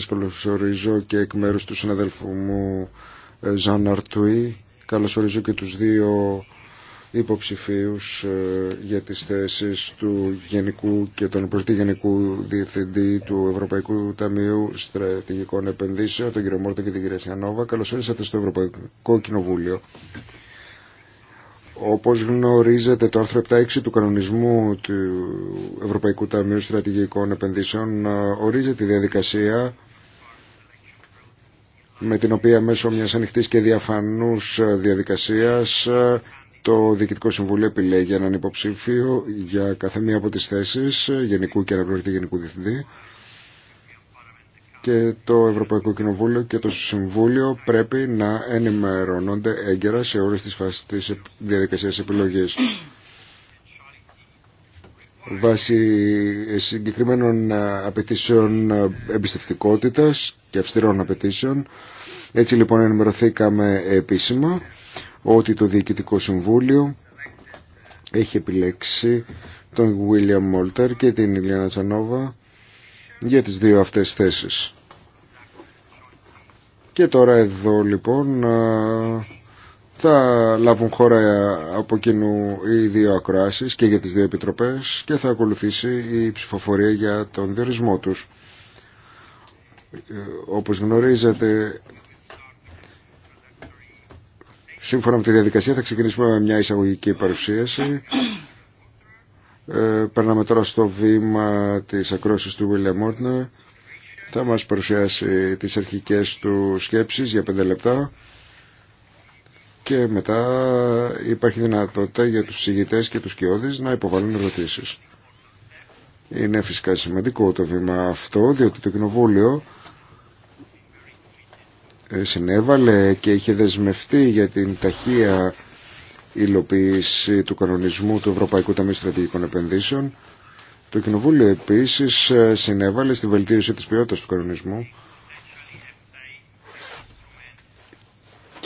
σας καλωσορίζω και εκ μέρους του συναδέλφου μου ε, Ζαν Αρτουή. Καλωσορίζω και τους δύο υποψηφίους ε, για τις θέσεις του Γενικού και τον Υπουργή Γενικού Διευθυντή του Ευρωπαϊκού Ταμείου Στρατηγικών Επενδύσεων, τον κύριο Μόρτα και την κυρία Σιανόβα. Καλώς στο Ευρωπαϊκό Κοινοβούλιο. Όπως γνωρίζετε το άρθρο 7.6 του κανονισμού του Ευρωπαϊκού Ταμείου Στρατηγικών Επενδύσεων ε, ορίζει τη διαδικασία με την οποία μέσω μιας ανοιχτής και διαφανούς ε, διαδικασίας ε, το Διοικητικό Συμβούλιο επιλέγει έναν υποψήφιο για κάθε μία από τις θέσεις ε, γενικού και αναπληρωτή γενικού διευθυντή και το Ευρωπαϊκό Κοινοβούλιο και το Συμβούλιο πρέπει να ενημερώνονται έγκαιρα σε όλες τις φάσεις της διαδικασίας επιλογής βάσει συγκεκριμένων ε, απαιτήσεων ε, εμπιστευτικότητας και αυστηρών απαιτήσεων. Έτσι λοιπόν ενημερωθήκαμε επίσημα ότι το Διοικητικό Συμβούλιο έχει επιλέξει τον Βίλιαμ Μόλτερ και την Ιλιάνα Τσανόβα για τις δύο αυτές θέσεις. Και τώρα εδώ λοιπόν ε, θα λάβουν χώρα από κοινού οι δύο ακροάσεις και για τις δύο επιτροπές και θα ακολουθήσει η ψηφοφορία για τον διορισμό τους. Όπως γνωρίζετε, σύμφωνα με τη διαδικασία θα ξεκινήσουμε με μια εισαγωγική παρουσίαση. Ε, περνάμε τώρα στο βήμα της ακρόσης του William τα Θα μας παρουσιάσει τις αρχικές του σκέψεις για πέντε λεπτά και μετά υπάρχει δυνατότητα για τους συγητές και τους κοιόδης να υποβάλουν ερωτήσεις. Είναι φυσικά σημαντικό το βήμα αυτό, διότι το Κοινοβούλιο ε, συνέβαλε και είχε δεσμευτεί για την ταχεία υλοποίηση του κανονισμού του Ευρωπαϊκού Ταμείου Στρατηγικών Επενδύσεων. Το Κοινοβούλιο επίσης ε, συνέβαλε στη βελτίωση της ποιότητας του κανονισμού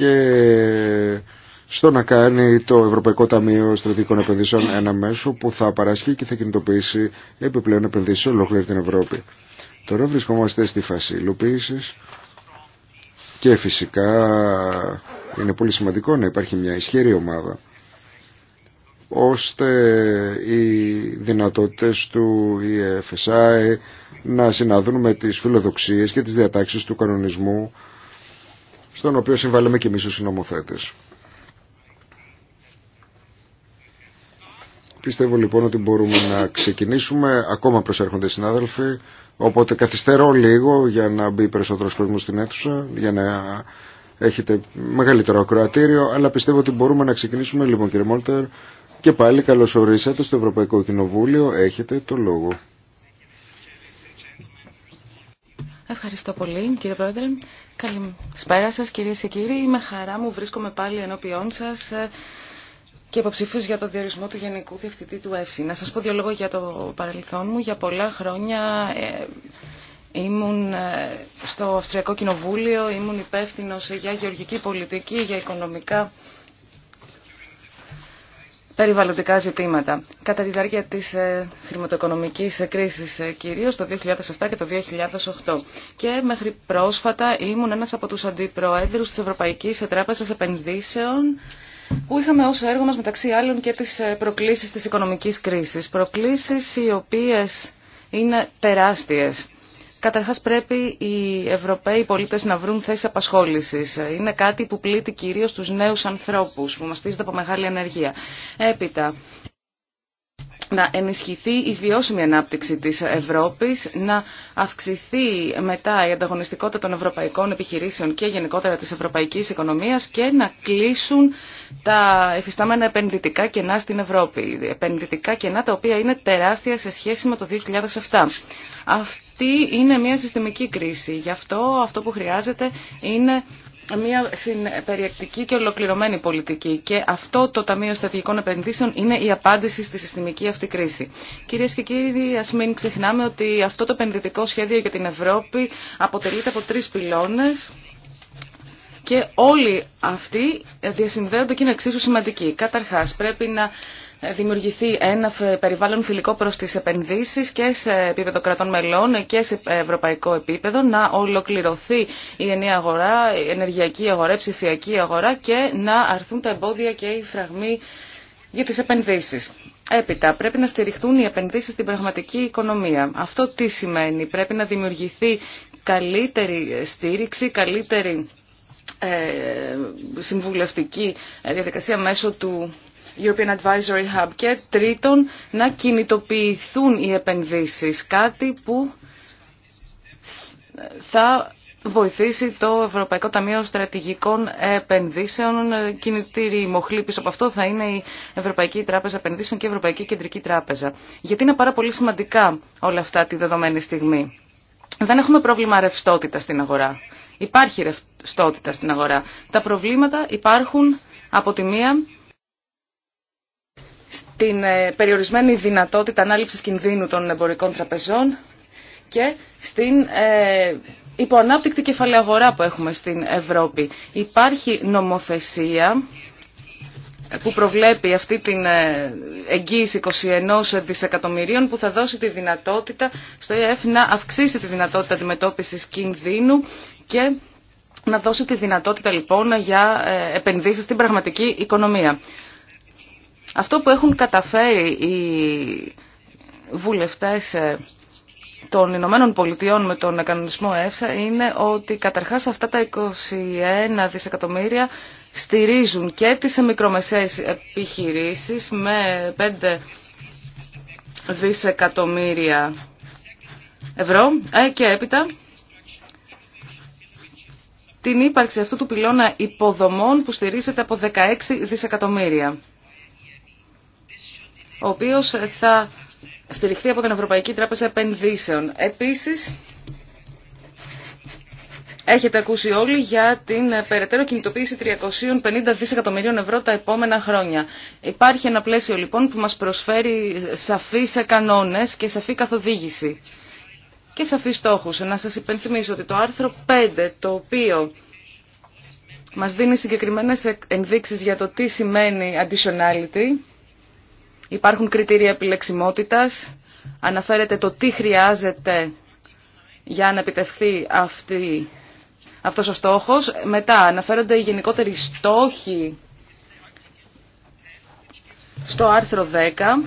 και στο να κάνει το Ευρωπαϊκό Ταμείο Στρατηγικών Επενδύσεων ένα μέσο που θα παράσχει και θα κινητοποιήσει επιπλέον επενδύσει σε ολόκληρη την Ευρώπη. Τώρα βρισκόμαστε στη φάση υλοποίηση και φυσικά είναι πολύ σημαντικό να υπάρχει μια ισχυρή ομάδα ώστε οι δυνατότητες του EFSI να συναδούν με τις φιλοδοξίες και τις διατάξεις του κανονισμού στον οποίο συμβάλλουμε και εμείς ως συνομοθέτες. Πιστεύω λοιπόν ότι μπορούμε να ξεκινήσουμε, ακόμα προσέρχονται οι συνάδελφοι, οπότε καθυστερώ λίγο για να μπει περισσότερος κόσμος στην αίθουσα, για να έχετε μεγαλύτερο ακροατήριο, αλλά πιστεύω ότι μπορούμε να ξεκινήσουμε λοιπόν κύριε Μόλτερ και πάλι καλώς ορίσατε στο Ευρωπαϊκό Κοινοβούλιο, έχετε το λόγο. Ευχαριστώ πολύ κύριε Πρόεδρε. Καλησπέρα σας κύριε και κύριοι. Με χαρά μου βρίσκομαι πάλι ενώπιόν σας ε, και υποψηφίου για το διορισμό του Γενικού Διευθυντή του ΕΦΣΥ. Να σας πω δύο λόγια για το παρελθόν μου. Για πολλά χρόνια ε, ήμουν ε, στο Αυστριακό Κοινοβούλιο, ήμουν υπεύθυνο για γεωργική πολιτική, για οικονομικά περιβαλλοντικά ζητήματα. Κατά τη διάρκεια της ε, χρηματοοικονομικής ε, κρίσης ε, κυρίως το 2007 και το 2008 και μέχρι πρόσφατα ήμουν ένας από τους αντιπροέδρους της Ευρωπαϊκής Τράπεζας Επενδύσεων που είχαμε ως έργο μας μεταξύ άλλων και τις προκλήσεις της οικονομικής κρίσης. Προκλήσεις οι οποίες είναι τεράστιες Καταρχάς πρέπει οι Ευρωπαίοι πολίτες να βρουν θέσεις απασχόλησης. Είναι κάτι που πλήττει κυρίως τους νέους ανθρώπους που μαστίζονται από μεγάλη ανεργία. Έπειτα, να ενισχυθεί η βιώσιμη ανάπτυξη της Ευρώπης, να αυξηθεί μετά η ανταγωνιστικότητα των ευρωπαϊκών επιχειρήσεων και γενικότερα της ευρωπαϊκής οικονομίας και να κλείσουν τα εφιστάμενα επενδυτικά κενά στην Ευρώπη. Επενδυτικά κενά τα οποία είναι τεράστια σε σχέση με το 2007. Αυτή είναι μια συστημική κρίση. Γι' αυτό αυτό που χρειάζεται είναι μια περιεκτική και ολοκληρωμένη πολιτική και αυτό το Ταμείο Στατικών Επενδύσεων είναι η απάντηση στη συστημική αυτή κρίση. Κυρίε και κύριοι, α μην ξεχνάμε ότι αυτό το επενδυτικό σχέδιο για την Ευρώπη αποτελείται από τρει πυλώνε και όλοι αυτοί διασυνδέονται και είναι εξίσου σημαντικοί. Καταρχά, πρέπει να δημιουργηθεί ένα περιβάλλον φιλικό προς τις επενδύσεις και σε επίπεδο κρατών μελών και σε ευρωπαϊκό επίπεδο, να ολοκληρωθεί η ενιαία αγορά, η ενεργειακή αγορά, η ψηφιακή αγορά και να αρθούν τα εμπόδια και οι φραγμοί για τις επενδύσεις. Έπειτα, πρέπει να στηριχτούν οι επενδύσεις στην πραγματική οικονομία. Αυτό τι σημαίνει. Πρέπει να δημιουργηθεί καλύτερη στήριξη, καλύτερη ε, συμβουλευτική διαδικασία μέσω του European Advisory Hub και τρίτον να κινητοποιηθούν οι επενδύσεις, κάτι που θα βοηθήσει το Ευρωπαϊκό Ταμείο Στρατηγικών Επενδύσεων. Κινητήρη μοχλή πίσω από αυτό θα είναι η Ευρωπαϊκή Τράπεζα Επενδύσεων και η Ευρωπαϊκή Κεντρική Τράπεζα. Γιατί είναι πάρα πολύ σημαντικά όλα αυτά τη δεδομένη στιγμή. Δεν έχουμε πρόβλημα ρευστότητα στην αγορά. Υπάρχει ρευστότητα στην αγορά. Τα προβλήματα υπάρχουν από τη μία στην ε, περιορισμένη δυνατότητα ανάληψης κινδύνου των εμπορικών τραπεζών και στην ε, υποανάπτυκτη κεφαλαία αγορά που έχουμε στην Ευρώπη. Υπάρχει νομοθεσία που προβλέπει αυτή την ε, εγγύηση 21 δισεκατομμυρίων που θα δώσει τη δυνατότητα στο ΕΕΦ να αυξήσει τη δυνατότητα αντιμετώπισης κινδύνου και να δώσει τη δυνατότητα λοιπόν για επενδύσεις στην πραγματική οικονομία. Αυτό που έχουν καταφέρει οι βουλευτές ε, των Ηνωμένων Πολιτειών με τον κανονισμό ΕΦΣΑ είναι ότι καταρχάς αυτά τα 21 δισεκατομμύρια στηρίζουν και τις μικρομεσαίες επιχειρήσεις με 5 δισεκατομμύρια ευρώ ε, και έπειτα την ύπαρξη αυτού του πυλώνα υποδομών που στηρίζεται από 16 δισεκατομμύρια ο οποίος θα στηριχθεί από την Ευρωπαϊκή Τράπεζα Επενδύσεων. Επίσης, έχετε ακούσει όλοι για την περαιτέρω κινητοποίηση 350 δισεκατομμυρίων ευρώ τα επόμενα χρόνια. Υπάρχει ένα πλαίσιο λοιπόν που μας προσφέρει σαφείς κανόνες και σαφή καθοδήγηση και σαφείς στόχους. Να σας υπενθυμίσω ότι το άρθρο 5, το οποίο μας δίνει συγκεκριμένες ενδείξεις για το τι σημαίνει additionality, Υπάρχουν κριτήρια επιλεξιμότητας, αναφέρεται το τι χρειάζεται για να επιτευχθεί αυτή, αυτός ο στόχος. Μετά αναφέρονται οι γενικότεροι στόχοι στο άρθρο 10.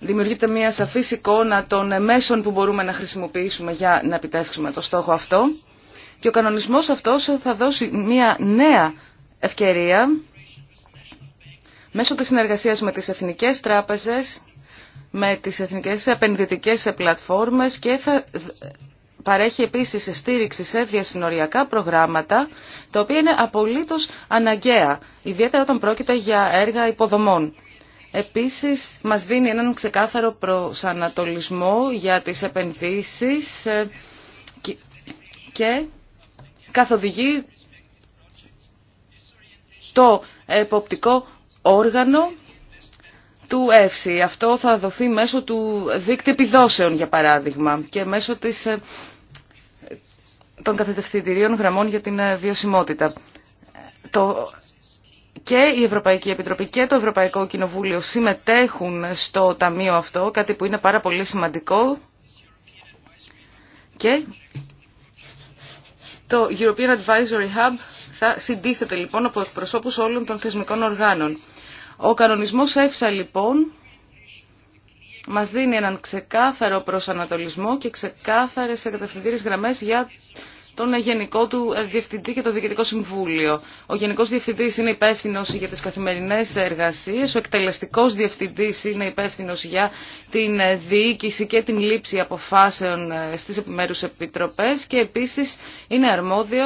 Δημιουργείται μια σαφή εικόνα των μέσων που μπορούμε να χρησιμοποιήσουμε για να επιτεύξουμε το στόχο αυτό. Και ο κανονισμός αυτός θα δώσει μια νέα ευκαιρία Μέσω της συνεργασίας με τις εθνικές τράπεζες, με τις εθνικές επενδυτικές πλατφόρμες και θα παρέχει επίσης στήριξη σε διασυνοριακά προγράμματα, τα οποία είναι απολύτως αναγκαία, ιδιαίτερα όταν πρόκειται για έργα υποδομών. Επίσης, μας δίνει έναν ξεκάθαρο προσανατολισμό για τις επενδύσεις ε, και καθοδηγεί το εποπτικό όργανο του ΕΦΣΥ. Αυτό θα δοθεί μέσω του δίκτυου επιδόσεων, για παράδειγμα, και μέσω της, ε, των καθετευθυντηρίων γραμμών για την ε, βιωσιμότητα. Το, και η Ευρωπαϊκή Επιτροπή και το Ευρωπαϊκό Κοινοβούλιο συμμετέχουν στο ταμείο αυτό, κάτι που είναι πάρα πολύ σημαντικό. Και το European Advisory Hub θα συντίθεται λοιπόν από εκπροσώπους όλων των θεσμικών οργάνων. Ο κανονισμός ΕΦΣΑ λοιπόν μας δίνει έναν ξεκάθαρο προσανατολισμό και ξεκάθαρες εγκατευθυντήριες γραμμές για τον γενικό του διευθυντή και το διοικητικό συμβούλιο. Ο γενικό διευθυντής είναι υπεύθυνο για τι καθημερινέ εργασίε, ο εκτελεστικό διευθυντής είναι υπεύθυνο για την διοίκηση και την λήψη αποφάσεων στι επιμέρου επιτροπέ και επίση είναι αρμόδιο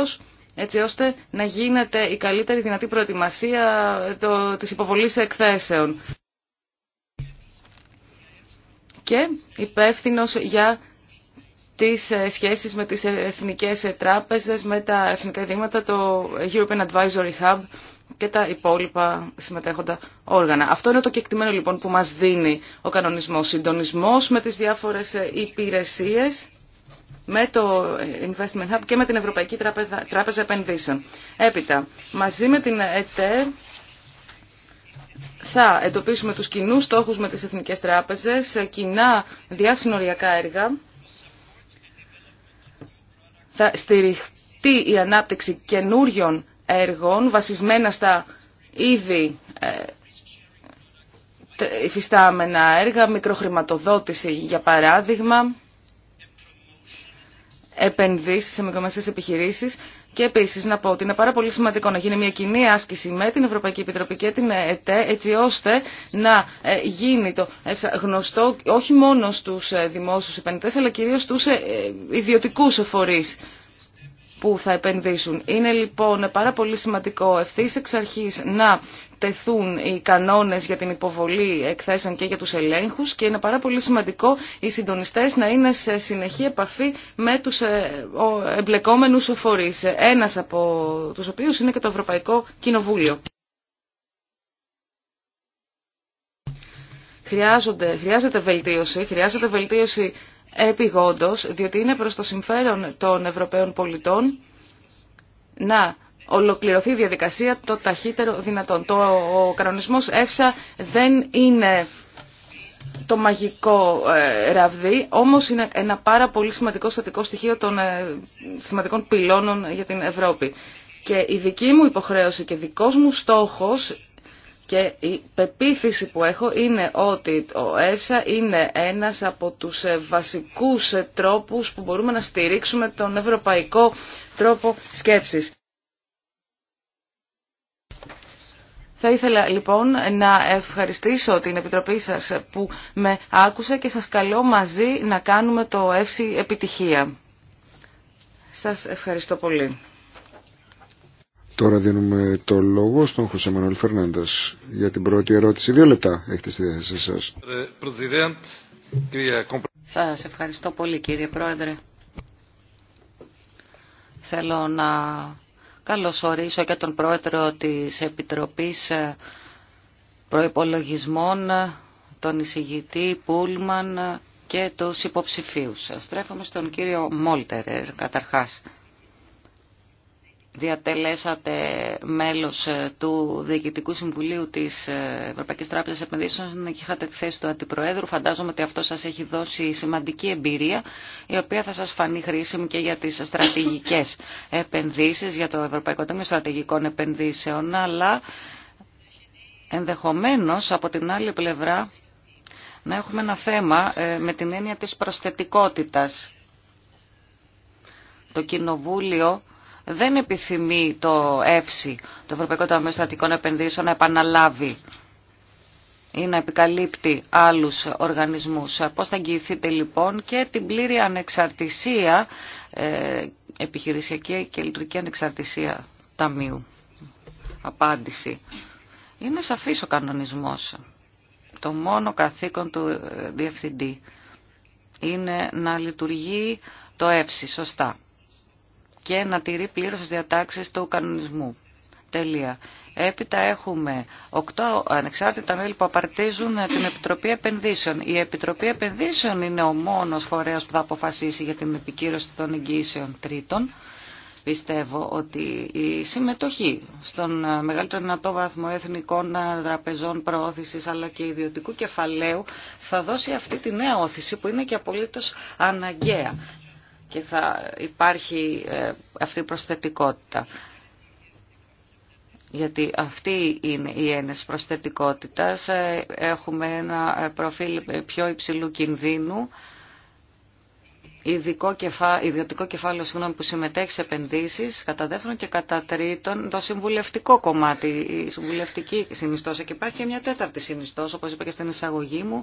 έτσι ώστε να γίνεται η καλύτερη δυνατή προετοιμασία ε, το, της υποβολής εκθέσεων. Και υπεύθυνο για τις ε, σχέσεις με τις ε, εθνικές τράπεζες, με τα εθνικά ιδρύματα, το European Advisory Hub και τα υπόλοιπα συμμετέχοντα όργανα. Αυτό είναι το κεκτημένο λοιπόν που μας δίνει ο κανονισμός. Συντονισμός με τις διάφορες υπηρεσίες με το Investment Hub και με την Ευρωπαϊκή Τράπεζα Επενδύσεων. Έπειτα, μαζί με την ΕΤΕ θα εντοπίσουμε τους κοινού στόχους με τις Εθνικές Τράπεζες, κοινά διασυνοριακά έργα, θα στηριχτεί η ανάπτυξη καινούριων έργων βασισμένα στα ήδη ε, υφιστάμενα έργα, μικροχρηματοδότηση για παράδειγμα, επενδύσεις σε μικρομεσαίες επιχειρήσει, και επίση να πω ότι είναι πάρα πολύ σημαντικό να γίνει μια κοινή άσκηση με την Ευρωπαϊκή Επιτροπή και την ΕΤΕ έτσι ώστε να ε, γίνει το ε, γνωστό όχι μόνο στους ε, δημόσιου επενδυτέ, αλλά κυρίω στους ιδιωτικού φορεί που θα επενδύσουν. Είναι λοιπόν πάρα πολύ σημαντικό ευθύ εξ αρχή να τεθούν οι κανόνε για την υποβολή εκθέσεων και για του ελέγχου και είναι πάρα πολύ σημαντικό οι συντονιστέ να είναι σε συνεχή επαφή με του ε, εμπλεκόμενου φορεί. Ένα από του οποίου είναι και το Ευρωπαϊκό Κοινοβούλιο. Χρειάζονται, χρειάζεται βελτίωση, χρειάζεται βελτίωση επιγόντως, διότι είναι προς το συμφέρον των Ευρωπαίων πολιτών να ολοκληρωθεί η διαδικασία το ταχύτερο δυνατόν. Το, ο κανονισμός ΕΦΣΑ δεν είναι το μαγικό ε, ραβδί, όμως είναι ένα πάρα πολύ σημαντικό στατικό στοιχείο των ε, σημαντικών πυλώνων για την Ευρώπη. Και η δική μου υποχρέωση και δικός μου στόχος και η πεποίθηση που έχω είναι ότι ο ΕΦΣΑ είναι ένας από τους ε, βασικούς ε, τρόπους που μπορούμε να στηρίξουμε τον ευρωπαϊκό τρόπο σκέψης. Θα ήθελα λοιπόν να ευχαριστήσω την Επιτροπή σας που με άκουσε και σας καλώ μαζί να κάνουμε το ΕΦΣΙ επιτυχία. Σας ευχαριστώ πολύ. Τώρα δίνουμε το λόγο στον Χωσέ Μανώλη Φερνάντα για την πρώτη ερώτηση. Δύο λεπτά έχετε στη διάθεσή σα. Σα ευχαριστώ πολύ κύριε Πρόεδρε. Θέλω να καλωσορίσω και τον Πρόεδρο της Επιτροπής Προϋπολογισμών, τον εισηγητή Πούλμαν και τους υποψηφίους. Στρέφομαι στον κύριο Μόλτερερ καταρχάς διατελέσατε μέλος ε, του Διοικητικού Συμβουλίου της ε, Ευρωπαϊκής Τράπεζας Επενδύσεων και είχατε τη θέση του Αντιπροέδρου. Φαντάζομαι ότι αυτό σας έχει δώσει σημαντική εμπειρία, η οποία θα σας φανεί χρήσιμη και για τις στρατηγικές επενδύσεις, για το Ευρωπαϊκό τέμιο Στρατηγικών Επενδύσεων, αλλά ενδεχομένως από την άλλη πλευρά να έχουμε ένα θέμα ε, με την έννοια της προσθετικότητας. Το Κοινοβούλιο δεν επιθυμεί το ΕΦΣΙ, το Ευρωπαϊκό Ταμείο Στρατικών Επενδύσεων, να επαναλάβει ή να επικαλύπτει άλλους οργανισμούς. Πώς θα εγγυηθείτε λοιπόν και την πλήρη ανεξαρτησία, ε, επιχειρησιακή και λειτουργική ανεξαρτησία ταμείου. Απάντηση. Είναι σαφής ο κανονισμός. Το μόνο καθήκον του ε, διευθυντή είναι να λειτουργεί το ΕΦΣΙ σωστά και να τηρεί πλήρως τις διατάξεις του κανονισμού. Τελεία. Έπειτα έχουμε οκτώ ανεξάρτητα μέλη που απαρτίζουν την Επιτροπή Επενδύσεων. Η Επιτροπή Επενδύσεων είναι ο μόνος φορέας που θα αποφασίσει για την επικύρωση των εγγύσεων τρίτων. Πιστεύω ότι η συμμετοχή στον μεγαλύτερο δυνατό βαθμό εθνικών τραπεζών προώθησης αλλά και ιδιωτικού κεφαλαίου θα δώσει αυτή τη νέα όθηση που είναι και απολύτως αναγκαία και θα υπάρχει ε, αυτή η προσθετικότητα. Γιατί αυτή είναι η έννοια της προσθετικότητας. Ε, έχουμε ένα ε, προφίλ πιο υψηλού κινδύνου, ειδικό κεφά, ιδιωτικό κεφάλαιο που συμμετέχει σε επενδύσεις, κατά δεύτερον και κατά τρίτον το συμβουλευτικό κομμάτι, η συμβουλευτική συνιστόσα. Και υπάρχει και μια τέταρτη συνιστόσα, όπω είπα και στην εισαγωγή μου,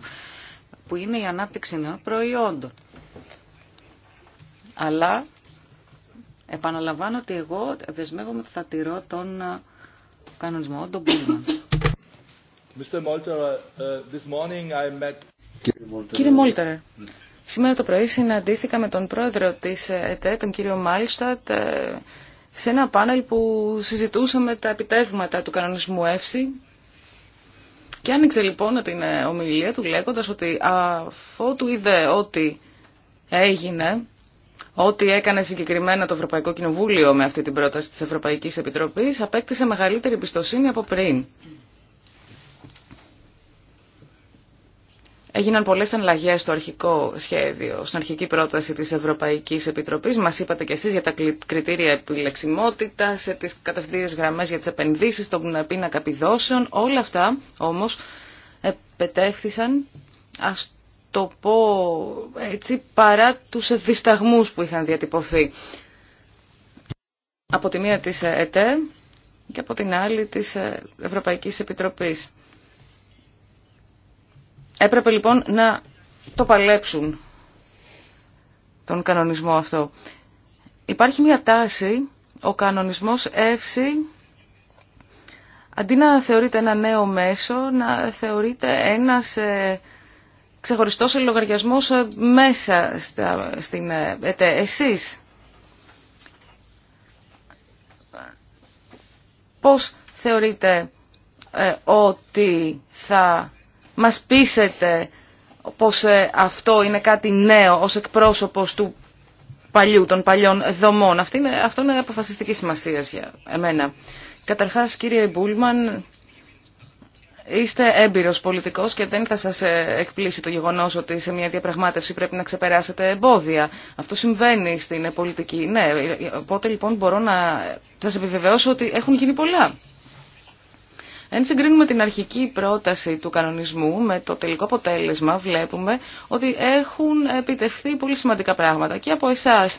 που είναι η ανάπτυξη νέων προϊόντων αλλά επαναλαμβάνω ότι εγώ δεσμεύομαι ότι θα τηρώ τον ε, κανονισμό, τον πούλμα. Ε, Κύριε Μόλτερε, σήμερα το πρωί συναντήθηκα με τον πρόεδρο της ΕΤΕ, τον κύριο Μάλιστατ, ε, σε ένα πάνελ που συζητούσαμε τα επιτεύγματα του κανονισμού ΕΦΣΥ και άνοιξε λοιπόν την ομιλία του λέγοντας ότι αφού του είδε ότι έγινε Ό,τι έκανε συγκεκριμένα το Ευρωπαϊκό Κοινοβούλιο με αυτή την πρόταση της Ευρωπαϊκής Επιτροπής απέκτησε μεγαλύτερη εμπιστοσύνη από πριν. Έγιναν πολλές αλλαγές στο αρχικό σχέδιο, στην αρχική πρόταση της Ευρωπαϊκής Επιτροπής. Μας είπατε και εσείς για τα κριτήρια επιλεξιμότητας, τις κατευθυντήριες γραμμές για τις επενδύσεις, τον πίνακα επιδόσεων. Όλα αυτά όμως επετέφθησαν ας το πω έτσι, παρά τους δισταγμούς που είχαν διατυπωθεί. Από τη μία της ΕΤΕ και από την άλλη της Ευρωπαϊκής Επιτροπής. Έπρεπε λοιπόν να το παλέψουν τον κανονισμό αυτό. Υπάρχει μια τάση, ο κανονισμός εύση, αντί να θεωρείται ένα νέο μέσο, να θεωρείται ένας ε, ξεχωριστός λογαριασμό ε, μέσα στα, στην ε, ΕΤΕ. Εσείς πώς θεωρείτε ε, ότι θα μας πείσετε πως αυτό είναι κάτι νέο ως εκπρόσωπος του παλιού, των παλιών δομών. Αυτή είναι, αυτό είναι αποφασιστική σημασία για εμένα. Καταρχάς, κύριε Μπούλμαν, Είστε έμπειρος πολιτικός και δεν θα σας ε, εκπλήσει το γεγονός ότι σε μια διαπραγμάτευση πρέπει να ξεπεράσετε εμπόδια. Αυτό συμβαίνει στην ε, πολιτική. Ναι, ε, οπότε λοιπόν μπορώ να σας επιβεβαιώσω ότι έχουν γίνει πολλά. Εν συγκρίνουμε την αρχική πρόταση του κανονισμού με το τελικό αποτέλεσμα, βλέπουμε ότι έχουν επιτευχθεί πολύ σημαντικά πράγματα και από εσά.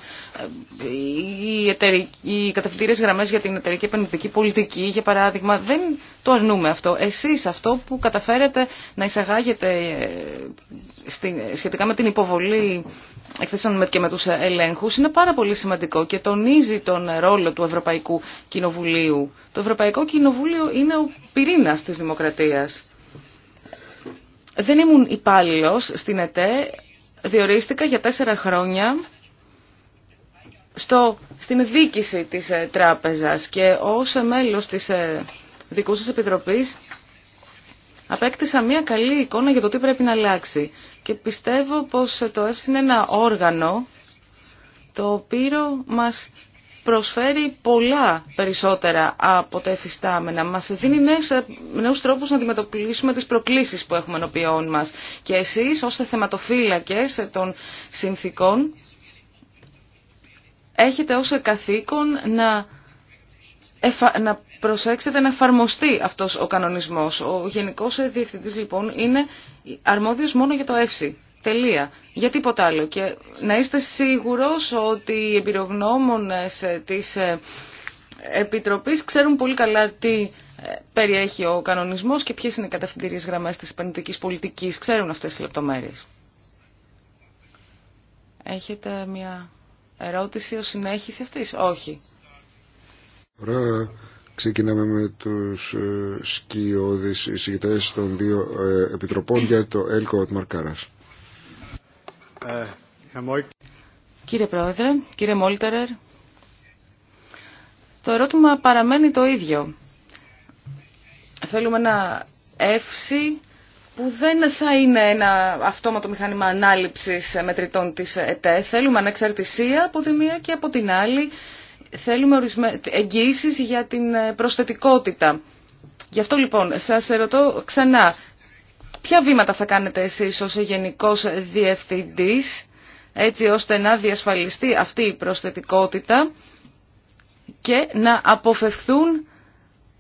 Οι, οι γραμμέ για την εταιρική επενδυτική πολιτική, για παράδειγμα, δεν το αρνούμε αυτό. Εσείς αυτό που καταφέρετε να εισαγάγετε ε, σχετικά με την υποβολή εκθέσεων και με τους ελέγχους είναι πάρα πολύ σημαντικό και τονίζει τον ρόλο του Ευρωπαϊκού Κοινοβουλίου. Το Ευρωπαϊκό Κοινοβούλιο είναι ο πυρήνας της δημοκρατίας. Δεν ήμουν υπάλληλο στην ΕΤΕ, διορίστηκα για τέσσερα χρόνια στο, στην δίκηση της ε, τράπεζας και ως μέλος της ε, δικού σας επιτροπής απέκτησα μια καλή εικόνα για το τι πρέπει να αλλάξει. Και πιστεύω πως το ΕΦΣ είναι ένα όργανο το οποίο μας προσφέρει πολλά περισσότερα από τα εφιστάμενα. Μας δίνει νέου ε, νέους τρόπους να αντιμετωπίσουμε τις προκλήσεις που έχουμε ενωπιών μας. Και εσείς ως θεματοφύλακες των συνθήκων έχετε ως καθήκον να, να προσέξετε να εφαρμοστεί αυτός ο κανονισμός. Ο Γενικός Διευθυντής λοιπόν είναι αρμόδιος μόνο για το ΕΦΣΥ. Τελεία. Για τίποτα άλλο. Και να είστε σίγουρος ότι οι εμπειρογνώμονες της ε, Επιτροπής ξέρουν πολύ καλά τι ε, περιέχει ο κανονισμός και ποιες είναι οι κατευθυντήριες γραμμές της επενδυτικής πολιτικής. Ξέρουν αυτές τις λεπτομέρειες. Έχετε μια ερώτηση ως συνέχιση αυτής. Όχι. Ξεκινάμε με τους ε, σκιώδεις εισηγητές των δύο ε, επιτροπών για το ΕΛΚΟ Ατμαρκάρας. Κύριε Πρόεδρε, κύριε Μόλτερερ, το ερώτημα παραμένει το ίδιο. Θέλουμε ένα εύση που δεν θα είναι ένα αυτόματο μηχάνημα ανάληψης μετρητών της ΕΤΕ. Θέλουμε ανεξαρτησία από τη μία και από την άλλη θέλουμε ορισμέ... εγγυήσεις για την ε, προσθετικότητα. Γι' αυτό λοιπόν σας ερωτώ ξανά, ποια βήματα θα κάνετε εσείς ως γενικός διευθυντής έτσι ώστε να διασφαλιστεί αυτή η προσθετικότητα και να αποφευθούν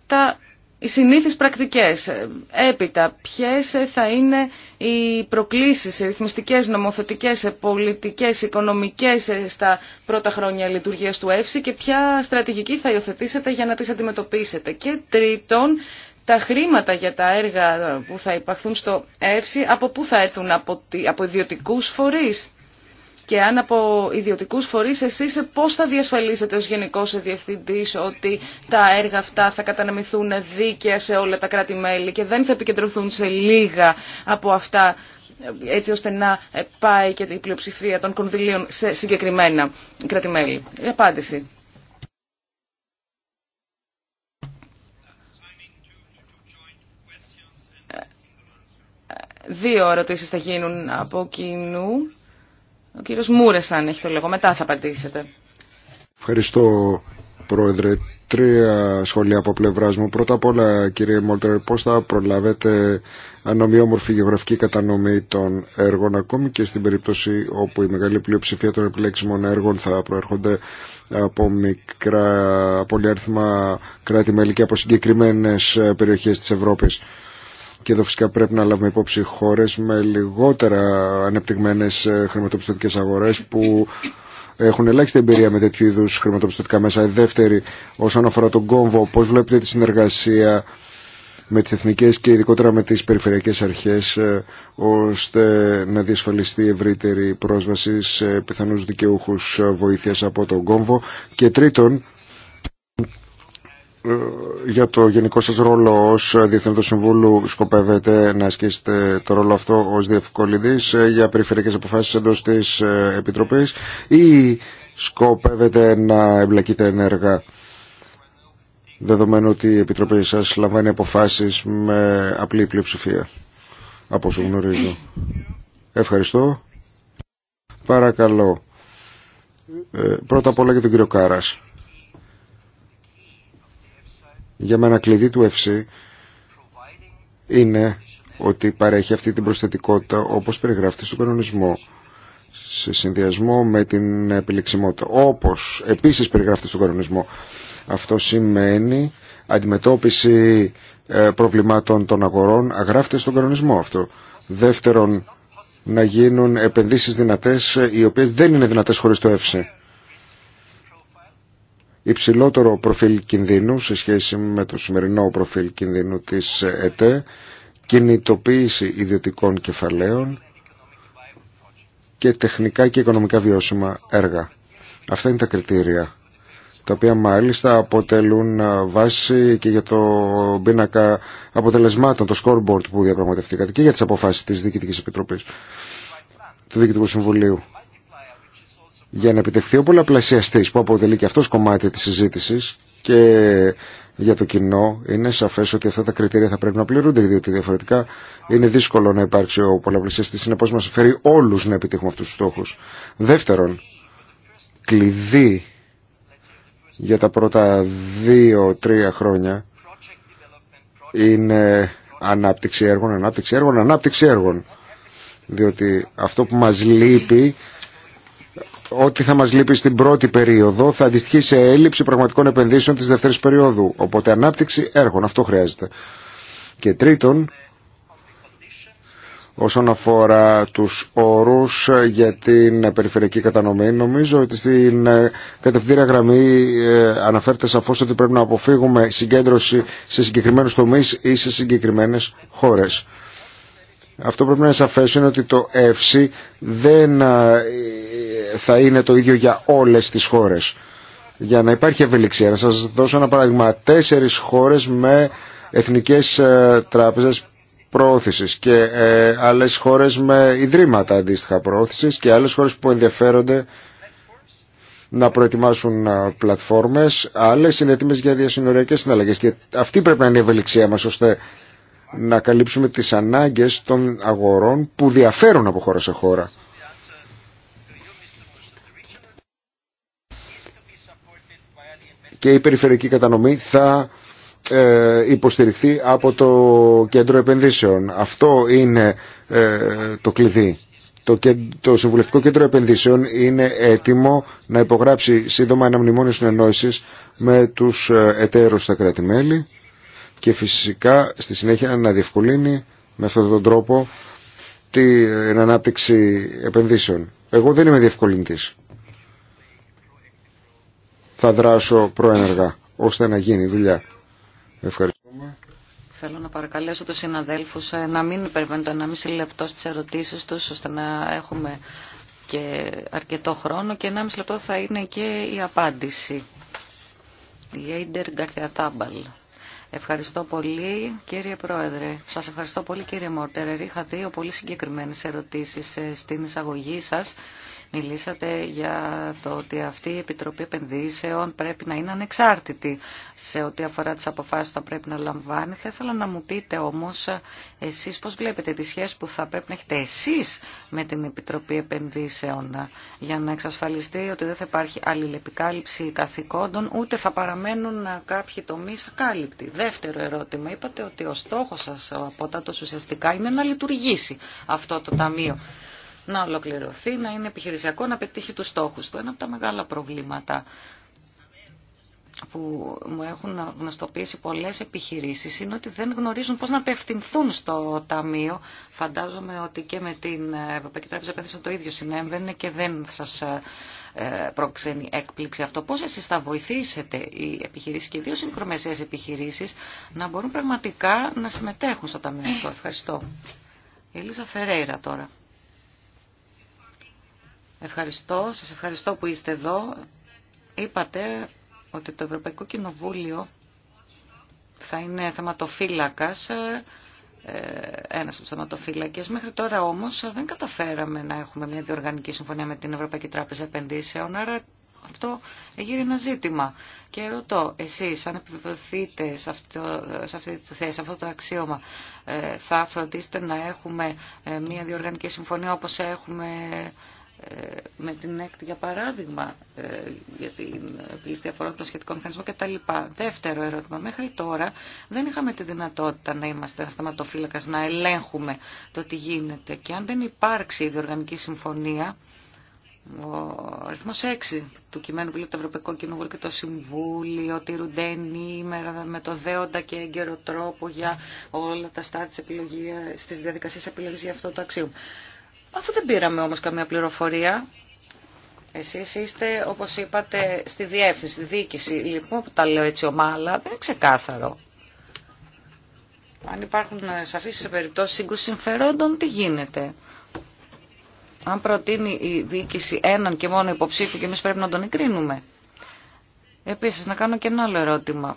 τα οι συνήθεις πρακτικές. Ε, έπειτα, ποιες θα είναι οι προκλήσεις, οι ρυθμιστικές, νομοθετικές, πολιτικές, οικονομικές ε, στα πρώτα χρόνια λειτουργίας του ΕΦΣΥ και ποια στρατηγική θα υιοθετήσετε για να τις αντιμετωπίσετε. Και τρίτον, τα χρήματα για τα έργα που θα υπαχθούν στο ΕΦΣΥ, από πού θα έρθουν, από ιδιωτικού φορείς και αν από ιδιωτικούς φορείς εσείς πώς θα διασφαλίσετε ως γενικός διευθυντής ότι τα έργα αυτά θα καταναμηθούν δίκαια σε όλα τα κράτη-μέλη και δεν θα επικεντρωθούν σε λίγα από αυτά έτσι ώστε να πάει και η πλειοψηφία των κονδυλίων σε συγκεκριμένα κράτη-μέλη. Η απάντηση. Δύο ερωτήσεις θα γίνουν από κοινού. Ο κύριος αν έχει το λόγο. Μετά θα απαντήσετε. Ευχαριστώ, Πρόεδρε. Τρία σχόλια από πλευρά μου. Πρώτα απ' όλα, κύριε Μόλτερ, πώ θα προλάβετε ανομοιόμορφη γεωγραφική κατανομή των έργων, ακόμη και στην περίπτωση όπου η μεγάλη πλειοψηφία των επιλέξιμων έργων θα προέρχονται από μικρά πολυάριθμα κράτη-μέλη και από συγκεκριμένε περιοχέ τη Ευρώπη. Και εδώ φυσικά πρέπει να λάβουμε υπόψη χώρες με λιγότερα ανεπτυγμένες ε, χρηματοπιστωτικές αγορές που έχουν ελάχιστη εμπειρία με τέτοιου είδου χρηματοπιστωτικά μέσα. Δεύτερη, όσον αφορά τον κόμβο, πώς βλέπετε τη συνεργασία με τις εθνικές και ειδικότερα με τις περιφερειακές αρχές ε, ώστε να διασφαλιστεί ευρύτερη πρόσβαση σε πιθανούς δικαιούχους βοήθειας από τον κόμβο. Και τρίτον, ε, για το γενικό σας ρόλο ως Διευθυντού Συμβούλου σκοπεύετε να ασκήσετε το ρόλο αυτό ως Διευκολυντής ε, για περιφερειακές αποφάσεις εντός της ε, Επιτροπής ή σκοπεύετε να εμπλακείτε ενεργά δεδομένου ότι η Επιτροπή σας λαμβάνει αποφάσεις με απλή πλειοψηφία από όσο γνωρίζω. Ευχαριστώ. Παρακαλώ. πρώτα απ' όλα για τον κύριο Κάρας για μένα κλειδί του FC είναι ότι παρέχει αυτή την προσθετικότητα όπως περιγράφεται στον κανονισμό σε συνδυασμό με την επιλεξιμότητα όπως επίσης περιγράφεται στον κανονισμό αυτό σημαίνει αντιμετώπιση ε, προβλημάτων των αγορών αγράφεται στον κανονισμό αυτό δεύτερον να γίνουν επενδύσεις δυνατές οι οποίες δεν είναι δυνατές χωρίς το ΕΦΣΕ υψηλότερο προφίλ κινδύνου σε σχέση με το σημερινό προφίλ κινδύνου της ΕΤΕ, κινητοποίηση ιδιωτικών κεφαλαίων και τεχνικά και οικονομικά βιώσιμα έργα. Αυτά είναι τα κριτήρια, τα οποία μάλιστα αποτελούν ε, βάση και για το πίνακα αποτελεσμάτων, το scoreboard που διαπραγματευτήκατε και για τις αποφάσεις της Διοικητικής Επιτροπής του Διοικητικού Συμβουλίου για να επιτευχθεί ο πολλαπλασιαστής που αποτελεί και αυτός κομμάτι της συζήτησης και για το κοινό είναι σαφές ότι αυτά τα κριτήρια θα πρέπει να πληρούνται διότι διαφορετικά είναι δύσκολο να υπάρξει ο πολλαπλασιαστής είναι πώς μας φέρει όλους να επιτύχουμε αυτούς τους στόχους. Δεύτερον, κλειδί για τα πρώτα δύο-τρία χρόνια είναι ανάπτυξη έργων, ανάπτυξη έργων, ανάπτυξη έργων. Διότι αυτό που μας λείπει ό,τι θα μας λείπει στην πρώτη περίοδο θα αντιστοιχεί σε έλλειψη πραγματικών επενδύσεων της δεύτερης περίοδου. Οπότε ανάπτυξη έργων, αυτό χρειάζεται. Και τρίτον, όσον αφορά τους όρους για την περιφερειακή κατανομή. Νομίζω ότι στην ε, κατευθύντρια γραμμή ε, αναφέρεται σαφώς ότι πρέπει να αποφύγουμε συγκέντρωση σε συγκεκριμένους τομείς ή σε συγκεκριμένες χώρες. Αυτό πρέπει να είναι είναι ότι το ΕΦΣΙ δεν θα είναι το ίδιο για όλες τις χώρες. Για να υπάρχει ευελιξία. Να σας δώσω ένα παράδειγμα. Τέσσερις χώρες με εθνικές ε, τράπεζες προώθησης και ε, άλλες χώρες με ιδρύματα αντίστοιχα προώθησης και άλλες χώρες που ενδιαφέρονται να προετοιμάσουν ε, πλατφόρμες, άλλες είναι έτοιμες για διασυνοριακές συναλλαγές και αυτή πρέπει να είναι η ευελιξία μας ώστε να καλύψουμε τις ανάγκες των αγορών που διαφέρουν από χώρα σε χώρα. Και η περιφερειακή κατανομή θα ε, υποστηριχθεί από το κέντρο επενδύσεων. Αυτό είναι ε, το κλειδί. Το Συμβουλευτικό Κέντρο Επενδύσεων είναι έτοιμο να υπογράψει σύντομα ένα μνημόνιο συνεννόησης με τους ε, εταίρους στα κράτη-μέλη και φυσικά στη συνέχεια να διευκολύνει με αυτόν τον τρόπο την ανάπτυξη επενδύσεων. Εγώ δεν είμαι διευκολυντής. Θα δράσω προενεργά ώστε να γίνει δουλειά. Ευχαριστούμε. Θέλω να παρακαλέσω τους συναδέλφους ε, να μην υπερβαίνουν το 1,5 λεπτό στις ερωτήσεις τους ώστε να έχουμε και αρκετό χρόνο και 1,5 λεπτό θα είναι και η απάντηση. Η Έιντερ Γκαρθιατάμπαλ. Ευχαριστώ πολύ κύριε Πρόεδρε. Σας ευχαριστώ πολύ κύριε Μόρτερε. Είχα δύο πολύ συγκεκριμένες ερωτήσεις ε, στην εισαγωγή σας. Μιλήσατε για το ότι αυτή η Επιτροπή Επενδύσεων πρέπει να είναι ανεξάρτητη σε ό,τι αφορά τις αποφάσεις που θα πρέπει να λαμβάνει. Θα ήθελα να μου πείτε όμως εσείς πώς βλέπετε τη σχέση που θα πρέπει να έχετε εσείς με την Επιτροπή Επενδύσεων για να εξασφαλιστεί ότι δεν θα υπάρχει αλληλεπικάλυψη καθηκόντων ούτε θα παραμένουν κάποιοι τομείς ακάλυπτοι. Δεύτερο ερώτημα, είπατε ότι ο στόχος σας ο απότατος ουσιαστικά είναι να λειτουργήσει αυτό το ταμείο να ολοκληρωθεί, να είναι επιχειρησιακό, να πετύχει τους στόχους του. Ένα από τα μεγάλα προβλήματα που μου έχουν γνωστοποιήσει πολλές επιχειρήσεις είναι ότι δεν γνωρίζουν πώς να απευθυνθούν στο Ταμείο. Φαντάζομαι ότι και με την Ευρωπαϊκή Τράπεζα το ίδιο συνέβαινε και δεν σας ε, πρόξενει έκπληξη αυτό. Πώς εσείς θα βοηθήσετε οι επιχειρήσεις και οι δύο συγκρομεσίες επιχειρήσεις να μπορούν πραγματικά να συμμετέχουν στο Ταμείο αυτό. Ευχαριστώ. Η Ελίζα Φερέιρα τώρα. Ευχαριστώ, σας ευχαριστώ που είστε εδώ. Είπατε ότι το Ευρωπαϊκό Κοινοβούλιο θα είναι θεματοφύλακας, ε, ένας από τους θεματοφύλακες. Μέχρι τώρα όμως δεν καταφέραμε να έχουμε μια διοργανική συμφωνία με την Ευρωπαϊκή Τράπεζα Επενδύσεων, άρα αυτό γύρει ένα ζήτημα. Και ρωτώ, εσείς αν επιβεβαιωθείτε σε, σε αυτή τη θέση, σε αυτό το αξίωμα, ε, θα φροντίσετε να έχουμε ε, μια διοργανική συμφωνία όπως έχουμε ε, με την ΕΚΤ για παράδειγμα ε, για την πλήση διαφορά των σχετικών μηχανισμών κτλ. Δεύτερο ερώτημα. Μέχρι τώρα δεν είχαμε τη δυνατότητα να είμαστε ένα σταματοφύλακα να ελέγχουμε το τι γίνεται και αν δεν υπάρξει η διοργανική συμφωνία ο αριθμό 6 του κειμένου που λέει το Ευρωπαϊκό Κοινοβούλιο και το Συμβούλιο ότι τηρούνται ενήμερα με το δέοντα και έγκαιρο τρόπο για όλα τα στάδια τη διαδικασία επιλογή για αυτό το αξίωμα. Αφού δεν πήραμε όμως καμία πληροφορία, εσείς είστε, όπως είπατε, στη διεύθυνση, στη διοίκηση, λοιπόν, που τα λέω έτσι ομάλα, δεν είναι ξεκάθαρο. Αν υπάρχουν σαφείς σε περιπτώσεις σύγκρουση συμφερόντων, τι γίνεται. Αν προτείνει η διοίκηση έναν και μόνο υποψήφιο και εμείς πρέπει να τον εγκρίνουμε. Επίσης, να κάνω και ένα άλλο ερώτημα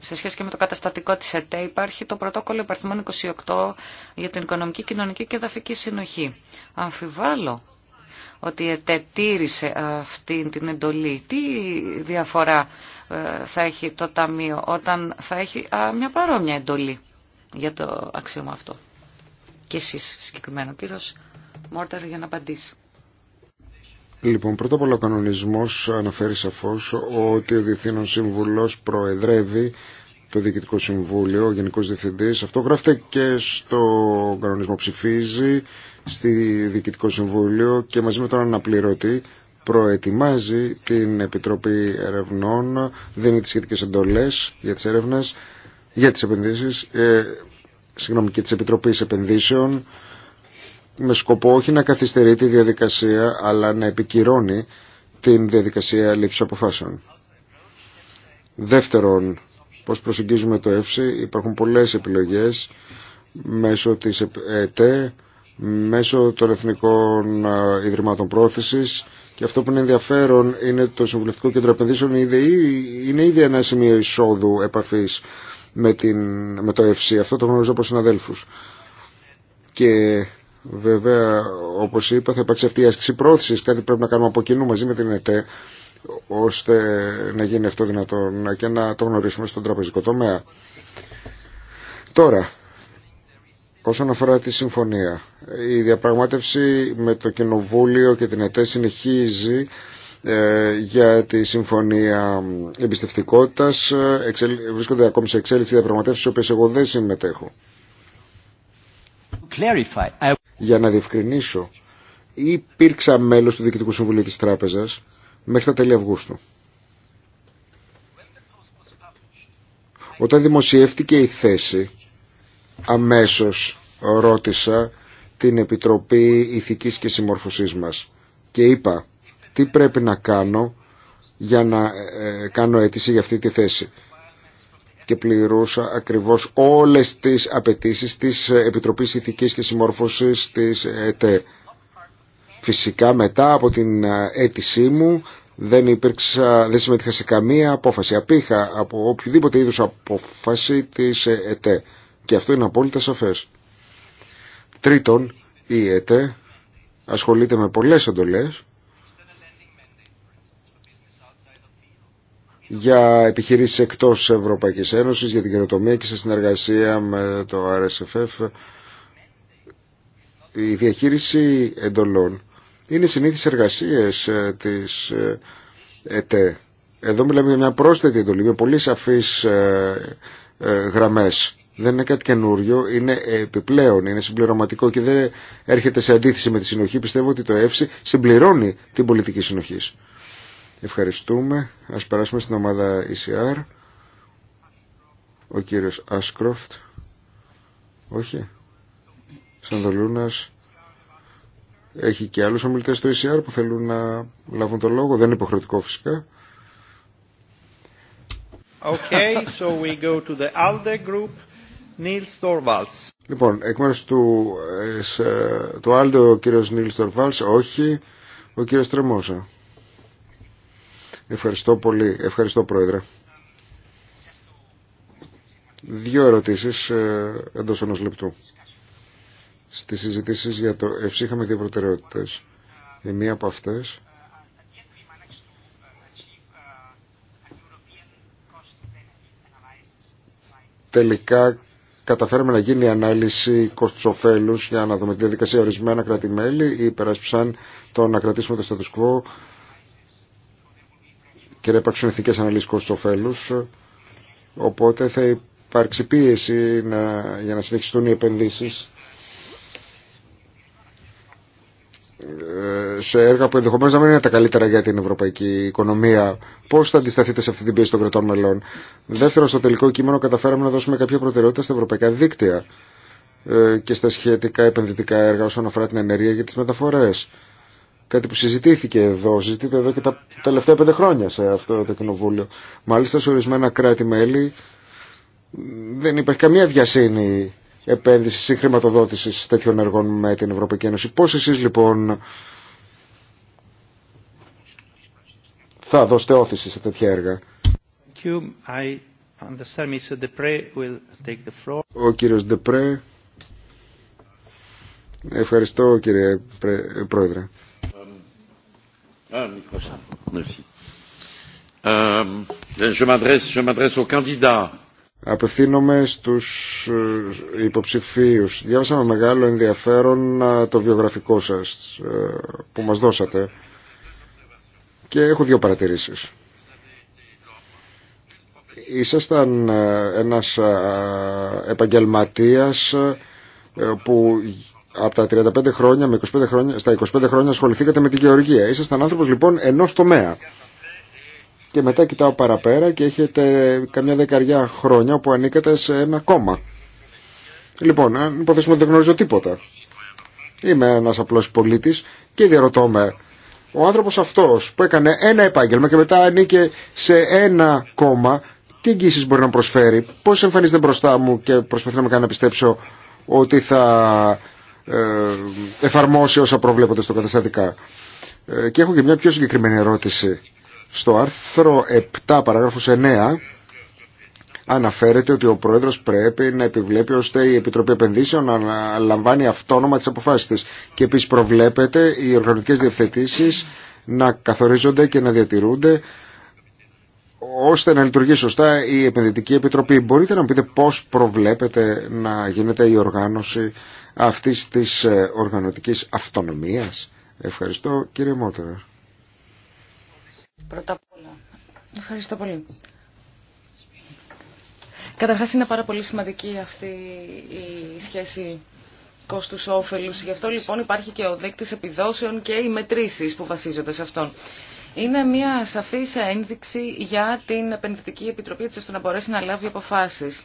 σε σχέση και με το καταστατικό της ΕΤΕ υπάρχει το πρωτόκολλο υπαρθμών 28 για την οικονομική, κοινωνική και δαφική συνοχή. αμφιβάλλω ότι η ΕΤΕ τήρησε αυτή την εντολή. Τι διαφορά ε, θα έχει το Ταμείο όταν θα έχει μια παρόμοια εντολή για το αξίωμα αυτό. Και εσείς συγκεκριμένο ο κύριος Μόρτερ για να απαντήσει. Λοιπόν, πρώτα απ' όλα ο αναφέρει σαφώς ότι ο Διευθύνων Συμβουλός προεδρεύει το Διοικητικό Συμβούλιο, ο Γενικός Διευθυντής. Αυτό γράφεται και στο κανονισμό ψηφίζει, στη Διοικητικό Συμβούλιο και μαζί με τον αναπληρωτή προετοιμάζει την Επιτροπή Ερευνών, δίνει τις σχετικές εντολές για τις για τις επενδύσεις, ε, συγγνώμη, και της Επιτροπής Επενδύσεων, με σκοπό όχι να καθυστερεί τη διαδικασία αλλά να επικυρώνει την διαδικασία λήψης αποφάσεων. Δεύτερον, πώς προσεγγίζουμε το ΕΦΣΙ, υπάρχουν πολλές επιλογές μέσω της ΕΤΕ, μέσω των Εθνικών ε, Ιδρυμάτων Πρόθεσης και αυτό που είναι ενδιαφέρον είναι το Συμβουλευτικό Κέντρο Επενδύσεων είναι ήδη ένα σημείο εισόδου επαφής με, με το ΕΦΣΙ. Αυτό το γνωρίζω από συναδέλφους. Και Βέβαια, όπως είπα, θα υπάρξει αυτή η άσκηση πρόθεση κάτι πρέπει να κάνουμε από κοινού μαζί με την ΕΤΕ, ώστε να γίνει αυτό δυνατόν και να το γνωρίσουμε στον τραπεζικό τομέα. Τώρα, όσον αφορά τη συμφωνία, η διαπραγμάτευση με το Κοινοβούλιο και την ΕΤΕ συνεχίζει ε, για τη συμφωνία εμπιστευτικότητας. Βρίσκονται ακόμη σε εξέλιξη διαπραγματεύσεις, στις οποίες εγώ δεν συμμετέχω. Για να διευκρινίσω, υπήρξα μέλος του Διοικητικού Συμβουλίου της Τράπεζας μέχρι τα τέλη Αυγούστου. Όταν δημοσιεύτηκε η θέση, αμέσως ρώτησα την Επιτροπή Ηθικής και Συμμορφωσής μας και είπα τι πρέπει να κάνω για να ε, ε, κάνω αίτηση για αυτή τη θέση και πληρούσα ακριβώς όλες τις απαιτήσεις της Επιτροπής Ηθικής και Συμμόρφωσης της ΕΤΕ. Φυσικά μετά από την αίτησή μου δεν, υπήρξα, δεν συμμετείχα σε καμία απόφαση. Απήχα από οποιοδήποτε είδους απόφαση της ΕΤΕ. Και αυτό είναι απόλυτα σαφές. Τρίτον, η ΕΤΕ ασχολείται με πολλές εντολές για επιχειρήσεις εκτός Ευρωπαϊκής Ένωσης, για την καινοτομία και σε συνεργασία με το RSFF. Η διαχείριση εντολών είναι συνήθεις εργασίες ε, της ε, ΕΤΕ. Εδώ μιλάμε για μια πρόσθετη εντολή, με πολύ σαφείς ε, γραμμές. Δεν είναι κάτι καινούριο, είναι επιπλέον, είναι συμπληρωματικό και δεν έρχεται σε αντίθεση με τη συνοχή. Πιστεύω ότι το ΕΦΣΙ συμπληρώνει την πολιτική συνοχής. Ευχαριστούμε. Ας περάσουμε στην ομάδα ECR. Ο κύριος Άσκροφτ. Όχι. Σανδολούνας. Έχει και άλλους ομιλητές στο ECR που θέλουν να λάβουν το λόγο. Δεν είναι υποχρεωτικό φυσικά. Okay, so we go to the ALDE group. Λοιπόν, εκ μέρους του, ε, ε, του ALDE ο κύριος Νίλ Στορβάλ, όχι, ο κύριος Τρεμόσα. Ευχαριστώ πολύ. Ευχαριστώ Πρόεδρε. Δύο ερωτήσεις ε, εντός ενός λεπτού. Στις συζητήσεις για το ΕΦΣΥ είχαμε δύο προτεραιότητες. Η μία από αυτές τελικά καταφέραμε να γίνει η ανάλυση κόστους ωφέλους για να δούμε τη διαδικασία ορισμένα κράτη-μέλη ή υπεράσπισαν το να κρατήσουμε το status και να υπάρξουν εθνικές αναλύσεις ωφέλους, Οπότε θα υπάρξει πίεση να, για να συνεχιστούν οι επενδύσεις ε, σε έργα που ενδεχομένως να μην είναι τα καλύτερα για την ευρωπαϊκή οικονομία. Πώς θα αντισταθείτε σε αυτή την πίεση των κρατών μελών. Δεύτερο, στο τελικό κείμενο καταφέραμε να δώσουμε κάποια προτεραιότητα στα ευρωπαϊκά δίκτυα ε, και στα σχετικά επενδυτικά έργα όσον αφορά την ενέργεια και τις μεταφορές. Κάτι που συζητήθηκε εδώ, συζητείται εδώ και τα τελευταία πέντε χρόνια σε αυτό το κοινοβούλιο. Μάλιστα σε ορισμένα κράτη-μέλη δεν υπάρχει καμία διασύνη επένδυση ή χρηματοδότηση τέτοιων εργών με την Ευρωπαϊκή Ένωση. Πώ εσεί λοιπόν θα δώσετε όθηση σε τέτοια έργα. Ο κύριος Ντεπρέ. Ευχαριστώ κύριε Πρόεδρε. Απευθύνομαι στους ε, υποψηφίους. Διάβασα με μεγάλο ενδιαφέρον ε, το βιογραφικό σας ε, που μας δώσατε και έχω δύο παρατηρήσεις. Ήσασταν ένας επαγγελματίας που από τα 35 χρόνια, με 25 χρόνια, στα 25 χρόνια ασχοληθήκατε με τη γεωργία. Ήσασταν άνθρωπος λοιπόν ενός τομέα. Και μετά κοιτάω παραπέρα και έχετε καμιά δεκαριά χρόνια που ανήκατε σε ένα κόμμα. Λοιπόν, αν υποθέσουμε ότι δεν γνωρίζω τίποτα. Είμαι ένας απλός πολίτης και διαρωτώ με ο άνθρωπος αυτός που έκανε ένα επάγγελμα και μετά ανήκε σε ένα κόμμα τι εγγύσεις μπορεί να προσφέρει, πώς εμφανίζεται μπροστά μου και προσπαθεί να με κάνει να πιστέψω ότι θα ε, εφαρμόσει όσα προβλέπονται στο καταστατικά. Ε, και έχω και μια πιο συγκεκριμένη ερώτηση. Στο άρθρο 7 παράγραφος 9 αναφέρεται ότι ο πρόεδρος πρέπει να επιβλέπει ώστε η Επιτροπή Επενδύσεων να λαμβάνει αυτόνομα τις αποφάσεις της και επίσης προβλέπεται οι οργανωτικές διευθετήσεις να καθορίζονται και να διατηρούνται ώστε να λειτουργεί σωστά η Επενδυτική Επιτροπή. Μπορείτε να μου πείτε πώς προβλέπετε να γίνεται η οργάνωση αυτής της ε, οργανωτικής αυτονομίας. Ευχαριστώ κύριε Μότερα. Πρώτα απ' όλα. Ευχαριστώ πολύ. Καταρχάς είναι πάρα πολύ σημαντική αυτή η σχέση κόστους όφελους. Γι' αυτό λοιπόν υπάρχει και ο δείκτης επιδόσεων και οι μετρήσεις που βασίζονται σε αυτόν. Είναι μια σαφής ένδειξη για την Επενδυτική Επιτροπή της ώστε να μπορέσει να λάβει αποφάσεις.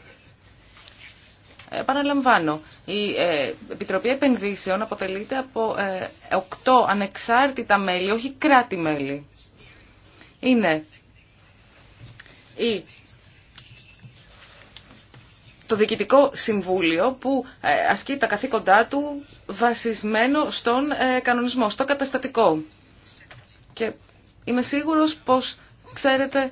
Επαναλαμβάνω, η ε, Επιτροπή Επενδύσεων αποτελείται από ε, οκτώ ανεξάρτητα μέλη, όχι κράτη-μέλη. Είναι η... το Διοικητικό Συμβούλιο που ε, ασκεί τα καθήκοντά του βασισμένο στον κανονισμό, στο καταστατικό. Και είμαι σίγουρος πως ξέρετε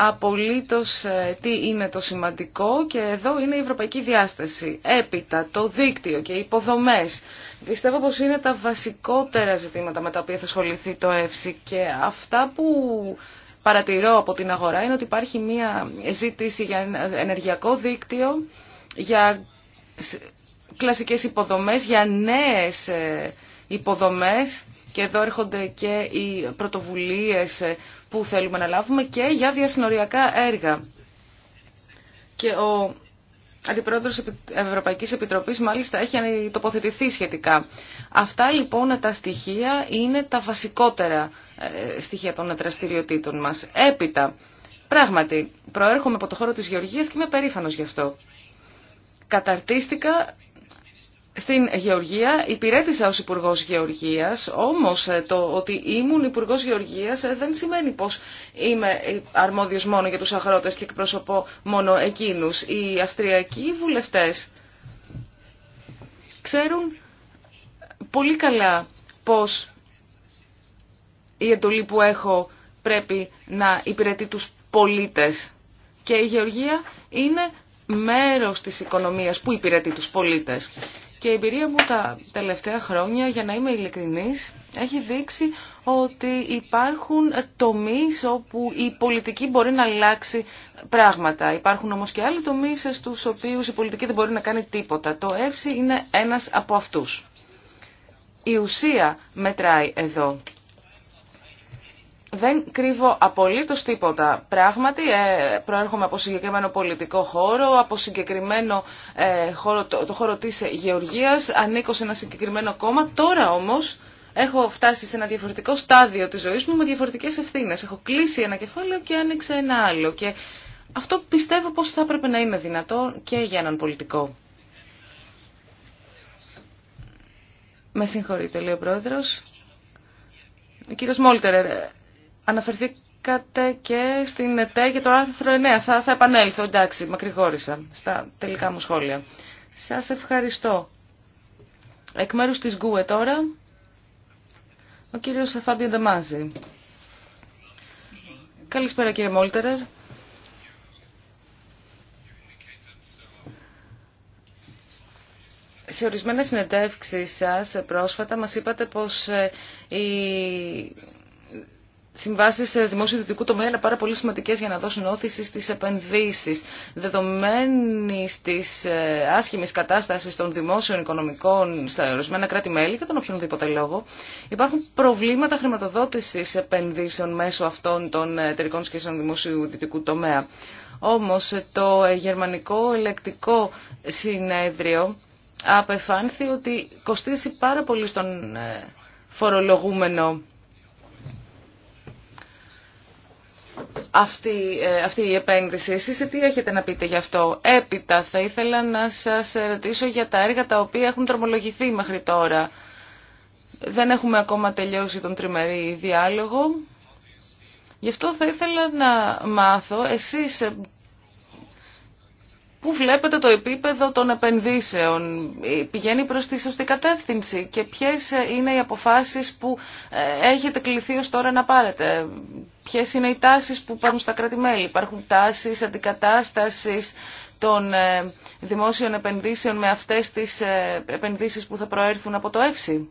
απολύτως ε, τι είναι το σημαντικό και εδώ είναι η ευρωπαϊκή διάσταση. Έπειτα, το δίκτυο και οι υποδομές. Πιστεύω πως είναι τα βασικότερα ζητήματα με τα οποία θα ασχοληθεί το ΕΦΣΙ και αυτά που παρατηρώ από την αγορά είναι ότι υπάρχει μια ζήτηση για ενεργειακό δίκτυο, για κλασικές υποδομές, για νέες ε, υποδομές και εδώ έρχονται και οι πρωτοβουλίες ε, που θέλουμε να λάβουμε και για διασυνοριακά έργα. Και ο Αντιπρόεδρος Ευρωπαϊκής Επιτροπής μάλιστα έχει τοποθετηθεί σχετικά. Αυτά λοιπόν τα στοιχεία είναι τα βασικότερα ε, στοιχεία των δραστηριοτήτων μας. Έπειτα, πράγματι, προέρχομαι από το χώρο της Γεωργίας και είμαι περήφανος γι' αυτό. Καταρτίστηκα στην Γεωργία, υπηρέτησα ως υπουργό Γεωργίας, όμως ε, το ότι ήμουν υπουργό Γεωργίας ε, δεν σημαίνει πως είμαι ε, αρμόδιος μόνο για τους αγρότες και εκπροσωπώ μόνο εκείνους. Οι αυστριακοί βουλευτές ξέρουν πολύ καλά πως η εντολή που έχω πρέπει να υπηρετεί τους πολίτες και η Γεωργία είναι μέρος της οικονομίας που υπηρετεί τους πολίτες. Και η εμπειρία μου τα τελευταία χρόνια, για να είμαι ειλικρινής, έχει δείξει ότι υπάρχουν τομείς όπου η πολιτική μπορεί να αλλάξει πράγματα. Υπάρχουν όμως και άλλοι τομείς στους οποίους η πολιτική δεν μπορεί να κάνει τίποτα. Το ΕΦΣΙ είναι ένας από αυτούς. Η ουσία μετράει εδώ. Δεν κρύβω απολύτως τίποτα. Πράγματι, ε, προέρχομαι από συγκεκριμένο πολιτικό χώρο, από συγκεκριμένο ε, χώρο, το χώρο της γεωργίας, ανήκω σε ένα συγκεκριμένο κόμμα. Τώρα όμως έχω φτάσει σε ένα διαφορετικό στάδιο της ζωής μου με διαφορετικές ευθύνες. Έχω κλείσει ένα κεφάλαιο και άνοιξε ένα άλλο. Και αυτό πιστεύω πως θα έπρεπε να είναι δυνατό και για έναν πολιτικό. Με συγχωρείτε, λέει ο πρόεδρος. κύριος Μόλτερ Αναφερθήκατε και στην ΕΤΕ και το άρθρο 9. Θα, θα επανέλθω, εντάξει, μακρηγόρησα στα τελικά μου σχόλια. Σας ευχαριστώ. Εκ μέρου τη ΓΚΟΕ τώρα, ο κύριος Φάμπιο Ντεμάζη. Καλησπέρα κύριε Μόλτερερ. Σε ορισμένες συνεντεύξεις σας ε, πρόσφατα μας είπατε πως ε, η Συμβάσει σε ιδιωτικού τομέα είναι πάρα πολύ σημαντικέ για να δώσουν όθηση στις επενδύσεις. Δεδομένης της ε, άσχημη κατάσταση των δημόσιων οικονομικών στα ορισμένα κράτη-μέλη και τον οποιονδήποτε λόγο, υπάρχουν προβλήματα χρηματοδότηση επενδύσεων μέσω αυτών των εταιρικών σχέσεων δημόσιου τομέα. Όμω, το γερμανικό ελεκτικό συνέδριο απεφάνθη ότι κοστίζει πάρα πολύ στον ε, φορολογούμενο Ε, αυτή, η επένδυση. Εσείς τι έχετε να πείτε γι' αυτό. Έπειτα θα ήθελα να σας ρωτήσω για τα έργα τα οποία έχουν τρομολογηθεί μέχρι τώρα. Δεν έχουμε ακόμα τελειώσει τον τριμερή διάλογο. Γι' αυτό θα ήθελα να μάθω εσείς Πού βλέπετε το επίπεδο των επενδύσεων, ε, πηγαίνει προς τη σωστή κατεύθυνση και ποιες ε, είναι οι αποφάσεις που ε, έχετε κληθεί ως τώρα να πάρετε. Ποιες είναι οι τάσεις που υπάρχουν στα κράτη-μέλη. Υπάρχουν τάσεις αντικατάστασης των δημόσιων επενδύσεων με αυτές τις επενδύσεις που θα προέρθουν από το ΕΦΣΥ.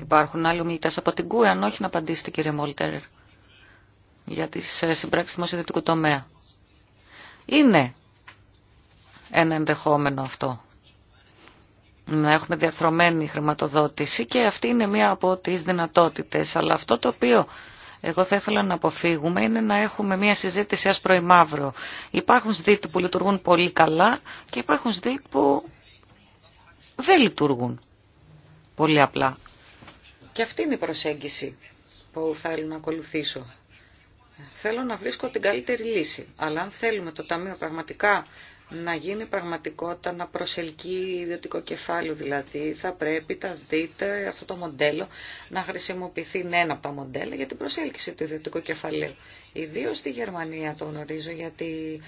Υπάρχουν άλλοι ομιλητές από την ΚΟΕ, αν όχι να απαντήσετε κύριε Μόλτερ για τις ε, συμπράξεις ιδιωτικού τομέα. Είναι ένα ενδεχόμενο αυτό. Να έχουμε διαρθρωμένη χρηματοδότηση και αυτή είναι μία από τις δυνατότητες. Αλλά αυτό το οποίο εγώ θα ήθελα να αποφύγουμε είναι να έχουμε μία συζήτηση άσπρο ή μαύρο. Υπάρχουν σδίτη που λειτουργούν πολύ καλά και υπάρχουν σδίτη που δεν λειτουργούν πολύ απλά. Και αυτή είναι η προσέγγιση που θέλω να ακολουθήσω. Θέλω να βρίσκω την καλύτερη λύση. Αλλά αν θέλουμε το Ταμείο πραγματικά να γίνει πραγματικότητα, να προσελκύει ιδιωτικό κεφάλαιο δηλαδή, θα πρέπει, τα δείτε, αυτό το μοντέλο να χρησιμοποιηθεί ναι, ένα από τα μοντέλα για την προσέλκυση του ιδιωτικού κεφαλαίου. Ιδίω στη Γερμανία το γνωρίζω γιατί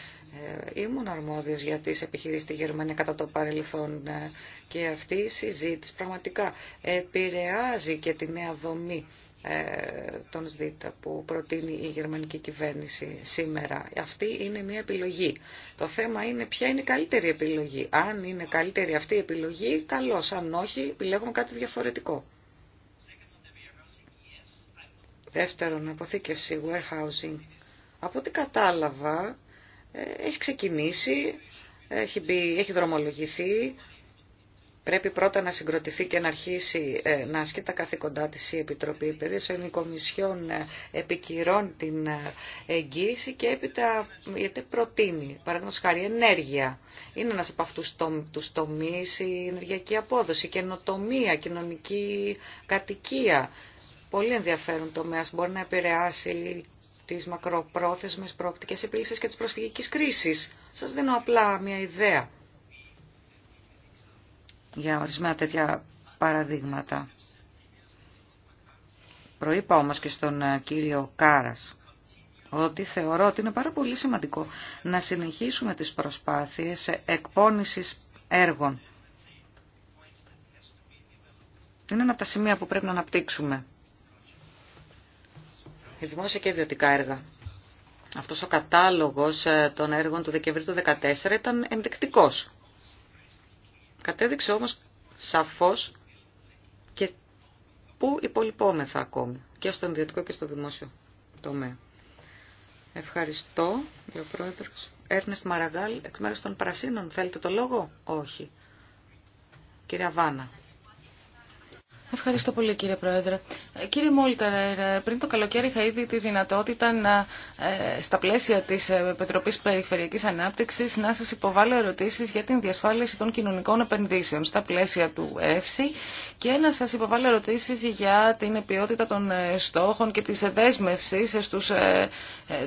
ε, ήμουν αρμόδιος για τις επιχειρήσεις στη Γερμανία κατά το παρελθόν ε, και αυτή η συζήτηση πραγματικά επηρεάζει και τη νέα δομή ε, των ΣΔΙΤΑ που προτείνει η γερμανική κυβέρνηση σήμερα. Αυτή είναι μια επιλογή. Το θέμα είναι ποια είναι η καλύτερη επιλογή. Αν είναι καλύτερη αυτή η επιλογή, καλώς. Αν όχι, επιλέγουμε κάτι διαφορετικό. Δεύτερον, αποθήκευση, warehousing. Από ό,τι κατάλαβα, ε, έχει ξεκινήσει, έχει, έχει δρομολογηθεί, Πρέπει πρώτα να συγκροτηθεί και να αρχίσει ε, να ασκεί τα καθήκοντά της η Επιτροπή Παιδείας. Η Κομισιόν ε, επικυρώνει την ε, εγγύηση και έπειτα γιατί προτείνει, παραδείγματος χάρη, ενέργεια. Είναι ένας από αυτούς του τομείς η ενεργειακή απόδοση, η καινοτομία, η κοινωνική κατοικία. Πολύ ενδιαφέρον τομέας. Μπορεί να επηρεάσει τις μακροπρόθεσμες προοπτικές επιλύσεις και της προσφυγικής κρίσης. Σας δίνω απλά μια ιδέα για ορισμένα τέτοια παραδείγματα. Προείπα όμως και στον ε, κύριο Κάρας ότι θεωρώ ότι είναι πάρα πολύ σημαντικό να συνεχίσουμε τις προσπάθειες εκπόνησης έργων. Είναι ένα από τα σημεία που πρέπει να αναπτύξουμε. Η δημόσια και ιδιωτικά έργα. Αυτός ο κατάλογος ε, των έργων του Δεκεμβρίου του 2014 ήταν ενδεικτικός. Κατέδειξε όμως σαφώς και πού υπολοιπόμεθα ακόμη, και στον ιδιωτικό και στο δημόσιο τομέα. Ευχαριστώ, λέει ο Πρόεδρος. Έρνεστ Μαραγκάλ, εκ μέρους των Πρασίνων. Θέλετε το λόγο? Όχι. Κυρία Βάνα. Ευχαριστώ πολύ κύριε Πρόεδρε. Ε, κύριε Μόλτερ, ε, πριν το καλοκαίρι είχα ήδη τη δυνατότητα να, ε, στα πλαίσια της Επιτροπής Περιφερειακής Ανάπτυξης να σας υποβάλω ερωτήσεις για την διασφάλιση των κοινωνικών επενδύσεων στα πλαίσια του ΕΦΣΥ και να σας υποβάλω ερωτήσεις για την ποιότητα των στόχων και της δέσμευσης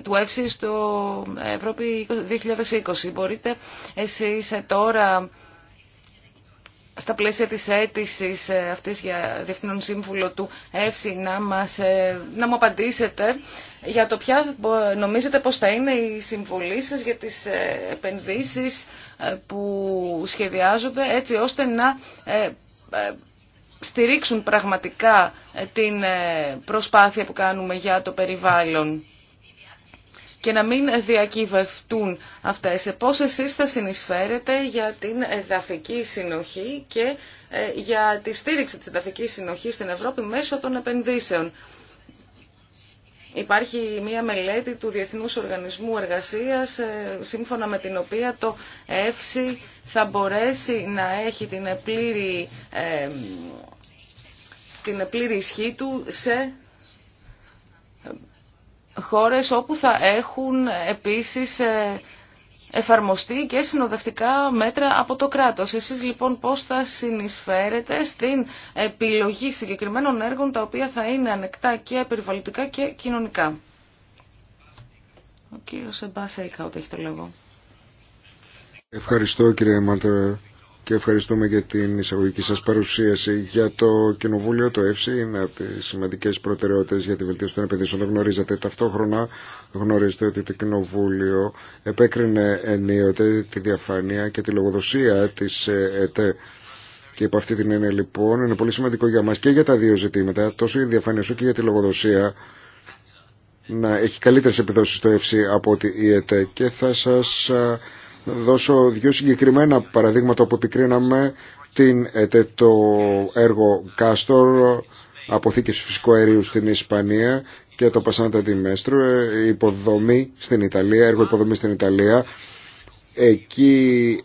του ΕΦΣΥ στο Ευρώπη 2020. Μπορείτε εσείς τώρα στα πλαίσια της αίτησης ε, αυτής για Διευθυνόν Σύμβουλο του ΕΦΣΙ να, μας, ε, να μου απαντήσετε για το ποια νομίζετε πως θα είναι η συμβολή για τις ε, επενδύσεις που σχεδιάζονται έτσι ώστε να στηρίξουν πραγματικά την προσπάθεια που κάνουμε για το περιβάλλον και να μην διακυβευτούν αυτές. Πώς εσείς θα συνεισφέρετε για την εδαφική συνοχή και ε, για τη στήριξη της εδαφικής συνοχής στην Ευρώπη μέσω των επενδύσεων. Υπάρχει μία μελέτη του Διεθνούς Οργανισμού Εργασίας, ε, σύμφωνα με την οποία το ΕΦΣΙ θα μπορέσει να έχει την πλήρη, ε, την πλήρη ισχύ του σε χώρες όπου θα έχουν επίσης ε, εφαρμοστεί και συνοδευτικά μέτρα από το κράτος. Εσείς λοιπόν πώς θα συνεισφέρετε στην επιλογή συγκεκριμένων έργων τα οποία θα είναι ανεκτά και περιβαλλοντικά και κοινωνικά. Ο κύριος Εμπάσεϊκα, Ευχαριστώ κύριε και ευχαριστούμε για την εισαγωγική σας παρουσίαση. Για το Κοινοβούλιο, το ΕΦΣΥ είναι από τις σημαντικές προτεραιότητες για τη βελτίωση των επενδύσεων. Το γνωρίζετε. Ταυτόχρονα γνωρίζετε ότι το Κοινοβούλιο επέκρινε ενίοτε τη διαφάνεια και τη λογοδοσία της ε, ΕΤΕ. Και από αυτή την έννοια λοιπόν είναι πολύ σημαντικό για μας και για τα δύο ζητήματα, τόσο η διαφάνεια σου και για τη λογοδοσία, να έχει καλύτερες επιδόσεις το ΕΦΣΥ από ότι η ΕΤΕ. Και θα σας ε, δώσω δύο συγκεκριμένα παραδείγματα που επικρίναμε την, το έργο Κάστορ αποθήκευση φυσικού αερίου στην Ισπανία και το Πασάντα Τιμέστρου, ε, υποδομή στην Ιταλία, έργο υποδομή στην Ιταλία. Εκεί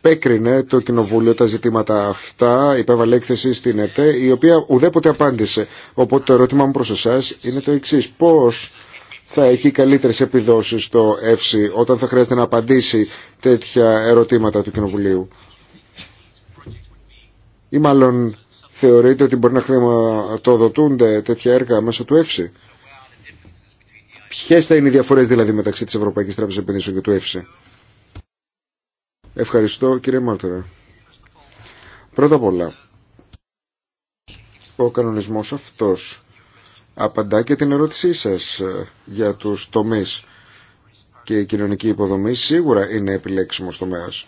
πέκρινε το Κοινοβούλιο τα ζητήματα αυτά, υπέβαλε έκθεση στην ΕΤΕ, η οποία ουδέποτε απάντησε. Οπότε το ερώτημα μου προς εσάς είναι το εξής. Πώς θα έχει καλύτερες επιδόσεις το ΕΦΣΥ όταν θα χρειάζεται να απαντήσει τέτοια ερωτήματα του Κοινοβουλίου. Ή μάλλον θεωρείτε ότι μπορεί να χρηματοδοτούνται τέτοια έργα μέσω του ΕΦΣΥ. Ποιε θα είναι οι διαφορέ δηλαδή μεταξύ της Ευρωπαϊκής Τράπεζας Επενδύσεων και του ΕΦΣΥ. Ευχαριστώ κύριε Μάρτερα. Πρώτα απ' όλα, ο κανονισμός αυτός απαντά και την ερώτησή σας ε, για τους τομείς και η κοινωνική υποδομή σίγουρα είναι επιλέξιμος τομέας.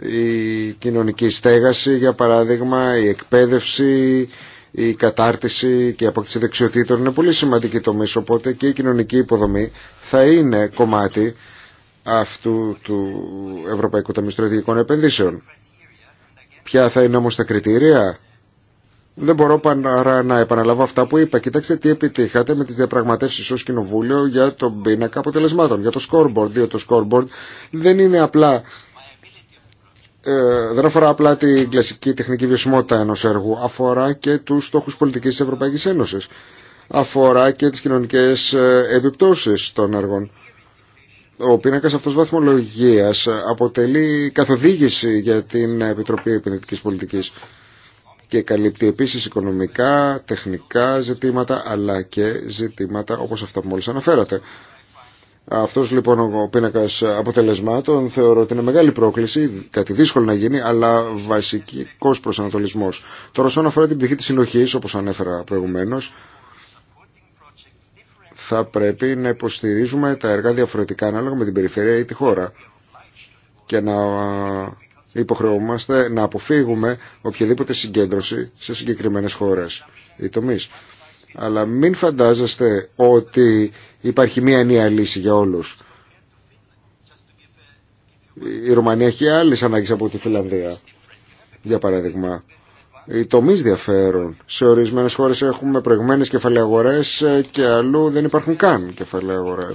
Η κοινωνική στέγαση, για παράδειγμα, η εκπαίδευση, η κατάρτιση και η απόκτηση δεξιοτήτων είναι πολύ σημαντική τομείς, οπότε και η κοινωνική υποδομή θα είναι κομμάτι αυτού του Ευρωπαϊκού Ταμείου Στρατηγικών Επενδύσεων. Ποια θα είναι όμως τα κριτήρια δεν μπορώ παρά να επαναλάβω αυτά που είπα. Κοιτάξτε τι επιτύχατε με τι διαπραγματεύσει ω κοινοβούλιο για τον πίνακα αποτελεσμάτων, για το scoreboard, διότι το scoreboard δεν είναι απλά... Ε, δεν αφορά απλά την κλασική τεχνική βιωσιμότητα ενό έργου, αφορά και του στόχου πολιτική τη Ευρωπαϊκή Ένωση. αφορά και τι κοινωνικέ ε, επιπτώσει των έργων. Ο πίνακα αυτό βαθμολογία αποτελεί καθοδήγηση για την Επιτροπή Επενδυτικής πολιτική και καλύπτει επίσης οικονομικά, τεχνικά ζητήματα αλλά και ζητήματα όπως αυτά που μόλις αναφέρατε. Αυτός λοιπόν ο πίνακας αποτελεσμάτων θεωρώ ότι είναι μεγάλη πρόκληση, κάτι δύσκολο να γίνει, αλλά βασικός προσανατολισμός. Τώρα όσον αφορά την πτυχή της συνοχής, όπως ανέφερα προηγουμένως, θα πρέπει να υποστηρίζουμε τα έργα διαφορετικά ανάλογα με την περιφέρεια ή τη χώρα και να υποχρεωμαστε να αποφύγουμε οποιαδήποτε συγκέντρωση σε συγκεκριμένες χώρες ή τομείς. Αλλά μην φαντάζεστε ότι υπάρχει μία ενιαία λύση για όλους. Η Ρουμανία έχει άλλες ανάγκες από τη Φιλανδία, για παράδειγμα. Οι τομεί διαφέρουν. Σε ορισμένε χώρε έχουμε προηγμένε κεφαλαίε αγορέ και αλλού δεν υπάρχουν καν κεφαλαίε αγορέ.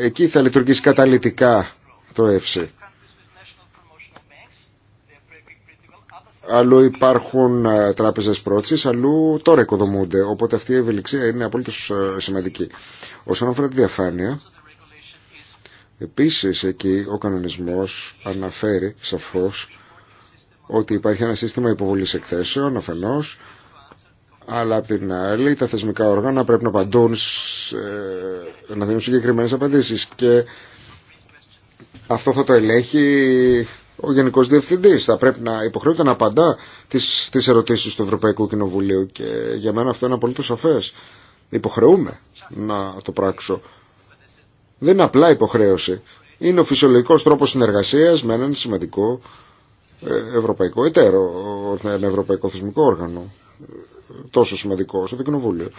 Εκεί θα λειτουργήσει καταλητικά το ΕΦΣΥ. Αλλού υπάρχουν ε, τράπεζες πρότσης, αλλού τώρα οικοδομούνται. Οπότε αυτή η ευελιξία είναι απόλυτα ε, σημαντική. Όσον αφορά τη διαφάνεια, επίσης εκεί ο κανονισμός αναφέρει σαφώς ότι υπάρχει ένα σύστημα υποβολής εκθέσεων αφενός, αλλά απ' την άλλη τα θεσμικά όργανα πρέπει να απαντούν, να δίνουν συγκεκριμένες απαντήσεις και αυτό θα το ελέγχει ο Γενικός Διευθυντής θα πρέπει να υποχρεώται να απαντά τι ερωτήσει του Ευρωπαϊκού Κοινοβουλίου και για μένα αυτό είναι απολύτως σαφέ. Υποχρεούμε να το πράξω. Δεν είναι απλά υποχρέωση. Είναι ο φυσιολογικός τρόπος συνεργασίας με έναν σημαντικό ε, ευρωπαϊκό εταίρο, ένα ευρωπαϊκό θεσμικό όργανο, ε, τόσο σημαντικό όσο το Κοινοβούλιο.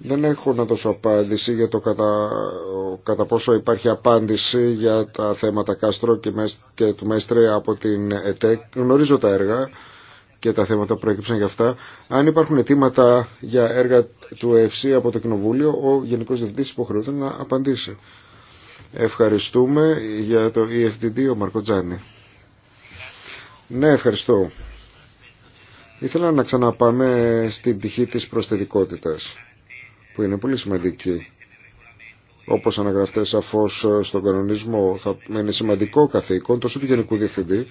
Δεν έχω να δώσω απάντηση για το κατά, κατά πόσο υπάρχει απάντηση για τα θέματα Κάστρο και, του Μέστρε από την ΕΤΕΚ. Γνωρίζω τα έργα και τα θέματα που προέκυψαν για αυτά. Αν υπάρχουν αιτήματα για έργα του ΕΦΣ από το Κοινοβούλιο, ο Γενικός Διευθυντή υποχρεούται να απαντήσει. Ευχαριστούμε για το EFDD ο Μαρκοτζάνη. Ναι, ευχαριστώ. Ήθελα να ξαναπάμε στην πτυχή της προσθετικότητας που είναι πολύ σημαντική. Όπως αναγραφτέ σαφώς ε, στον κανονισμό θα είναι σημαντικό καθήκον τόσο του Γενικού Διευθυντή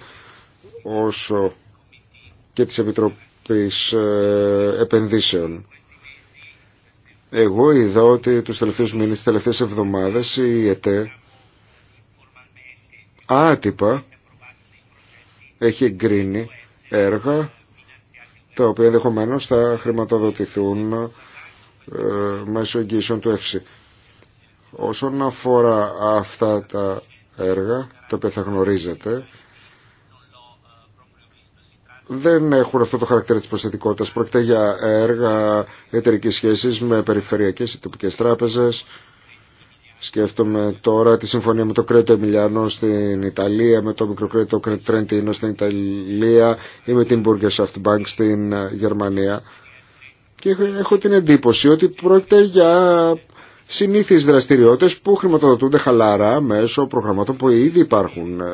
όσο και της Επιτροπής ε, Επενδύσεων. Εγώ είδα ότι τους τελευταίους μήνες, τις τελευταίες εβδομάδες η ΕΤΕ άτυπα έχει εγκρίνει έργα τα οποία ενδεχομένω θα χρηματοδοτηθούν ε, μέσω εγγύησεων του ΕΦΣΥ. Όσον αφορά αυτά τα έργα, τα οποία θα γνωρίζετε, δεν έχουν αυτό το χαρακτήρα της προσθετικότητας. Πρόκειται για έργα εταιρικής σχέσης με περιφερειακές ή τοπικές τράπεζες. Σκέφτομαι τώρα τη συμφωνία με το Κρέτο Εμιλιανό στην Ιταλία, με το μικροκρέτο Τρέντινο στην Ιταλία ή με την Bank στην ε, Γερμανία και έχω την εντύπωση ότι πρόκειται για συνήθεις δραστηριότητες που χρηματοδοτούνται χαλάρα μέσω προγραμμάτων που ήδη υπάρχουν ε,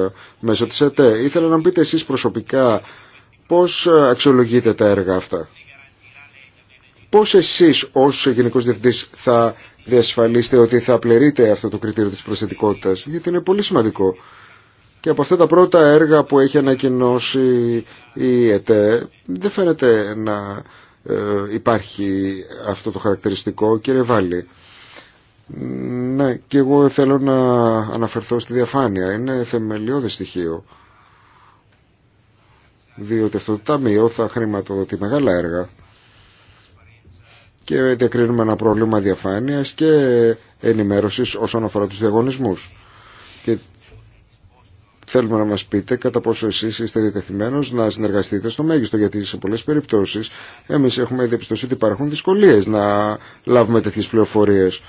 ε, μέσω της ΕΤΕ. Ήθελα να πείτε εσείς προσωπικά πώς ε, αξιολογείτε τα έργα αυτά. Πώς εσείς ως Γενικός Διευθυντής θα διασφαλίσετε ότι θα πληρείτε αυτό το κριτήριο της προσθετικότητας, γιατί είναι πολύ σημαντικό. Και από αυτά τα πρώτα έργα που έχει ανακοινώσει η ΕΤΕ δεν φαίνεται να ε, υπάρχει αυτό το χαρακτηριστικό. Κύριε Βάλλη ναι, και εγώ θέλω να αναφερθώ στη διαφάνεια. Είναι θεμελιώδη στοιχείο. Διότι αυτό το ταμείο θα χρηματοδοτεί μεγάλα έργα και διακρίνουμε ένα πρόβλημα διαφάνειας και ενημέρωσης όσον αφορά τους διαγωνισμούς. Θέλουμε να μας πείτε κατά πόσο εσείς είστε διατεθειμένος να συνεργαστείτε στο μέγιστο, γιατί σε πολλές περιπτώσεις εμείς έχουμε διαπιστώσει ότι υπάρχουν δυσκολίες να λάβουμε τέτοιες πληροφορίες.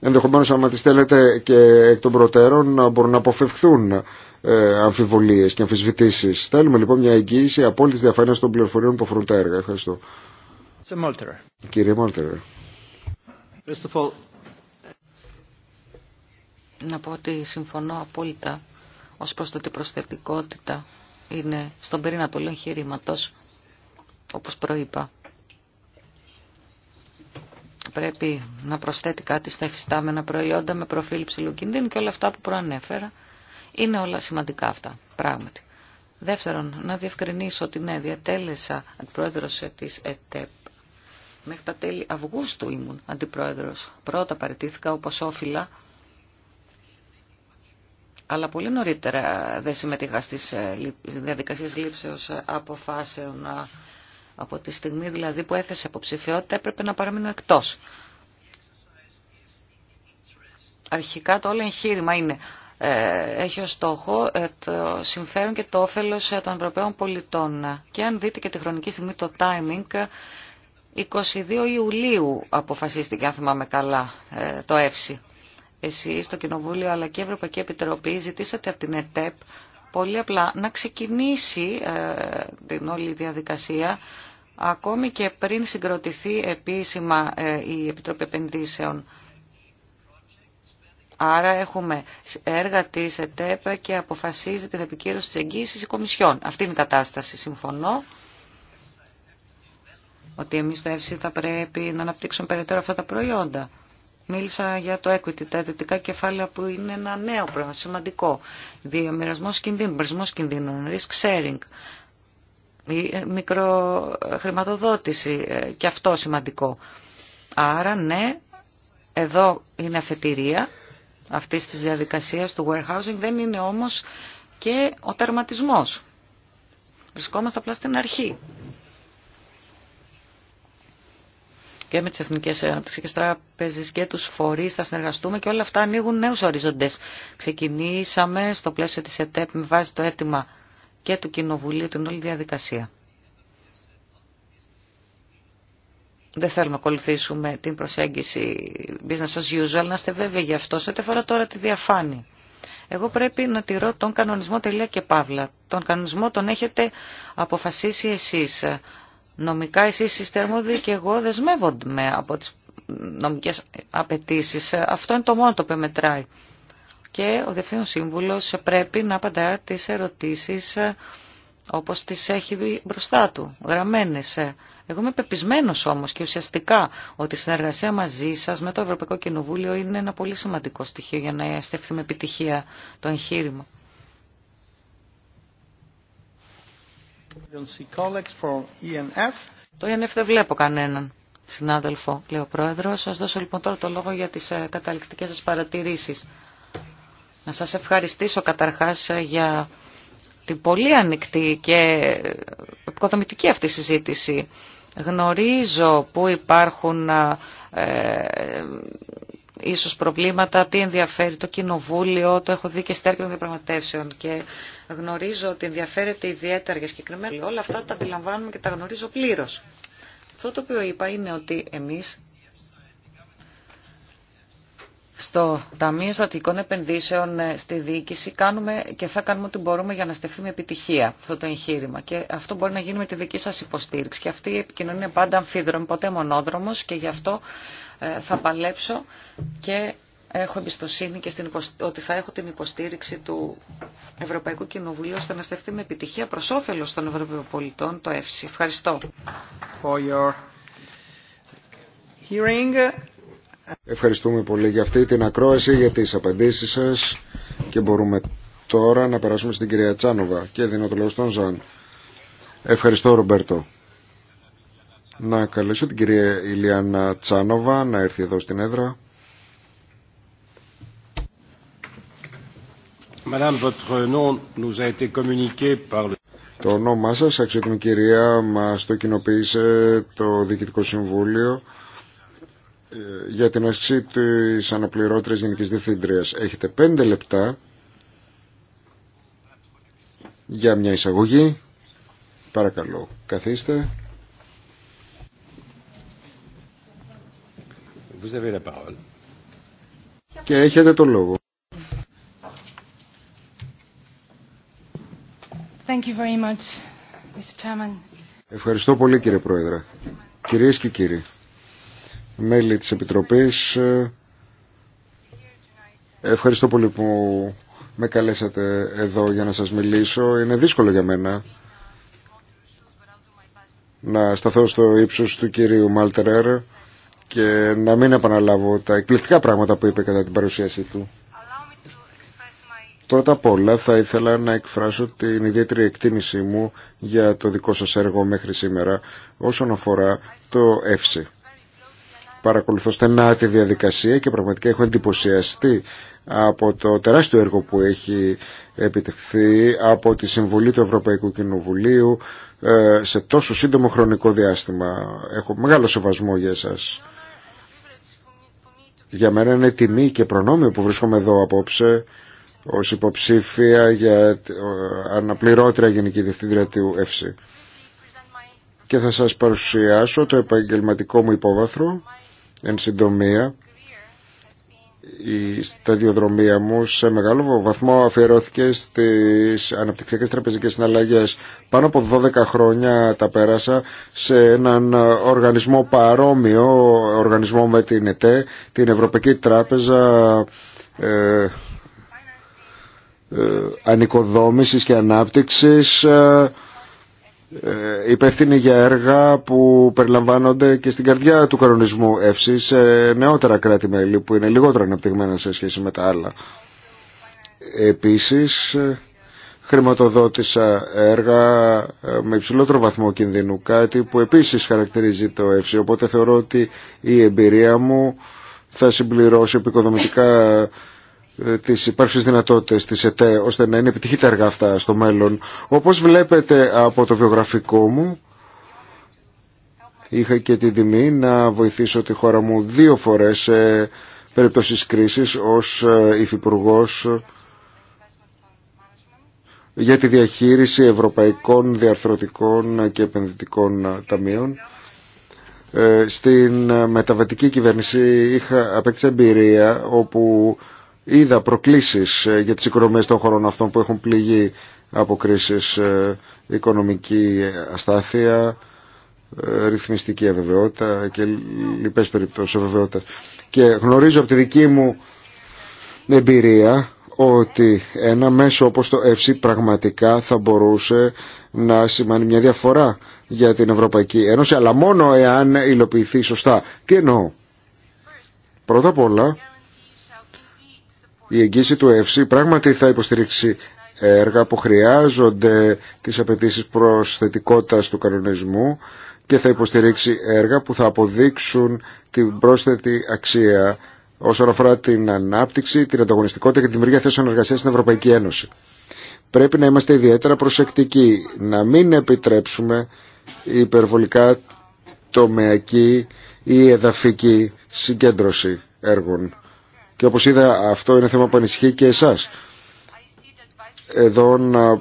Ενδεχομένως άμα τις θέλετε και εκ των προτέρων να μπορούν να αποφευχθούν ε, αμφιβολίες και αμφισβητήσεις. Θέλουμε λοιπόν μια εγγύηση απόλυτης διαφάνειας των πληροφοριών που αφορούν τα έργα. Ευχαριστώ. Κύριε Μόλτερε. Να πω ότι συμφωνώ απόλυτα ως προς το ότι η προσθετικότητα είναι στον πυρήνα εγχειρήματο, όπως προείπα. Πρέπει να προσθέτει κάτι στα εφιστάμενα προϊόντα με προφίλ ψηλού κινδύνου και όλα αυτά που προανέφερα. Είναι όλα σημαντικά αυτά, πράγματι. Δεύτερον, να διευκρινίσω ότι ναι, διατέλεσα αντιπρόεδρος της ΕΤΕΠ. Μέχρι τα τέλη Αυγούστου ήμουν αντιπρόεδρος. Πρώτα παραιτήθηκα όπως όφυλα αλλά πολύ νωρίτερα δεν συμμετείχα στις ε, διαδικασίες λήψεως ε, αποφάσεων ε, από τη στιγμή δηλαδή που έθεσε αποψηφιότητα έπρεπε να παραμείνω εκτός. Αρχικά το όλο εγχείρημα είναι έχει ως στόχο το συμφέρον και το όφελος των Ευρωπαίων πολιτών. Και αν δείτε και τη χρονική στιγμή το timing, 22 Ιουλίου αποφασίστηκε, αν θυμάμαι καλά, το ΕΦΣΥ. Εσεί, στο Κοινοβούλιο αλλά και η Ευρωπαϊκή Επιτροπή ζητήσατε από την ΕΤΕΠ πολύ απλά να ξεκινήσει ε, την όλη διαδικασία ακόμη και πριν συγκροτηθεί επίσημα ε, η Επιτροπή Επενδύσεων. Άρα έχουμε έργα τη ΕΤΕΠ και αποφασίζει την επικύρωση τη εγγύηση η Αυτή είναι η κατάσταση. Συμφωνώ ότι εμείς στο ΕΦΣΥ θα πρέπει να αναπτύξουμε περαιτέρω αυτά τα προϊόντα. Μίλησα για το equity, τα ιδιωτικά κεφάλαια που είναι ένα νέο πρόγραμμα, σημαντικό. Διαμοιρασμό κινδύνων, risk sharing, ε, μικροχρηματοδότηση, ε, και αυτό σημαντικό. Άρα ναι, εδώ είναι αφετηρία αυτή της διαδικασίας του warehousing, δεν είναι όμως και ο τερματισμός. Βρισκόμαστε απλά στην αρχή και με τις Εθνικές Αναπτυξιακές τράπεζε και του φορείς θα συνεργαστούμε και όλα αυτά ανοίγουν νέου οριζοντές. Ξεκινήσαμε στο πλαίσιο της ΕΤΕΠ με βάση το αίτημα και του Κοινοβουλίου την όλη διαδικασία. Δεν θέλουμε να ακολουθήσουμε την προσέγγιση business as usual, να είστε βέβαιοι γι' αυτό, σε ό,τι τώρα τη διαφάνεια. Εγώ πρέπει να τηρώ τον κανονισμό τελεία και παύλα. Τον κανονισμό τον έχετε αποφασίσει εσείς νομικά εσεί είστε και εγώ δεσμεύονται από τι νομικές απαιτήσει. Αυτό είναι το μόνο το οποίο μετράει. Και ο Διευθύνων Σύμβουλος πρέπει να απαντά τι ερωτήσεις ε, όπως τις έχει δει μπροστά του, γραμμένες. Ε, εγώ είμαι πεπισμένο όμως και ουσιαστικά ότι η συνεργασία μαζί σας με το Ευρωπαϊκό Κοινοβούλιο είναι ένα πολύ σημαντικό στοιχείο για να στεφθεί με επιτυχία το εγχείρημα. E το ΕΝΕΦ e δεν βλέπω κανέναν συνάδελφο, λέει ο Πρόεδρος. Σας δώσω λοιπόν τώρα το λόγο για τις ε, καταληκτικές σας παρατηρήσεις. Να σας ευχαριστήσω καταρχάς ε, για την πολύ ανοιχτή και επικοδομητική αυτή συζήτηση. Γνωρίζω που υπάρχουν ε, ίσως προβλήματα, τι ενδιαφέρει το κοινοβούλιο, το έχω δει και στη των διαπραγματεύσεων και γνωρίζω ότι ενδιαφέρεται ιδιαίτερα για συγκεκριμένα. Όλα αυτά τα αντιλαμβάνουμε και τα γνωρίζω πλήρως. Αυτό το οποίο είπα είναι ότι εμείς στο Ταμείο Στατικών Επενδύσεων ε, στη διοίκηση κάνουμε και θα κάνουμε ό,τι μπορούμε για να στεφθεί με επιτυχία αυτό το εγχείρημα. Και αυτό μπορεί να γίνει με τη δική σας υποστήριξη. Και αυτή η επικοινωνία είναι πάντα αμφίδρομη, ποτέ μονόδρομος και γι' αυτό ε, θα παλέψω και έχω εμπιστοσύνη και στην ότι θα έχω την υποστήριξη του Ευρωπαϊκού Κοινοβουλίου ώστε να στεφτεί με επιτυχία προς όφελος των Ευρωπαϊκών πολιτών το ΕΦΣΥ. Ευχαριστώ. Ευχαριστούμε πολύ για αυτή την ακρόαση, για τις απαντήσεις σας και μπορούμε τώρα να περάσουμε στην κυρία Τσάνοβα και δίνω το λόγο στον Ζαν. Ευχαριστώ Ρομπέρτο να καλέσω την κυρία Ηλιάνα Τσάνοβα να έρθει εδώ στην έδρα. Το όνομά σα, αξιότιμη κυρία, μας το κοινοποίησε το Διοικητικό Συμβούλιο ε, για την ασκή τη αναπληρώτρια γενική Διευθύντρια. Έχετε πέντε λεπτά για μια εισαγωγή. Παρακαλώ, καθίστε. Και έχετε το λόγο. Thank you very much, Mr. Chairman. Ευχαριστώ πολύ κύριε Πρόεδρε. Κυρίες και κύριοι, μέλη της Επιτροπής, ε, ευχαριστώ πολύ που με καλέσατε εδώ για να σας μιλήσω. Είναι δύσκολο για μένα να σταθώ στο ύψος του κυρίου Μάλτερερ και να μην επαναλάβω τα εκπληκτικά πράγματα που είπε κατά την παρουσίασή του. Πρώτα απ' όλα θα ήθελα να εκφράσω την ιδιαίτερη εκτίμησή μου για το δικό σας έργο μέχρι σήμερα όσον αφορά το ΕΦΣΙ. Παρακολουθώ στενά τη διαδικασία και πραγματικά έχω εντυπωσιαστεί από το τεράστιο έργο που έχει επιτευχθεί από τη Συμβουλή του Ευρωπαϊκού Κοινοβουλίου ε, σε τόσο σύντομο χρονικό διάστημα. Έχω μεγάλο σεβασμό για σας. Για μένα είναι τιμή και προνόμιο που βρίσκομαι εδώ απόψε ως υποψήφια για αναπληρώτρια Γενική Διευθύντρια του ΕΦΣΥ. Και θα σας παρουσιάσω το επαγγελματικό μου υπόβαθρο, εν συντομία, η σταδιοδρομία μου σε μεγάλο βαθμό αφιερώθηκε στις αναπτυξιακές τραπεζικές συναλλαγές. Πάνω από 12 χρόνια τα πέρασα σε έναν οργανισμό παρόμοιο, οργανισμό με την ΕΤΕ, την Ευρωπαϊκή Τράπεζα ε, ε Ανοικοδόμησης και Ανάπτυξης, ε, ε, υπεύθυνοι για έργα που περιλαμβάνονται και στην καρδιά του κανονισμού ΕΦΣΙ σε νεότερα κράτη-μέλη που είναι λιγότερα αναπτυγμένα σε σχέση με τα άλλα. Επίσης, ε, χρηματοδότησα έργα ε, με υψηλότερο βαθμό κινδύνου, κάτι που επίσης χαρακτηρίζει το ΕΦΣΙ, οπότε θεωρώ ότι η εμπειρία μου θα συμπληρώσει επικοδομητικά ε, τις υπάρχουσες δυνατότητε της ΕΤΕ ώστε να είναι επιτυχή τα έργα αυτά στο μέλλον. Όπως βλέπετε από το βιογραφικό μου είχα και την τιμή να βοηθήσω τη χώρα μου δύο φορές σε περίπτωσης κρίσης ως ε, υφυπουργό για τη διαχείριση ευρωπαϊκών διαρθρωτικών και επενδυτικών ταμείων. Ε, στην μεταβατική κυβέρνηση είχα απέκτησε εμπειρία όπου είδα προκλήσεις ε, για τις οικονομίες των χωρών αυτών που έχουν πληγεί από κρίσεις ε, οικονομική αστάθεια, ε, ρυθμιστική αβεβαιότητα και λοιπές περιπτώσεις αβεβαιότητας. Και γνωρίζω από τη δική μου εμπειρία ότι ένα μέσο όπως το ΕΦΣΥ πραγματικά θα μπορούσε να σημαίνει μια διαφορά για την Ευρωπαϊκή Ένωση, αλλά μόνο εάν υλοποιηθεί σωστά. Τι εννοώ. Πρώτα απ' όλα, η εγγύηση του ΕΦΣΥ πράγματι θα υποστηρίξει έργα που χρειάζονται τις απαιτήσει προσθετικότητας του κανονισμού και θα υποστηρίξει έργα που θα αποδείξουν την πρόσθετη αξία όσον αφορά την ανάπτυξη, την ανταγωνιστικότητα και τη δημιουργία θέσεων εργασία στην Ευρωπαϊκή Ένωση. Πρέπει να είμαστε ιδιαίτερα προσεκτικοί, να μην επιτρέψουμε υπερβολικά τομεακή ή εδαφική συγκέντρωση έργων. Και όπως είδα αυτό είναι θέμα που ανησυχεί και εσάς. Εδώ να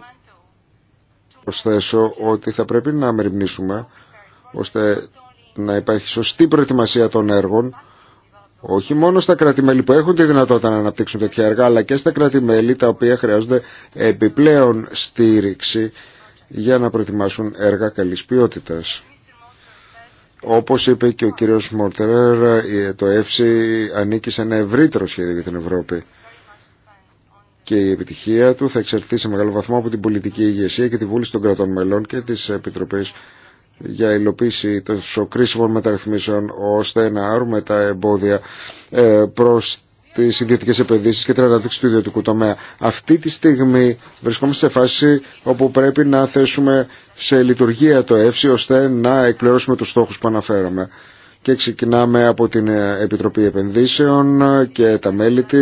προσθέσω ότι θα πρέπει να μεριμνήσουμε ώστε να υπάρχει σωστή προετοιμασία των έργων όχι μόνο στα κράτη-μέλη που έχουν τη δυνατότητα να αναπτύξουν τέτοια έργα αλλά και στα κράτη-μέλη τα οποία χρειάζονται επιπλέον στήριξη για να προετοιμάσουν έργα καλής ποιότητας. Όπως είπε και ο κύριος Μορτερέρ, το ΕΦΣΙ ανήκει σε ένα ευρύτερο σχέδιο για την Ευρώπη και η επιτυχία του θα εξερθεί σε μεγάλο βαθμό από την πολιτική ηγεσία και τη βούληση των κρατών μελών και της Επιτροπής για υλοποίηση των κρίσιμων μεταρρυθμίσεων ώστε να άρουμε τα εμπόδια ε, προς τι ιδιωτικέ επενδύσει και την ανάπτυξη του ιδιωτικού τομέα. Αυτή τη στιγμή βρισκόμαστε σε φάση όπου πρέπει να θέσουμε σε λειτουργία το ΕΦΣΙ ώστε να εκπληρώσουμε του στόχου που αναφέραμε. Και ξεκινάμε από την Επιτροπή Επενδύσεων και τα μέλη τη.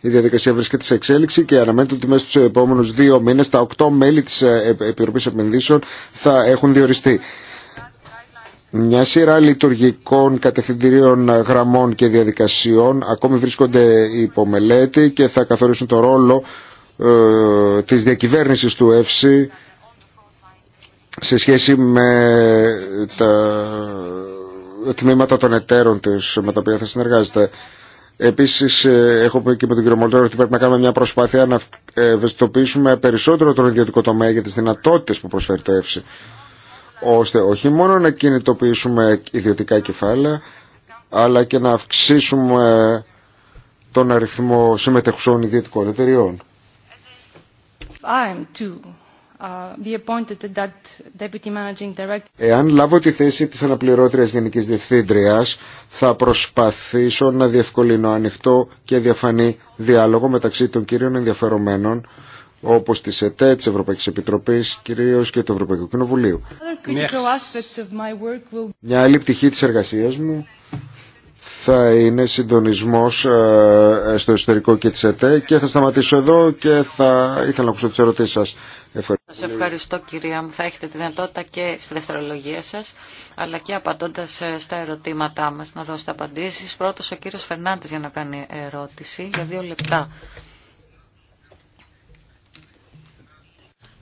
Η διαδικασία βρίσκεται σε εξέλιξη και αναμένεται ότι μέσα στου επόμενου δύο μήνε τα οκτώ μέλη τη Επιτροπή Επενδύσεων θα έχουν διοριστεί. Μια σειρά λειτουργικών κατευθυντηρίων γραμμών και διαδικασιών ακόμη βρίσκονται υπό μελέτη και θα καθορίσουν το ρόλο ε, της διακυβέρνησης του ΕΦΣΥ σε σχέση με τα τμήματα των εταίρων της με τα οποία θα συνεργάζεται. Επίσης ε, έχω πει και με τον κύριο Μολτέρο ότι πρέπει να κάνουμε μια προσπάθεια να ευαισθητοποιήσουμε περισσότερο τον ιδιωτικό τομέα για τις δυνατότητες που προσφέρει το ΕΦΣΥ ώστε όχι μόνο να κινητοποιήσουμε ιδιωτικά κεφάλαια αλλά και να αυξήσουμε τον αριθμό συμμετεχουσών ιδιωτικών εταιριών. Uh, Εάν λάβω τη θέση της αναπληρώτριας Γενικής Διευθύντριας θα προσπαθήσω να διευκολύνω ανοιχτό και διαφανή διάλογο μεταξύ των κύριων ενδιαφερομένων όπως της ΕΤΕ, της Ευρωπαϊκής Επιτροπής, κυρίως και του Ευρωπαϊκού Κοινοβουλίου. Μια άλλη πτυχή της εργασίας μου θα είναι συντονισμός ε, στο εσωτερικό και της ΕΤΕ και θα σταματήσω εδώ και θα ήθελα να ακούσω τις ερωτήσεις σας. Ευχαριστώ. Σας ευχαριστώ κυρία μου. Θα έχετε τη δυνατότητα και στη δευτερολογία σας αλλά και απαντώντας ε, στα ερωτήματά μας να δώσετε απαντήσεις. Πρώτος ο κύριος Φερνάντης για να κάνει ερώτηση για δύο λεπτά.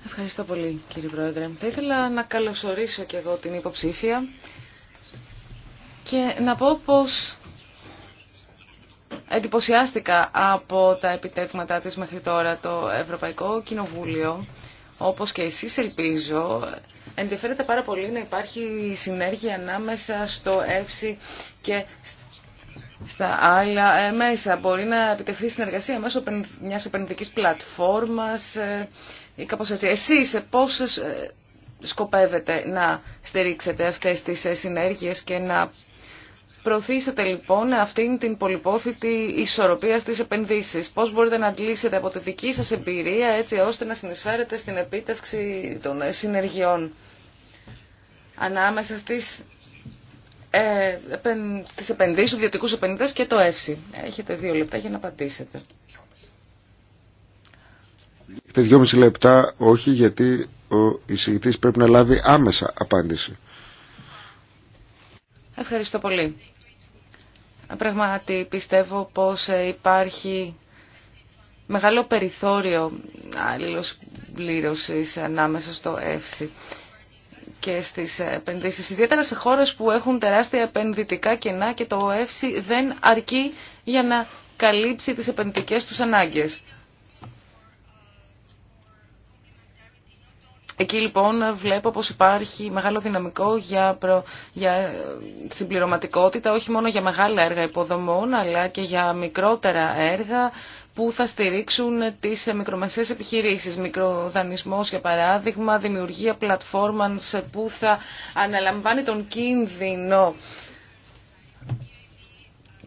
Ευχαριστώ πολύ κύριε Πρόεδρε. Θα ήθελα να καλωσορίσω και εγώ την υποψήφια και να πω πως εντυπωσιάστηκα από τα επιτεύγματα της μέχρι τώρα το Ευρωπαϊκό Κοινοβούλιο. Όπως και εσείς ελπίζω, ενδιαφέρεται πάρα πολύ να υπάρχει συνέργεια ανάμεσα στο ΕΦΣΙ και στα άλλα ε, μέσα. Μπορεί να επιτευχθεί συνεργασία μέσω μιας επενδυτικής πλατφόρμας ε, ή κάπως έτσι. Εσείς ε, πώς ε, σκοπεύετε να στηρίξετε αυτές τις ε, συνέργειες και να προωθήσετε λοιπόν αυτήν την πολυπόθητη ισορροπία στις επενδύσεις. Πώς μπορείτε να αντλήσετε από τη δική σας εμπειρία έτσι ώστε να συνεισφέρετε στην επίτευξη των συνεργειών ανάμεσα στις, ε, στις επενδύσεις, ιδιωτικούς επενδυτές και το ΕΦΣΥ. Έχετε δύο λεπτά για να απαντήσετε δύο δυόμιση λεπτά, όχι γιατί ο εισηγητή πρέπει να λάβει άμεσα απάντηση. Ευχαριστώ πολύ. Πραγματι πιστεύω πως ε, υπάρχει μεγάλο περιθώριο άλληλος πλήρωσης ανάμεσα στο ΕΦΣΙ και στις επενδύσεις, ιδιαίτερα σε χώρες που έχουν τεράστια επενδυτικά κενά και το ΕΦΣΙ δεν αρκεί για να καλύψει τις επενδυτικές τους ανάγκες. Εκεί λοιπόν βλέπω πως υπάρχει μεγάλο δυναμικό για, προ... για συμπληρωματικότητα, όχι μόνο για μεγάλα έργα υποδομών, αλλά και για μικρότερα έργα που θα στηρίξουν τις μικρομεσαίες επιχειρήσεις. Μικροδανισμός, για παράδειγμα, δημιουργία πλατφόρμανς που θα αναλαμβάνει τον κίνδυνο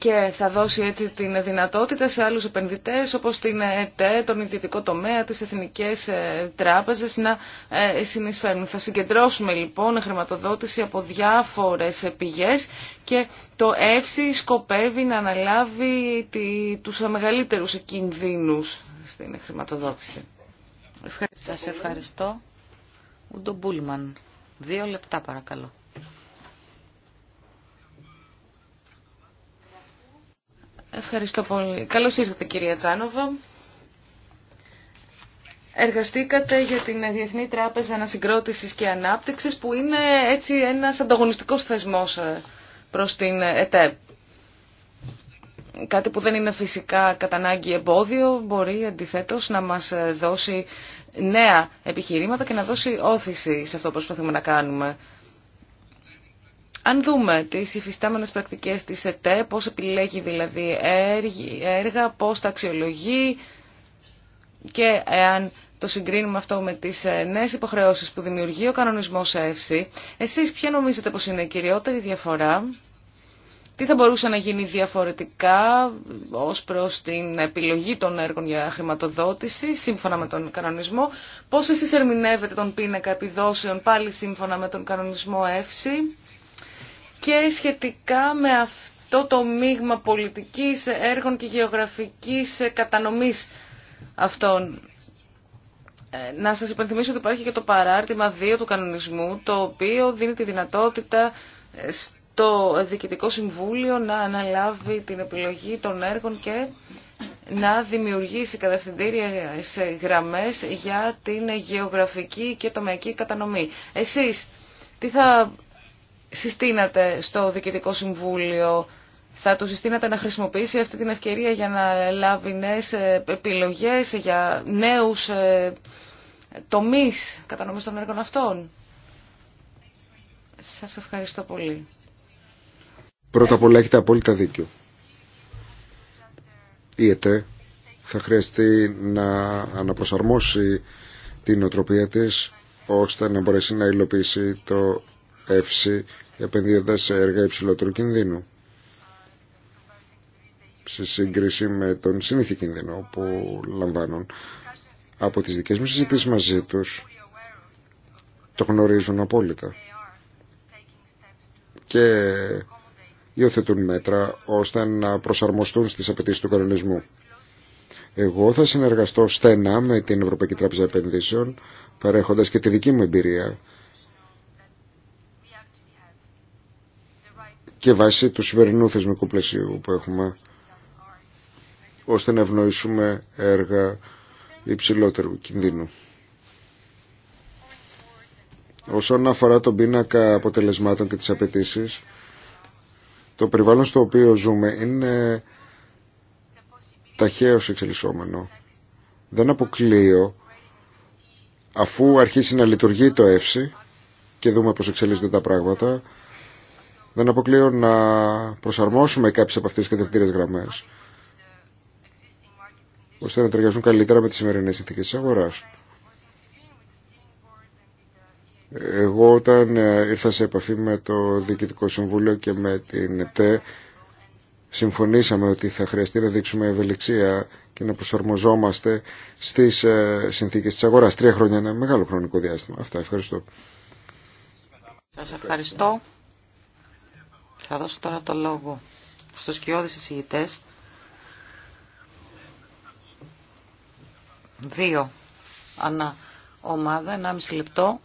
και θα δώσει έτσι την δυνατότητα σε άλλους επενδυτές όπως την ΕΤΕ, τον ιδιωτικό τομέα, τις εθνικές ε, τράπεζες να ε, συνεισφέρουν. Θα συγκεντρώσουμε λοιπόν χρηματοδότηση από διάφορες πηγές και το ΕΦΣΙ σκοπεύει να αναλάβει τη, τους μεγαλύτερους κινδύνους στην χρηματοδότηση. Ευχαριστώ. Σας ευχαριστώ. Ούντο Μπούλμαν. Δύο λεπτά παρακαλώ. Ευχαριστώ πολύ. Καλώς ήρθατε κυρία Τζάνοβα. Εργαστήκατε για την Διεθνή Τράπεζα Ανασυγκρότησης και Ανάπτυξης που είναι έτσι ένας ανταγωνιστικός θεσμός ε, προς την ΕΤΕΠ. Κάτι που δεν είναι φυσικά κατά ανάγκη εμπόδιο μπορεί αντιθέτως να μας ε, δώσει νέα επιχειρήματα και να δώσει όθηση σε αυτό που προσπαθούμε να κάνουμε. Αν δούμε τις υφιστάμενες πρακτικές της ΕΤΕ, πώς επιλέγει δηλαδή έργα, πώς τα αξιολογεί και εάν το συγκρίνουμε αυτό με τις ε, νέες υποχρεώσεις που δημιουργεί ο κανονισμός ΕΕΣΥ, εσείς ποια νομίζετε πως είναι η κυριότερη διαφορά, τι θα μπορούσε να γίνει διαφορετικά ως προς την επιλογή των έργων για χρηματοδότηση σύμφωνα με τον κανονισμό, πώς εσείς ερμηνεύετε τον πίνακα επιδόσεων πάλι σύμφωνα με τον κανονισμό ΕΕΣΥ, και σχετικά με αυτό το μείγμα πολιτικής, έργων και γεωγραφικής κατανομής αυτών. Ε, να σας υπενθυμίσω ότι υπάρχει και το παράρτημα 2 του κανονισμού, το οποίο δίνει τη δυνατότητα ε, στο Διοικητικό Συμβούλιο να αναλάβει την επιλογή των έργων και να δημιουργήσει σε γραμμές για την γεωγραφική και τομεακή κατανομή. Εσείς, τι θα συστήνατε στο Διοικητικό Συμβούλιο, θα του συστήνατε να χρησιμοποιήσει αυτή την ευκαιρία για να λάβει νέες ε, επιλογές, για νέους ε, τομείς κατανομής των έργων αυτών. Σας ευχαριστώ πολύ. Πρώτα απ' όλα έχετε απόλυτα δίκιο. Η ΕΤΕ θα χρειαστεί να αναπροσαρμόσει την οτροπία της ώστε να μπορέσει να υλοποιήσει το εύση επενδύοντας σε έργα υψηλότερου κινδύνου σε σύγκριση με τον συνήθι κινδύνο που λαμβάνουν από τις δικές μου συζητήσεις μαζί τους το γνωρίζουν απόλυτα και υιοθετούν μέτρα ώστε να προσαρμοστούν στις απαιτήσεις του κανονισμού. Εγώ θα συνεργαστώ στενά με την Ευρωπαϊκή Τράπεζα Επενδύσεων παρέχοντας και τη δική μου εμπειρία και βάσει του σημερινού θεσμικού πλαισίου που έχουμε ώστε να ευνοήσουμε έργα υψηλότερου κινδύνου. Όσον αφορά τον πίνακα αποτελεσμάτων και τις απαιτήσει, το περιβάλλον στο οποίο ζούμε είναι ταχαίως εξελισσόμενο. Δεν αποκλείω αφού αρχίσει να λειτουργεί το έύση και δούμε πώς εξελίσσονται τα πράγματα, δεν αποκλείω να προσαρμόσουμε κάποιες από αυτές τις κατευθυντήριες γραμμές ώστε να ταιριάζουν καλύτερα με τις σημερινές συνθήκες της αγοράς. Εγώ όταν ε, ήρθα σε επαφή με το Διοικητικό Συμβούλιο και με την ΕΤΕ συμφωνήσαμε ότι θα χρειαστεί να δείξουμε ευελιξία και να προσαρμοζόμαστε στις ε, συνθήκες της αγοράς. Τρία χρόνια είναι ένα μεγάλο χρονικό διάστημα. Αυτά. Ευχαριστώ. Σας ευχαριστώ. Θα δώσω τώρα το λόγο στους κοιόδης εισηγητές. Δύο ανά ομάδα, μισή λεπτό,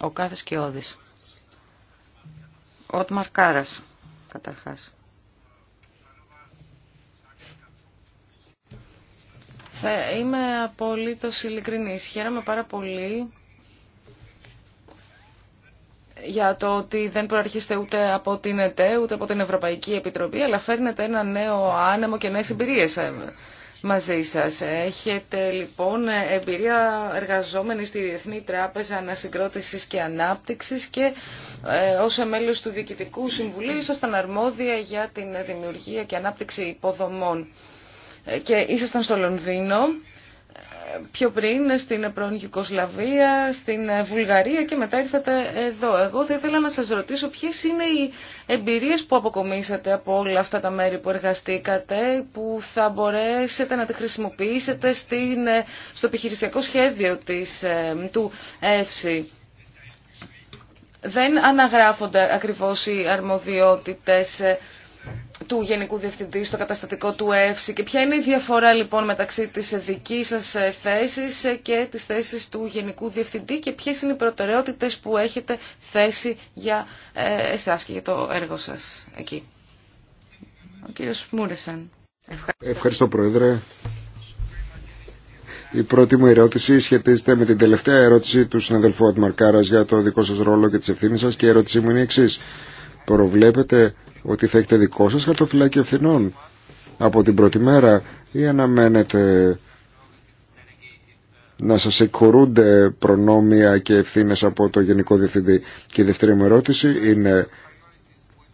ο κάθε σκιώδης. Ο Κάρας, καταρχάς. Θα είμαι απολύτως ειλικρινής. Χαίρομαι πάρα πολύ για το ότι δεν προαρχίστε ούτε από την ΕΤΕ, ούτε από την Ευρωπαϊκή Επιτροπή, αλλά φέρνετε ένα νέο άνεμο και νέες εμπειρίες ε, μαζί σας. Έχετε λοιπόν εμπειρία εργαζόμενη στη Διεθνή Τράπεζα Ανασυγκρότησης και Ανάπτυξης και ε, ως μέλος του Διοικητικού Συμβουλίου ήσασταν αρμόδια για την δημιουργία και ανάπτυξη υποδομών. Ε, και ήσασταν στο Λονδίνο πιο πριν στην πρώην Ιουκοσλαβία, στην ε, Βουλγαρία και μετά ήρθατε εδώ. Εγώ θα ήθελα να σας ρωτήσω ποιες είναι οι εμπειρίες που αποκομίσατε από όλα αυτά τα μέρη που εργαστήκατε, που θα μπορέσετε να τη χρησιμοποιήσετε στην, ε, στο επιχειρησιακό σχέδιο της, ε, του ΕΦΣΥ. Δεν αναγράφονται ακριβώς οι αρμοδιότητες του Γενικού Διευθυντή στο καταστατικό του ΕΦΣΙ και ποια είναι η διαφορά λοιπόν μεταξύ της δικής σας ε, θέσης ε, και της θέσης του Γενικού Διευθυντή και ποιες είναι οι προτεραιότητες που έχετε θέσει για ε, εσάς και για το έργο σας εκεί. Ο κύριος Μούρεσεν. Ευχαριστώ. Ευχαριστώ Πρόεδρε. Η πρώτη μου ερώτηση σχετίζεται με την τελευταία ερώτηση του συναδελφού Ατμαρκάρας για το δικό σας ρόλο και τις ευθύνες σας και η ερώτησή μου είναι η Προβλέπετε ότι θα έχετε δικό σας χαρτοφυλάκι ευθυνών από την πρώτη μέρα ή αναμένετε να σας εκχωρούνται προνόμια και ευθύνες από το Γενικό Διευθυντή. Και η δεύτερη μου ερώτηση είναι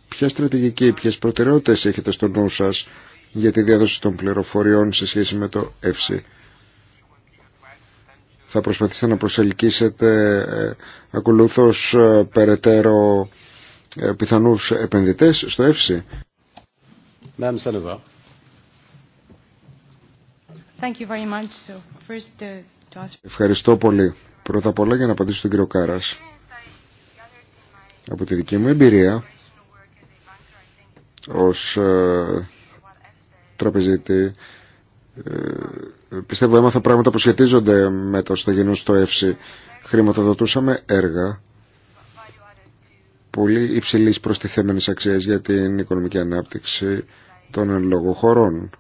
ποια στρατηγική, ποιες προτεραιότητες έχετε στο νου σας για τη διάδοση των πληροφοριών σε σχέση με το ΕΦΣΥ. Θα προσπαθήσετε να προσελκύσετε ε, ακολούθως ε, περαιτέρω ε, πιθανούς επενδυτές στο ΕΦΣΙ. Uh, Ευχαριστώ πολύ. Πρώτα απ' όλα για να απαντήσω στον κύριο Κάρας. Από τη δική μου εμπειρία ως ε, τραπεζίτη ε, πιστεύω έμαθα πράγματα που σχετίζονται με το στεγενούς στο ΕΦΣΙ. Χρηματοδοτούσαμε έργα πολύ υψηλή προστιθέμενης αξία για την οικονομική ανάπτυξη των εν λόγω χωρών.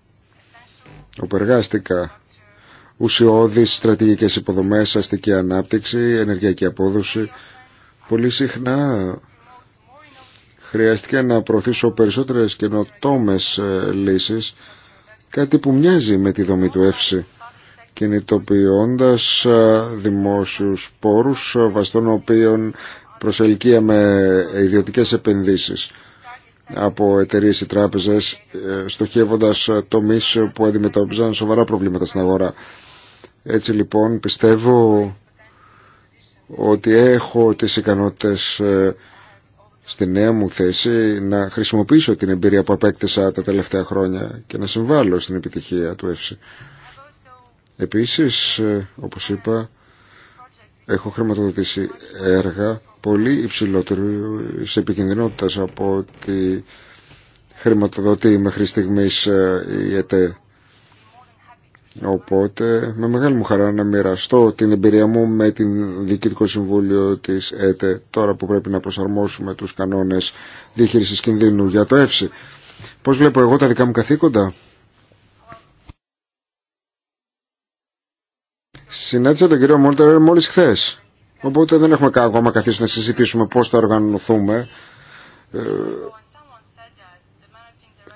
Οπεργάστηκα, εργάστηκα στρατηγικέ στρατηγικές υποδομές, αστική ανάπτυξη, ενεργειακή απόδοση. Πολύ συχνά χρειάστηκε να προωθήσω περισσότερε καινοτόμε ε, λύσει, κάτι που μοιάζει με τη δομή του ΕΦΣΥ κινητοποιώντας ε, δημόσιου πόρους ε, βαστών οποίων προσελκύα με ιδιωτικές επενδύσεις από εταιρείε ή τράπεζε, στοχεύοντα ε, τομεί που αντιμετώπιζαν σοβαρά προβλήματα στην αγορά. Έτσι λοιπόν πιστεύω ότι έχω τις ικανότητες ε, στη νέα μου θέση να χρησιμοποιήσω την εμπειρία που απέκτησα τα τελευταία χρόνια και να συμβάλλω στην επιτυχία του ΕΦΣΙ. Επίσης, ε, όπως είπα, έχω χρηματοδοτήσει έργα πολύ υψηλότερου σε επικινδυνότητας από ότι χρηματοδοτεί μέχρι στιγμής ε, η ΕΤΕ. Οπότε με μεγάλη μου χαρά να μοιραστώ την εμπειρία μου με την Διοικητικό Συμβούλιο της ΕΤΕ τώρα που πρέπει να προσαρμόσουμε τους κανόνες διαχείρισης κινδύνου για το ΕΦΣΥ. Πώς βλέπω εγώ τα δικά μου καθήκοντα. Συνάντησα τον κύριο Μόλτερ μόλι χθε. Οπότε δεν έχουμε ακόμα καθίσει να συζητήσουμε πώ θα οργανωθούμε. Ε,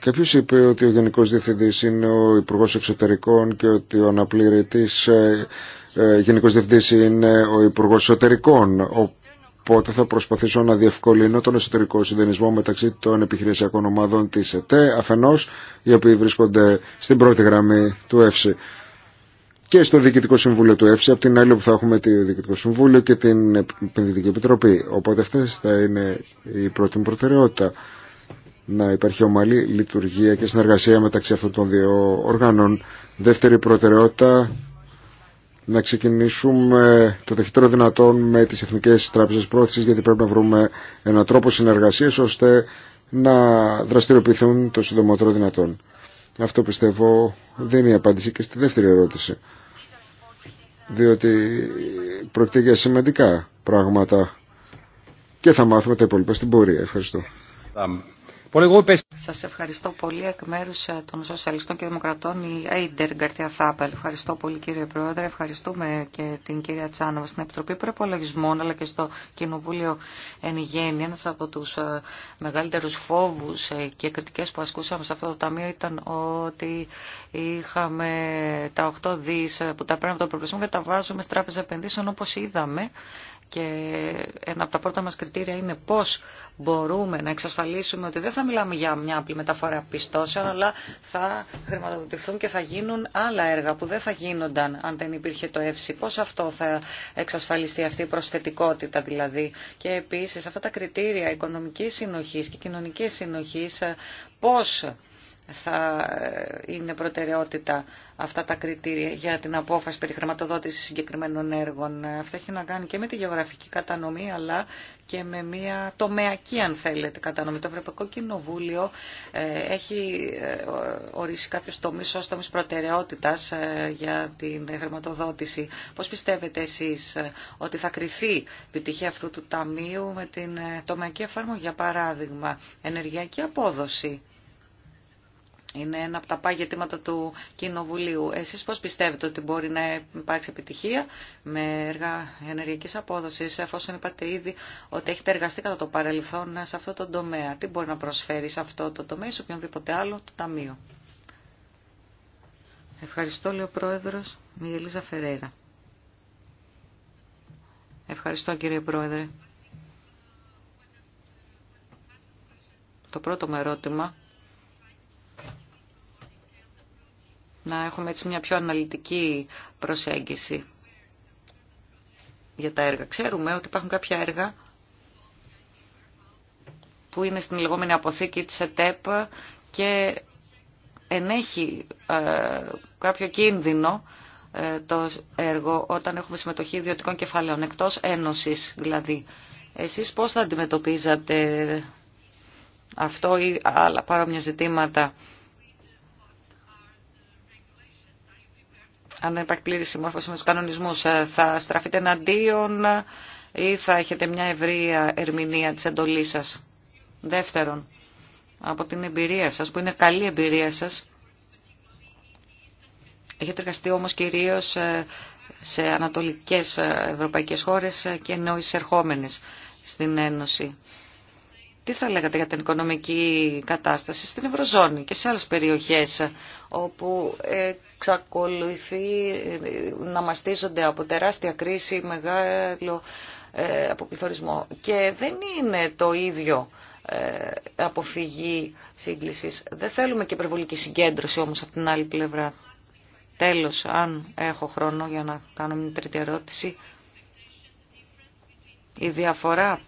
Κάποιο είπε ότι ο Γενικό Διευθυντή είναι ο υπουργό Εξωτερικών και ότι ο αναπληρητής ε, ε, Γενικός είναι ο υπουργό Εσωτερικών. Οπότε θα προσπαθήσω να διευκολύνω τον εσωτερικό συντονισμό μεταξύ των επιχειρησιακών ομάδων τη, ΕΤΕ, αφενό οι οποίοι βρίσκονται στην πρώτη γραμμή του ΕΦΣΥ και στο Διοικητικό Συμβούλιο του ΕΦΣΙ, από την άλλη που θα έχουμε το Διοικητικό Συμβούλιο και την Επενδυτική Επιτροπή. Οπότε αυτέ θα είναι η πρώτη μου προτεραιότητα. Να υπάρχει ομαλή λειτουργία και συνεργασία μεταξύ αυτών των δύο οργάνων. Δεύτερη προτεραιότητα, να ξεκινήσουμε το ταχύτερο δυνατόν με τις Εθνικές Τράπεζες Πρόθεσης γιατί πρέπει να βρούμε έναν τρόπο συνεργασίας ώστε να δραστηριοποιηθούν το συντομότερο δυνατόν. Αυτό πιστεύω δεν απάντηση και στη δεύτερη ερώτηση διότι πρόκειται για σημαντικά πράγματα και θα μάθουμε τα υπόλοιπα στην πορεία. Ευχαριστώ. Um, σας ευχαριστώ πολύ εκ μέρου ε, των Σοσιαλιστών και Δημοκρατών, η Αίντερ Γκαρτία Θάπελ. Ευχαριστώ πολύ κύριε Πρόεδρε, ευχαριστούμε και την κυρία Τσάνοβα στην Επιτροπή Προπολογισμών αλλά και στο Κοινοβούλιο Εν Γέννη. Ένας από τους ε, μεγαλύτερους φόβους ε, και κριτικές που ασκούσαμε σε αυτό το ταμείο ήταν ότι είχαμε τα 8 δις που τα παίρνουμε από τον προπολογισμό και τα βάζουμε στην Τράπεζα Επενδύσεων όπως είδαμε και ένα από τα πρώτα μας κριτήρια είναι πώς μπορούμε να εξασφαλίσουμε ότι δεν θα θα μιλάμε για μια απλή μεταφορά πιστώσεων, αλλά θα χρηματοδοτηθούν και θα γίνουν άλλα έργα που δεν θα γίνονταν αν δεν υπήρχε το ΕΦΣΥ. Πώς αυτό θα εξασφαλιστεί αυτή η προσθετικότητα δηλαδή. Και επίσης αυτά τα κριτήρια οικονομικής συνοχής και κοινωνικής συνοχής, πώς θα ε, είναι προτεραιότητα αυτά τα κριτήρια για την απόφαση περί χρηματοδότησης συγκεκριμένων έργων. Αυτό έχει να κάνει και με τη γεωγραφική κατανομή αλλά και με μια τομεακή αν θέλετε κατανομή. Το Ευρωπαϊκό Κοινοβούλιο ε, έχει ε, ορίσει κάποιους τομείς ως τομείς προτεραιότητας για την χρηματοδότηση. Πώς πιστεύετε εσείς ότι θα κριθεί η επιτυχία αυτού του ταμείου με την τομεακή εφαρμογή, για παράδειγμα, ενεργειακή απόδοση είναι ένα από τα πάγια αιτήματα του Κοινοβουλίου. Εσείς πώς πιστεύετε ότι μπορεί να υπάρξει επιτυχία με έργα ενεργειακή απόδοση, εφόσον είπατε ήδη ότι έχετε εργαστεί κατά το παρελθόν σε αυτό το τομέα. Τι μπορεί να προσφέρει σε αυτό το τομέα ή σε οποιονδήποτε άλλο το Ταμείο. Ευχαριστώ, λέει ο Πρόεδρο Μιγελίζα φεραιρα Ευχαριστώ, κύριε Πρόεδρε. Το πρώτο μου ερώτημα να έχουμε έτσι μια πιο αναλυτική προσέγγιση για τα έργα. Ξέρουμε ότι υπάρχουν κάποια έργα που είναι στην λεγόμενη αποθήκη της ΕΤΕΠ και ενέχει ε, κάποιο κίνδυνο ε, το έργο όταν έχουμε συμμετοχή ιδιωτικών κεφαλαίων, εκτός ένωσης δηλαδή. Εσείς πώς θα αντιμετωπίζατε αυτό ή άλλα παρόμοια ζητήματα αν δεν υπάρχει πλήρη συμμόρφωση με τους κανονισμούς, ε, θα στραφείτε εναντίον ε, ή θα έχετε μια ευρεία ερμηνεία της εντολής σα. Δεύτερον, από την εμπειρία σας, που είναι καλή εμπειρία σας, έχετε εργαστεί όμω κυρίω ε, σε ανατολικές ευρωπαϊκές χώρες και νέοι ερχόμενες στην Ένωση τι θα λέγατε για την οικονομική κατάσταση στην Ευρωζώνη και σε άλλες περιοχές όπου εξακολουθεί να μαστίζονται από τεράστια κρίση, μεγάλο ε, αποπληθωρισμό. Και δεν είναι το ίδιο ε, αποφυγή σύγκλησης. Δεν θέλουμε και υπερβολική συγκέντρωση όμως από την άλλη πλευρά. Τέλος, αν έχω χρόνο για να κάνω μια τρίτη ερώτηση, η διαφορά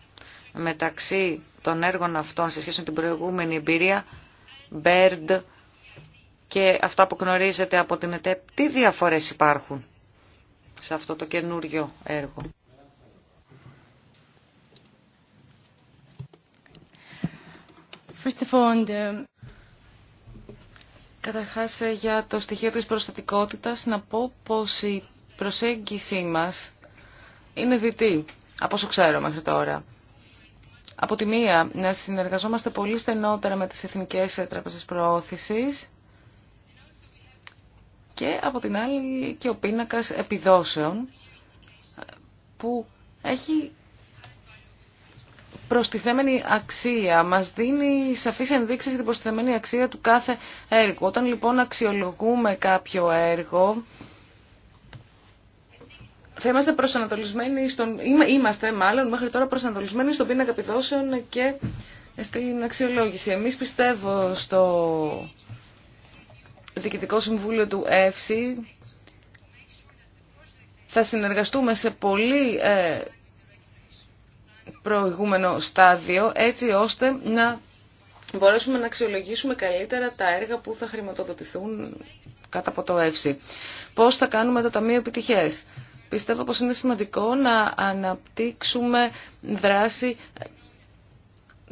μεταξύ των έργων αυτών σε σχέση με την προηγούμενη εμπειρία, BERD και αυτά που γνωρίζετε από την ΕΤΕΠ, τι διαφορές υπάρχουν σε αυτό το καινούριο έργο. First um, ε, για το στοιχείο της προστατικότητας να πω πως η προσέγγιση μας είναι δυτή, από όσο ξέρω μέχρι τώρα από τη μία να συνεργαζόμαστε πολύ στενότερα με τις Εθνικές Τραπεζές Προώθησης και από την άλλη και ο πίνακας επιδόσεων που έχει προστιθέμενη αξία, μας δίνει σαφείς ενδείξεις για την προστιθέμενη αξία του κάθε έργου. Όταν λοιπόν αξιολογούμε κάποιο έργο, θα είμαστε προσανατολισμένοι στον, είμαστε μάλλον μέχρι τώρα προσανατολισμένοι στον πίνακα επιδόσεων και στην αξιολόγηση. Εμείς πιστεύω στο Διοικητικό Συμβούλιο του ΕΦΣΥ θα συνεργαστούμε σε πολύ ε, προηγούμενο στάδιο έτσι ώστε να μπορέσουμε να αξιολογήσουμε καλύτερα τα έργα που θα χρηματοδοτηθούν κάτω από το ΕΦΣΥ. Πώς θα κάνουμε το Ταμείο Επιτυχές. Πιστεύω πως είναι σημαντικό να αναπτύξουμε δράση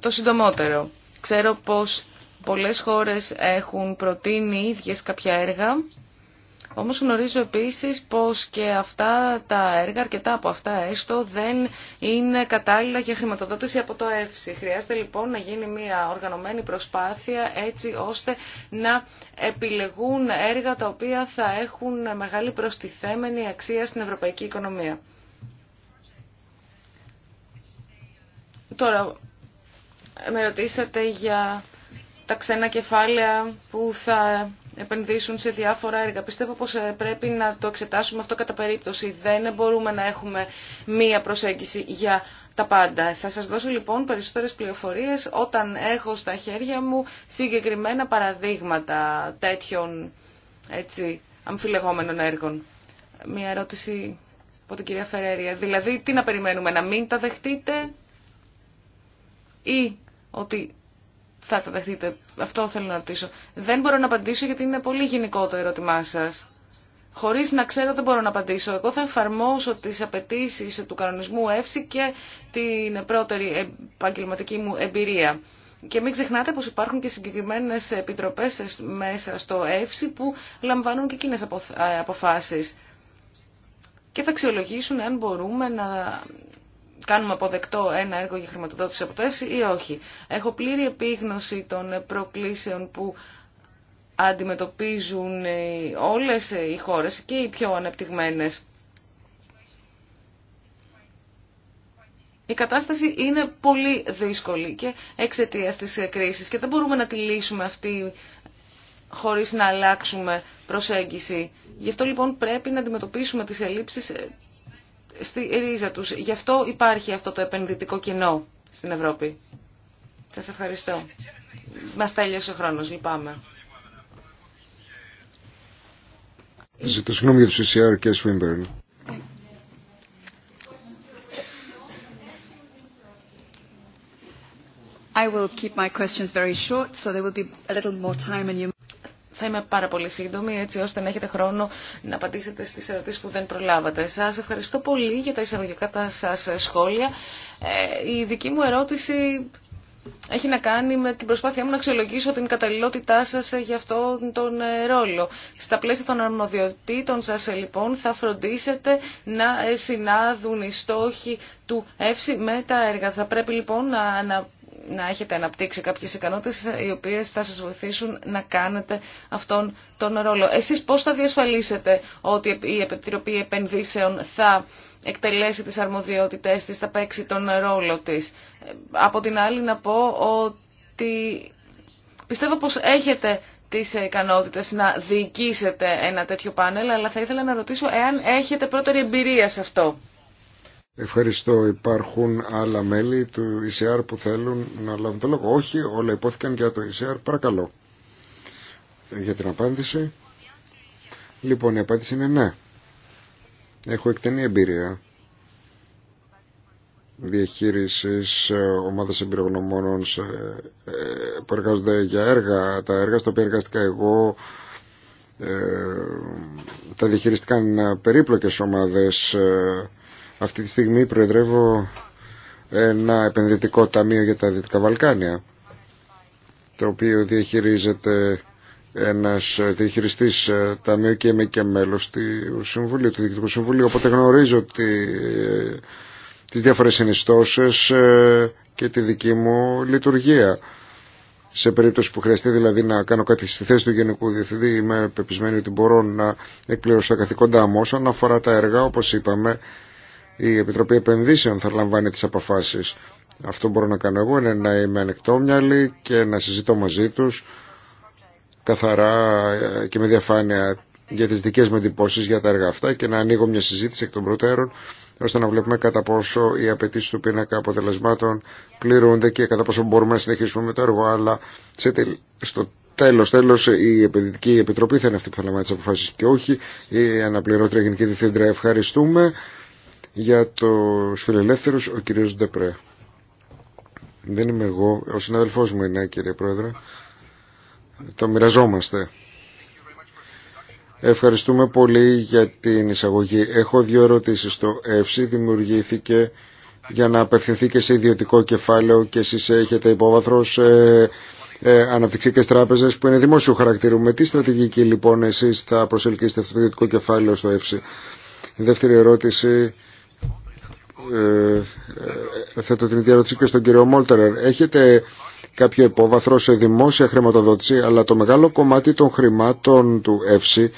το συντομότερο. Ξέρω πως πολλές χώρες έχουν προτείνει ίδιες κάποια έργα όμως γνωρίζω επίσης πως και αυτά τα έργα, αρκετά από αυτά έστω, δεν είναι κατάλληλα για χρηματοδότηση από το ΕΦΣΙ. Χρειάζεται λοιπόν να γίνει μια οργανωμένη προσπάθεια έτσι ώστε να επιλεγούν έργα τα οποία θα έχουν μεγάλη προστιθέμενη αξία στην ευρωπαϊκή οικονομία. Τώρα, με ρωτήσατε για τα ξένα κεφάλαια που θα επενδύσουν σε διάφορα έργα. Πιστεύω πως ε, πρέπει να το εξετάσουμε αυτό κατά περίπτωση. Δεν μπορούμε να έχουμε μία προσέγγιση για τα πάντα. Θα σας δώσω λοιπόν περισσότερες πληροφορίες όταν έχω στα χέρια μου συγκεκριμένα παραδείγματα τέτοιων έτσι, αμφιλεγόμενων έργων. Μία ερώτηση από την κυρία Φερέρια. Δηλαδή τι να περιμένουμε, να μην τα δεχτείτε ή ότι θα τα δεχτείτε. Αυτό θέλω να ρωτήσω. Δεν μπορώ να απαντήσω γιατί είναι πολύ γενικό το ερώτημά σας. Χωρίς να ξέρω δεν μπορώ να απαντήσω. Εγώ θα εφαρμόσω τις απαιτήσει του κανονισμού ΕΦΣΙ και την πρώτερη επαγγελματική μου εμπειρία. Και μην ξεχνάτε πως υπάρχουν και συγκεκριμένες επιτροπές μέσα στο ΕΦΣΙ που λαμβάνουν και εκείνες ε, αποφάσεις. Και θα αξιολογήσουν αν μπορούμε να κάνουμε αποδεκτό ένα έργο για χρηματοδότηση ΕΦΣΥ ή όχι. Έχω πλήρη επίγνωση των προκλήσεων που αντιμετωπίζουν ε, όλες ε, οι χώρες και οι πιο ανεπτυγμένες. Η κατάσταση είναι πολύ δύσκολη και εξαιτίας της ε, κρίσης και δεν μπορούμε να τη λύσουμε αυτή χωρίς να αλλάξουμε προσέγγιση. Γι' αυτό λοιπόν πρέπει να αντιμετωπίσουμε τις ελλείψεις στη ρίζα τους. Γι' αυτό υπάρχει αυτό το επενδυτικό κοινό στην Ευρώπη. Σας ευχαριστώ. Μας τέλειωσε ο χρόνος, λυπάμαι. Ζητώ συγγνώμη για τους ECR και Swinburne. I will keep my questions very short, so there will be a little more time and you... Θα είμαι πάρα πολύ σύντομη έτσι ώστε να έχετε χρόνο να απαντήσετε στις ερωτήσεις που δεν προλάβατε. Σας ευχαριστώ πολύ για τα εισαγωγικά τα σας σχόλια. Ε, η δική μου ερώτηση έχει να κάνει με την προσπάθειά μου να αξιολογήσω την καταλληλότητά σας για αυτόν τον ε, ρόλο. Στα πλαίσια των αρμοδιοτήτων σας ε, λοιπόν θα φροντίσετε να συνάδουν οι στόχοι του ΕΦΣΙ με τα έργα. Θα πρέπει λοιπόν να να έχετε αναπτύξει κάποιες ικανότητες οι οποίες θα σας βοηθήσουν να κάνετε αυτόν τον ρόλο. Εσείς πώς θα διασφαλίσετε ότι η Επιτροπή Επενδύσεων θα εκτελέσει τις αρμοδιότητές της, θα παίξει τον ρόλο της. Από την άλλη να πω ότι πιστεύω πως έχετε τις ικανότητες να διοικήσετε ένα τέτοιο πάνελ, αλλά θα ήθελα να ρωτήσω εάν έχετε πρώτερη εμπειρία σε αυτό. Ευχαριστώ. Υπάρχουν άλλα μέλη του ECR που θέλουν να λάβουν το λόγο. Όχι, όλα υπόθηκαν για το ECR. Παρακαλώ. Για την απάντηση. Λοιπόν, η απάντηση είναι ναι. Έχω εκτενή εμπειρία διαχείρισης ε, ομάδας εμπειρογνωμόνων ε, που εργάζονται για έργα. Τα έργα στα οποία εργαστήκα εγώ ε, τα διαχειριστήκαν περίπλοκες ομάδες αυτή τη στιγμή προεδρεύω ένα επενδυτικό ταμείο για τα Δυτικά Βαλκάνια το οποίο διαχειρίζεται ένας διαχειριστής ε, ταμείου και είμαι και μέλος του Συμβουλίου, του Διοικητικού Συμβουλίου οπότε γνωρίζω τι ε, τις διάφορες συνιστώσεις ε, και τη δική μου λειτουργία. Σε περίπτωση που χρειαστεί δηλαδή να κάνω κάτι στη θέση του Γενικού Διευθυντή είμαι πεπισμένοι ότι μπορώ να εκπληρώσω τα καθήκοντά μου όσον αφορά τα έργα όπως είπαμε η Επιτροπή Επενδύσεων θα λαμβάνει τις αποφάσεις. Αυτό μπορώ να κάνω εγώ είναι να είμαι ανεκτόμυαλη και να συζητώ μαζί τους καθαρά και με διαφάνεια για τις δικές μου εντυπώσεις για τα έργα αυτά και να ανοίγω μια συζήτηση εκ των προτέρων ώστε να βλέπουμε κατά πόσο οι απαιτήσει του πίνακα αποτελεσμάτων πληρούνται και κατά πόσο μπορούμε να συνεχίσουμε με το έργο. Αλλά στο τέλο, τέλο, η Επενδυτική Επιτροπή θα είναι αυτή που θα λαμβάνει τι αποφάσει και όχι η Αναπληρώτρια Γενική Διευθύντρια. Ευχαριστούμε. Για το φιλελεύθερους, ο κύριος Ντεπρέ. Δεν είμαι εγώ, ο συναδελφός μου είναι, κύριε Πρόεδρε. Το μοιραζόμαστε. Ευχαριστούμε πολύ για την εισαγωγή. Έχω δύο ερωτήσεις. Το ΕΦΣΥ δημιουργήθηκε για να απευθυνθεί και σε ιδιωτικό κεφάλαιο και εσείς έχετε υπόβαθρο σε ε, ε τράπεζες που είναι δημόσιου χαρακτήρου. Με τι στρατηγική λοιπόν εσείς θα προσελκύσετε αυτό το ιδιωτικό κεφάλαιο στο ΕΦΣΙ. Δεύτερη ερώτηση ε, ε, θέτω την ίδια και στον κύριο Μόλτερερ. Έχετε κάποιο υπόβαθρο σε δημόσια χρηματοδότηση, αλλά το μεγάλο κομμάτι των χρημάτων του ΕΦΣΥ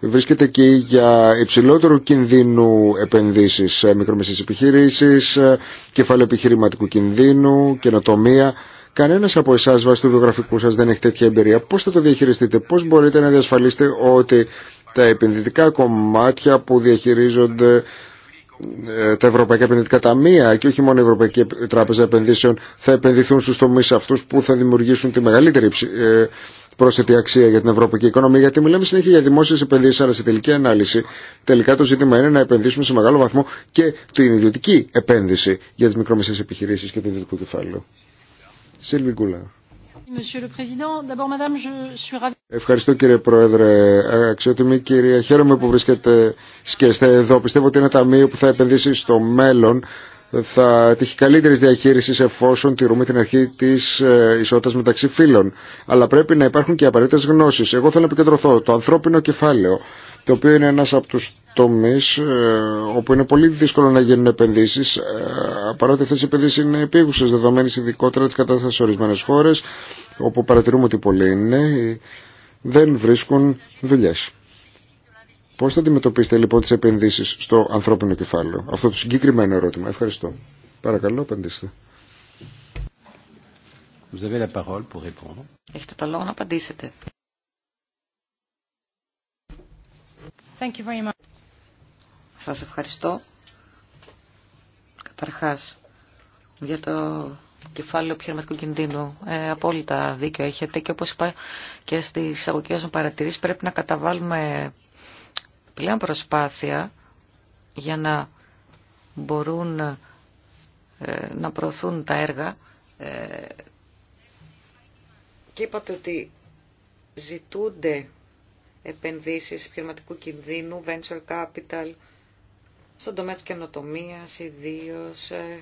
βρίσκεται εκεί για υψηλότερου κινδύνου επενδύσεις, μικρομεσαίες επιχειρήσεις, ε, κεφάλαιο επιχειρηματικού κινδύνου, καινοτομία. Κανένας από εσάς βάσει του βιογραφικού σας δεν έχει τέτοια εμπειρία. Πώς θα το διαχειριστείτε, πώς μπορείτε να διασφαλίσετε ότι τα επενδυτικά κομμάτια που διαχειρίζονται ε, τα Ευρωπαϊκά Επενδυτικά Ταμεία και όχι μόνο η Ευρωπαϊκή Τράπεζα Επενδύσεων θα επενδυθούν στους τομείς αυτούς που θα δημιουργήσουν τη μεγαλύτερη ε, πρόσθετη αξία για την ευρωπαϊκή οικονομία. Γιατί μιλάμε συνέχεια για δημόσιες επενδύσεις αλλά σε τελική ανάλυση τελικά το ζήτημα είναι να επενδύσουμε σε μεγάλο βαθμό και την ιδιωτική επένδυση για τις μικρομεσαίες επιχειρήσεις και το ιδιωτικό κεφάλαιο. Σίλβι Ευχαριστώ κύριε Πρόεδρε. Ε, αξιότιμη κυρία, χαίρομαι που βρίσκετε σκέστε εδώ. Πιστεύω ότι ένα ταμείο που θα επενδύσει στο μέλλον θα τύχει καλύτερη διαχείριση εφόσον τηρούμε την αρχή τη ε, ισότητα μεταξύ φύλων. Αλλά πρέπει να υπάρχουν και απαραίτητε γνώσει. Εγώ θέλω να επικεντρωθώ το ανθρώπινο κεφάλαιο, το οποίο είναι ένα από του τομεί ε, όπου είναι πολύ δύσκολο να γίνουν επενδύσει, παρότι αυτέ οι επενδύσει είναι επίγουσε δεδομένε ειδικότερα τη κατάσταση σε ορισμένε χώρε, όπου παρατηρούμε ότι πολλοί είναι δεν βρίσκουν δουλειές. Πώς θα αντιμετωπίσετε λοιπόν τις επενδύσεις στο ανθρώπινο κεφάλαιο. Αυτό το συγκεκριμένο ερώτημα. Ευχαριστώ. Παρακαλώ, απαντήστε. Έχετε το λόγο να απαντήσετε. Thank Σας ευχαριστώ. Καταρχάς, για το κεφάλαιο επιχειρηματικού κινδύνου. Ε, απόλυτα δίκιο έχετε και όπως είπα και στι εισαγωγικές μου παρατηρήσεις πρέπει να καταβάλουμε πλέον προσπάθεια για να μπορούν ε, να προωθούν τα έργα ε, και είπατε ότι ζητούνται επενδύσεις επιχειρηματικού κινδύνου, venture capital, στον τομέα της καινοτομίας ιδίως, ε,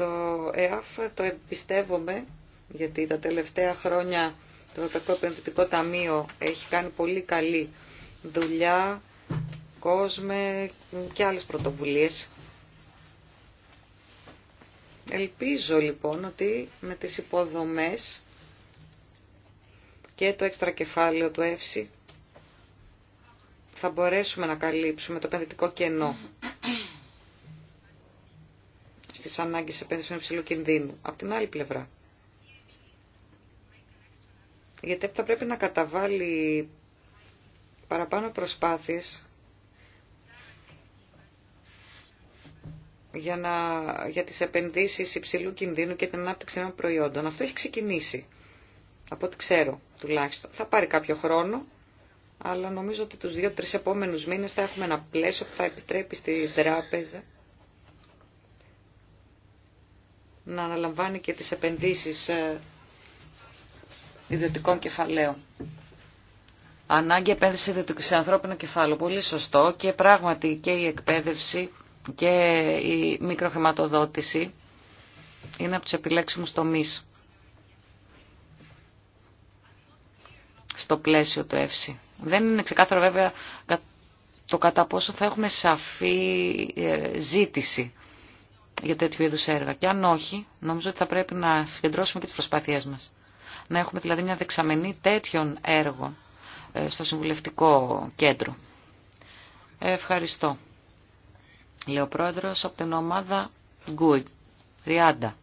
το ΕΑΦ το εμπιστεύομαι, γιατί τα τελευταία χρόνια το Ευρωπαϊκό Επενδυτικό Ταμείο έχει κάνει πολύ καλή δουλειά, κόσμε και άλλες πρωτοβουλίες. Ελπίζω λοιπόν ότι με τις υποδομές και το έξτρα κεφάλαιο του ΕΦΣΙ θα μπορέσουμε να καλύψουμε το επενδυτικό κενό της ανάγκης επένδυσης με υψηλού κινδύνου. Από την άλλη πλευρά. Γιατί θα πρέπει να καταβάλει παραπάνω προσπάθειες για, να, για τις επενδύσεις υψηλού κινδύνου και την ανάπτυξη νέων προϊόντων. Αυτό έχει ξεκινήσει, από ό,τι ξέρω τουλάχιστον. Θα πάρει κάποιο χρόνο, αλλά νομίζω ότι τους δύο-τρεις επόμενους μήνες θα έχουμε ένα πλαίσιο που θα επιτρέπει στη τράπεζα να αναλαμβάνει και τις επενδύσεις ε, ιδιωτικών κεφαλαίων. Ανάγκη επένδυση σε ανθρώπινο κεφάλαιο. Πολύ σωστό και πράγματι και η εκπαίδευση και η μικροχρηματοδότηση είναι από τους επιλέξιμους τομείς στο πλαίσιο του ΕΦΣΥ. Δεν είναι ξεκάθαρο βέβαια το κατά πόσο θα έχουμε σαφή ε, ζήτηση για τέτοιου είδους έργα. Και αν όχι, νομίζω ότι θα πρέπει να συγκεντρώσουμε και τις προσπάθειές μας. Να έχουμε δηλαδή μια δεξαμενή τέτοιων έργων ε, στο Συμβουλευτικό Κέντρο. Ευχαριστώ. Λέω πρόεδρος από την ομάδα Good. Ριάντα.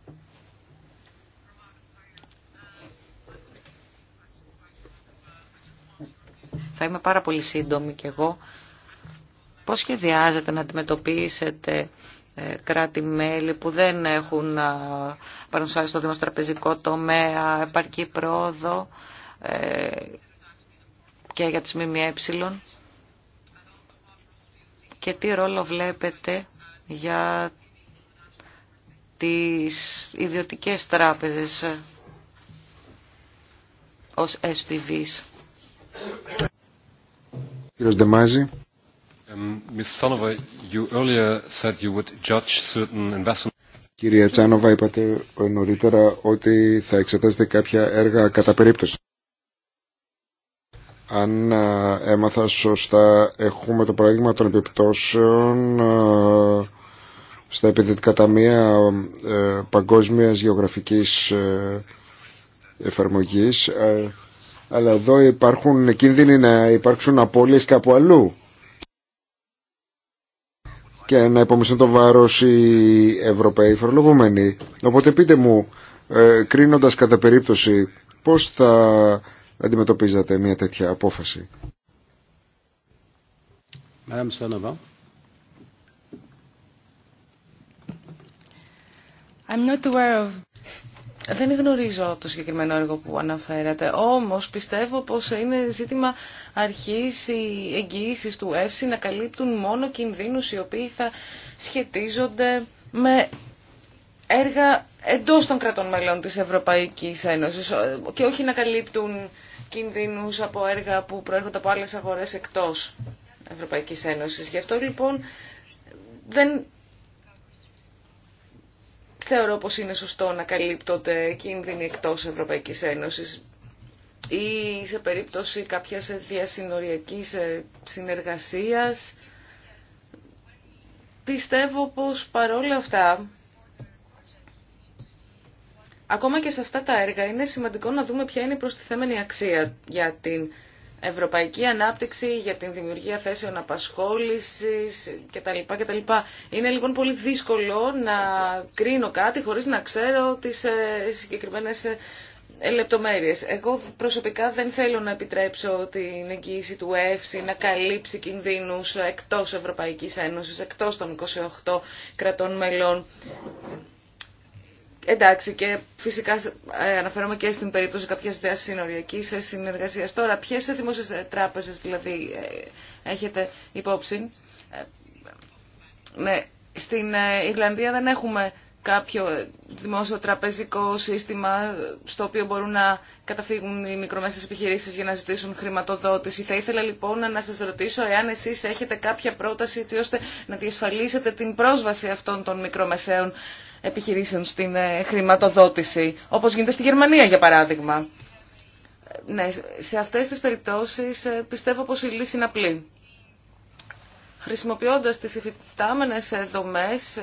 Θα είμαι πάρα πολύ σύντομη κι εγώ. Πώς σχεδιάζετε να αντιμετωπίσετε ε, κράτη-μέλη που δεν έχουν ε, παρουσιάσει στο δημοστραπεζικό τομέα επαρκή πρόοδο ε, και για τις ΜΜΕ και τι ρόλο βλέπετε για τις ιδιωτικές τράπεζες ως SPVs. Κύριος Δεμάζη. Κύριε Τσάνοβα, είπατε νωρίτερα ότι θα εξετάζετε κάποια έργα κατά περίπτωση. Αν έμαθα σωστά, έχουμε το παράδειγμα των επιπτώσεων στα επιδετικά ταμεία ε, παγκόσμιας γεωγραφικής ε, εφαρμογής. Αλλά εδώ υπάρχουν κίνδυνοι να υπάρξουν απώλειες κάπου αλλού και να υπομειστούν το βάρος οι Ευρωπαίοι φορολογούμενοι. Οπότε πείτε μου, ε, κρίνοντας κατά περίπτωση, πώς θα αντιμετωπίζατε μια τέτοια απόφαση. I'm not aware of... Δεν γνωρίζω το συγκεκριμένο έργο που αναφέρατε, όμως πιστεύω πως είναι ζήτημα αρχής οι εγγυήσεις του ΕΦΣΙ να καλύπτουν μόνο κινδύνους οι οποίοι θα σχετίζονται με έργα εντός των κρατών μελών της Ευρωπαϊκής Ένωσης και όχι να καλύπτουν κινδύνους από έργα που προέρχονται από άλλες αγορές εκτός Ευρωπαϊκής Ένωσης. Γι' αυτό λοιπόν δεν θεωρώ πως είναι σωστό να καλύπτονται κίνδυνοι εκτός Ευρωπαϊκής Ένωσης ή σε περίπτωση κάποιας διασυνοριακής ε, συνεργασίας. Πιστεύω πως παρόλα αυτά, ακόμα και σε αυτά τα έργα, είναι σημαντικό να δούμε ποια είναι η προστιθέμενη αξία για την ευρωπαϊκή ανάπτυξη, για την δημιουργία θέσεων απασχόλησης κτλ. κτλ. Είναι λοιπόν πολύ δύσκολο να κρίνω κάτι χωρίς να ξέρω τις ε, συγκεκριμένες ε, λεπτομέρειες. Εγώ προσωπικά δεν θέλω να επιτρέψω την εγγύηση του ΕΦΣΙ να καλύψει κινδύνους εκτός Ευρωπαϊκής Ένωσης, εκτός των 28 κρατών μελών. Εντάξει και φυσικά ε, αναφέρομαι και στην περίπτωση κάποιας συνοριακή ε, συνεργασία. συνεργασία. Τώρα ποιες δημόσιες τράπεζε, δηλαδή ε, έχετε υπόψη. Ναι, στην Ιρλανδία δεν έχουμε κάποιο δημόσιο τραπεζικό σύστημα στο οποίο μπορούν να καταφύγουν οι μικρομέσες επιχειρήσεις για να ζητήσουν χρηματοδότηση. Θα ήθελα λοιπόν να σας ρωτήσω εάν εσείς έχετε κάποια πρόταση έτσι ώστε να διασφαλίσετε την πρόσβαση αυτών των μικρομεσαίων επιχειρήσεων στην ε, χρηματοδότηση, όπως γίνεται στη Γερμανία για παράδειγμα. Ναι, σε αυτές τις περιπτώσεις ε, πιστεύω πως η λύση είναι απλή. Χρησιμοποιώντας τις υφιστάμενες ε, δομές,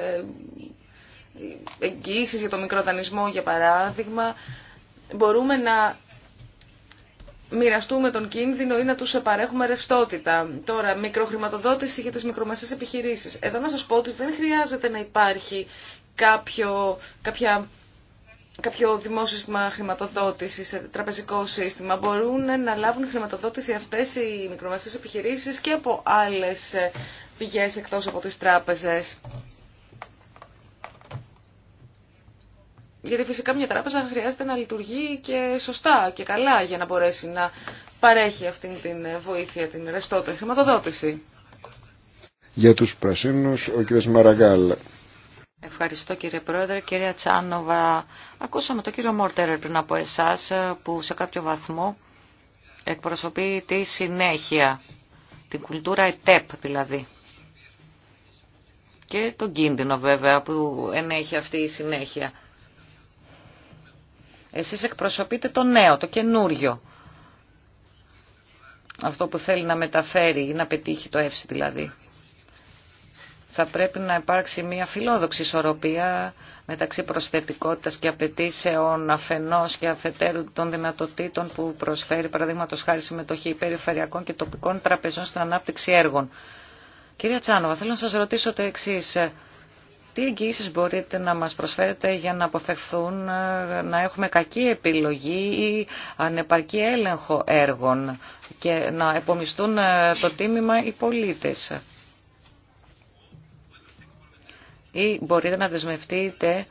εγγύησεις για το μικροδανεισμό για παράδειγμα, μπορούμε να μοιραστούμε τον κίνδυνο ή να τους παρέχουμε ρευστότητα. Τώρα, μικροχρηματοδότηση για τις μικρομεσαίες επιχειρήσεις. Εδώ να σας πω ότι δεν χρειάζεται να υπάρχει κάποιο, κάποια, κάποιο δημόσιο σύστημα χρηματοδότηση, τραπεζικό σύστημα. Μπορούν να λάβουν χρηματοδότηση αυτές οι μικρομεσαίες επιχειρήσεις και από άλλες πηγές εκτός από τις τράπεζες. Γιατί φυσικά μια τράπεζα χρειάζεται να λειτουργεί και σωστά και καλά για να μπορέσει να παρέχει αυτή την βοήθεια, την ρευστότητα, χρηματοδότηση. Για τους πρασίνους, ο κ. Μαραγκάλ. Ευχαριστώ κύριε Πρόεδρε. Κυρία Τσάνοβα, ακούσαμε τον κύριο Μόρτερερ πριν από εσάς ε, που σε κάποιο βαθμό εκπροσωπεί τη συνέχεια, την κουλτούρα ΕΤΕΠ δηλαδή. Και τον κίνδυνο βέβαια που ενέχει αυτή η συνέχεια. Εσείς εκπροσωπείτε το νέο, το καινούριο. Αυτό που θέλει να μεταφέρει ή να πετύχει το ΕΦΣΙ δηλαδή θα πρέπει να υπάρξει μια φιλόδοξη ισορροπία μεταξύ προσθετικότητας και απαιτήσεων αφενός και αφετέρου των δυνατοτήτων που προσφέρει παραδείγματος χάρη συμμετοχή περιφερειακών και τοπικών τραπεζών στην ανάπτυξη έργων. Κυρία Τσάνοβα, θέλω να σας ρωτήσω το εξή. Τι εγγυήσεις μπορείτε να μας προσφέρετε για να αποφευθούν να έχουμε κακή επιλογή ή ανεπαρκή έλεγχο έργων και να επομιστούν ε, το τίμημα οι πολίτες ή μπορείτε να δεσμευτείτε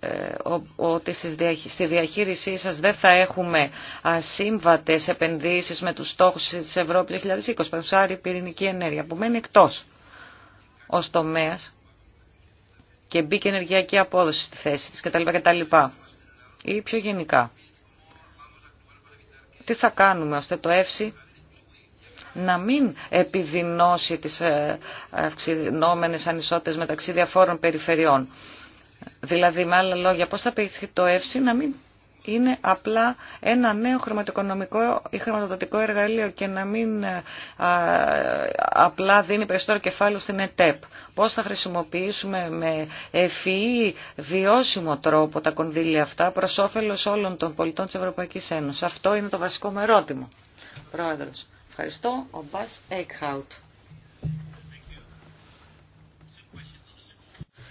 ε, ότι στη διαχείρισή σας δεν θα έχουμε ασύμβατες επενδύσεις με τους στόχους της Ευρώπη 2020, η πυρηνική ενέργεια που μένει εκτός ως τομέας και μπήκε ενεργειακή απόδοση στη θέση της κτλ. κτλ. Ή πιο γενικά. Τι θα κάνουμε ώστε το ΕΦΣΥ να μην επιδεινώσει τις ε, αυξηνόμενες ανισότητες μεταξύ διαφόρων περιφερειών. Δηλαδή, με άλλα λόγια, πώς θα πηγηθεί το ΕΦΣΥ να μην είναι απλά ένα νέο χρηματοοικονομικό ή χρηματοδοτικό εργαλείο και να μην ε, απλά δίνει περισσότερο κεφάλαιο στην ΕΤΕΠ. Πώς θα χρησιμοποιήσουμε με ευφυή βιώσιμο τρόπο τα κονδύλια αυτά προς όφελος όλων των πολιτών της Ευρωπαϊκής Ένωσης. Αυτό είναι το βασικό μου ερώτημα. Πρόεδρος. Ευχαριστώ. Ο Μπάς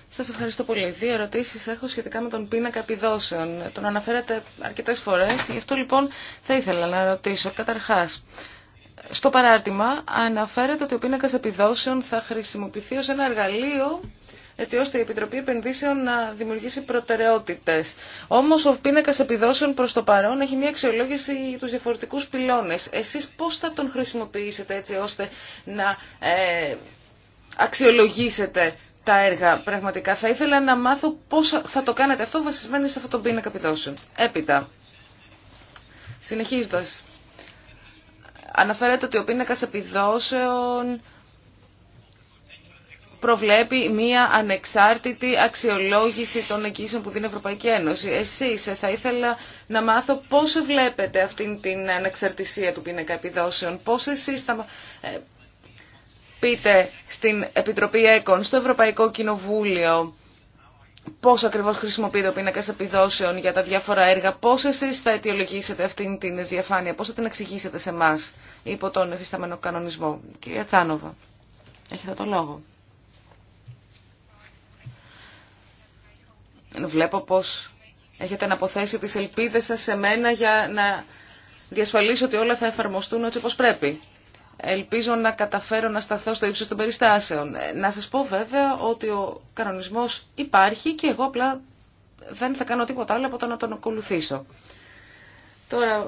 Σας ευχαριστώ πολύ. Δύο ερωτήσεις έχω σχετικά με τον πίνακα επιδόσεων. Τον αναφέρατε αρκετές φορές, γι' αυτό λοιπόν θα ήθελα να ρωτήσω. Καταρχάς, στο παράρτημα αναφέρεται ότι ο πίνακας επιδόσεων θα χρησιμοποιηθεί ως ένα εργαλείο έτσι ώστε η Επιτροπή Επενδύσεων να δημιουργήσει προτεραιότητες. Όμως ο πίνακα επιδόσεων προς το παρόν έχει μια αξιολόγηση για τους διαφορετικούς πυλώνες. Εσείς πώς θα τον χρησιμοποιήσετε έτσι ώστε να ε, αξιολογήσετε τα έργα πραγματικά. Θα ήθελα να μάθω πώς θα το κάνετε αυτό βασισμένοι σε αυτό τον πίνακα επιδόσεων. Έπειτα, συνεχίζοντας, αναφέρεται ότι ο πίνακας επιδόσεων προβλέπει μία ανεξάρτητη αξιολόγηση των εγγύσεων που δίνει η Ευρωπαϊκή Ένωση. Εσείς ε, θα ήθελα να μάθω πώς βλέπετε αυτήν την ανεξαρτησία του πίνακα επιδόσεων, πώς εσείς θα ε, πείτε στην Επιτροπή ΕΚΟΝ, στο Ευρωπαϊκό Κοινοβούλιο, πώς ακριβώς χρησιμοποιείται ο πίνακα επιδόσεων για τα διάφορα έργα, πώς εσείς θα αιτιολογήσετε αυτήν την διαφάνεια, πώς θα την εξηγήσετε σε εμά υπό τον εφισταμένο κανονισμό. Κυρία Τσάνοβα, έχετε το λόγο. Βλέπω πως έχετε αποθέσει τις ελπίδες σας σε μένα για να διασφαλίσω ότι όλα θα εφαρμοστούν έτσι όπως πρέπει. Ελπίζω να καταφέρω να σταθώ στο ύψος των περιστάσεων. Ε, να σας πω βέβαια ότι ο κανονισμός υπάρχει και εγώ απλά δεν θα κάνω τίποτα άλλο από το να τον ακολουθήσω. Τώρα,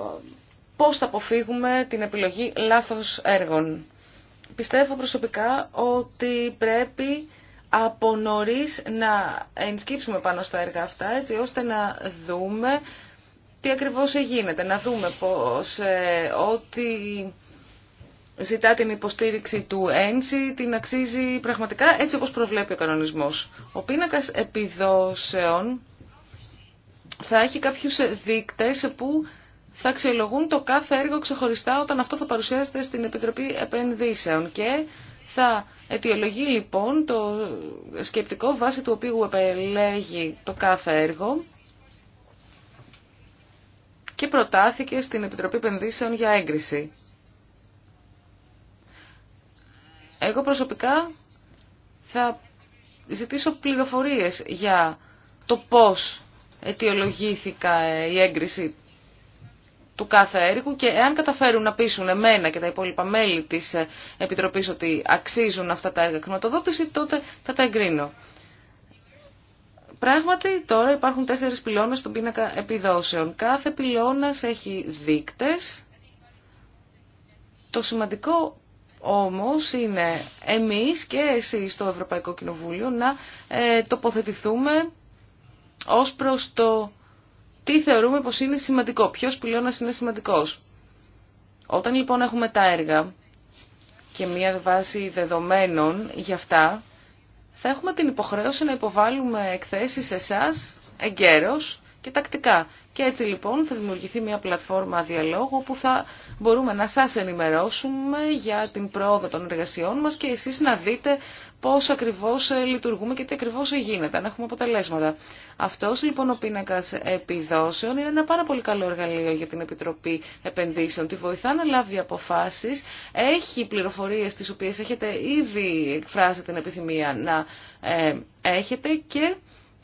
πώς θα αποφύγουμε την επιλογή λάθος έργων. Πιστεύω προσωπικά ότι πρέπει από νωρίς να ενσκύψουμε πάνω στα έργα αυτά έτσι ώστε να δούμε τι ακριβώς γίνεται, να δούμε πως ε, ό,τι ζητά την υποστήριξη του ένση την αξίζει πραγματικά έτσι όπως προβλέπει ο κανονισμός. Ο πίνακας επιδόσεων θα έχει κάποιους δείκτες που θα αξιολογούν το κάθε έργο ξεχωριστά όταν αυτό θα παρουσιάζεται στην Επιτροπή Επενδύσεων και θα αιτιολογεί λοιπόν το σκεπτικό βάση του οποίου επελέγει το κάθε έργο και προτάθηκε στην Επιτροπή Επενδύσεων για έγκριση. Εγώ προσωπικά θα ζητήσω πληροφορίες για το πώς αιτιολογήθηκα η έγκριση του κάθε έργου και εάν καταφέρουν να πείσουν εμένα και τα υπόλοιπα μέλη της ε, Επιτροπής ότι αξίζουν αυτά τα έργα χρηματοδότηση, τότε θα τα εγκρίνω. Πράγματι, τώρα υπάρχουν τέσσερις πυλώνες στον πίνακα επιδόσεων. Κάθε πυλώνας έχει δείκτες. Το σημαντικό όμως είναι εμείς και εσείς στο Ευρωπαϊκό Κοινοβούλιο να ε, τοποθετηθούμε ως προς το τι θεωρούμε πως είναι σημαντικό, ποιος πυλώνας είναι σημαντικός. Όταν λοιπόν έχουμε τα έργα και μία βάση δεδομένων για αυτά, θα έχουμε την υποχρέωση να υποβάλουμε εκθέσεις σε εσά εγκαίρως και τακτικά. Και έτσι λοιπόν θα δημιουργηθεί μια πλατφόρμα διαλόγου που θα μπορούμε να σας ενημερώσουμε για την πρόοδο των εργασιών μας και εσείς να δείτε πώς ακριβώς ε, λειτουργούμε και τι ακριβώς γίνεται, αν έχουμε αποτελέσματα. Αυτός λοιπόν ο πίνακας επιδόσεων είναι ένα πάρα πολύ καλό εργαλείο για την Επιτροπή Επενδύσεων. Τη βοηθά να λάβει αποφάσεις, έχει πληροφορίες τις οποίες έχετε ήδη εκφράσει την επιθυμία να ε, έχετε και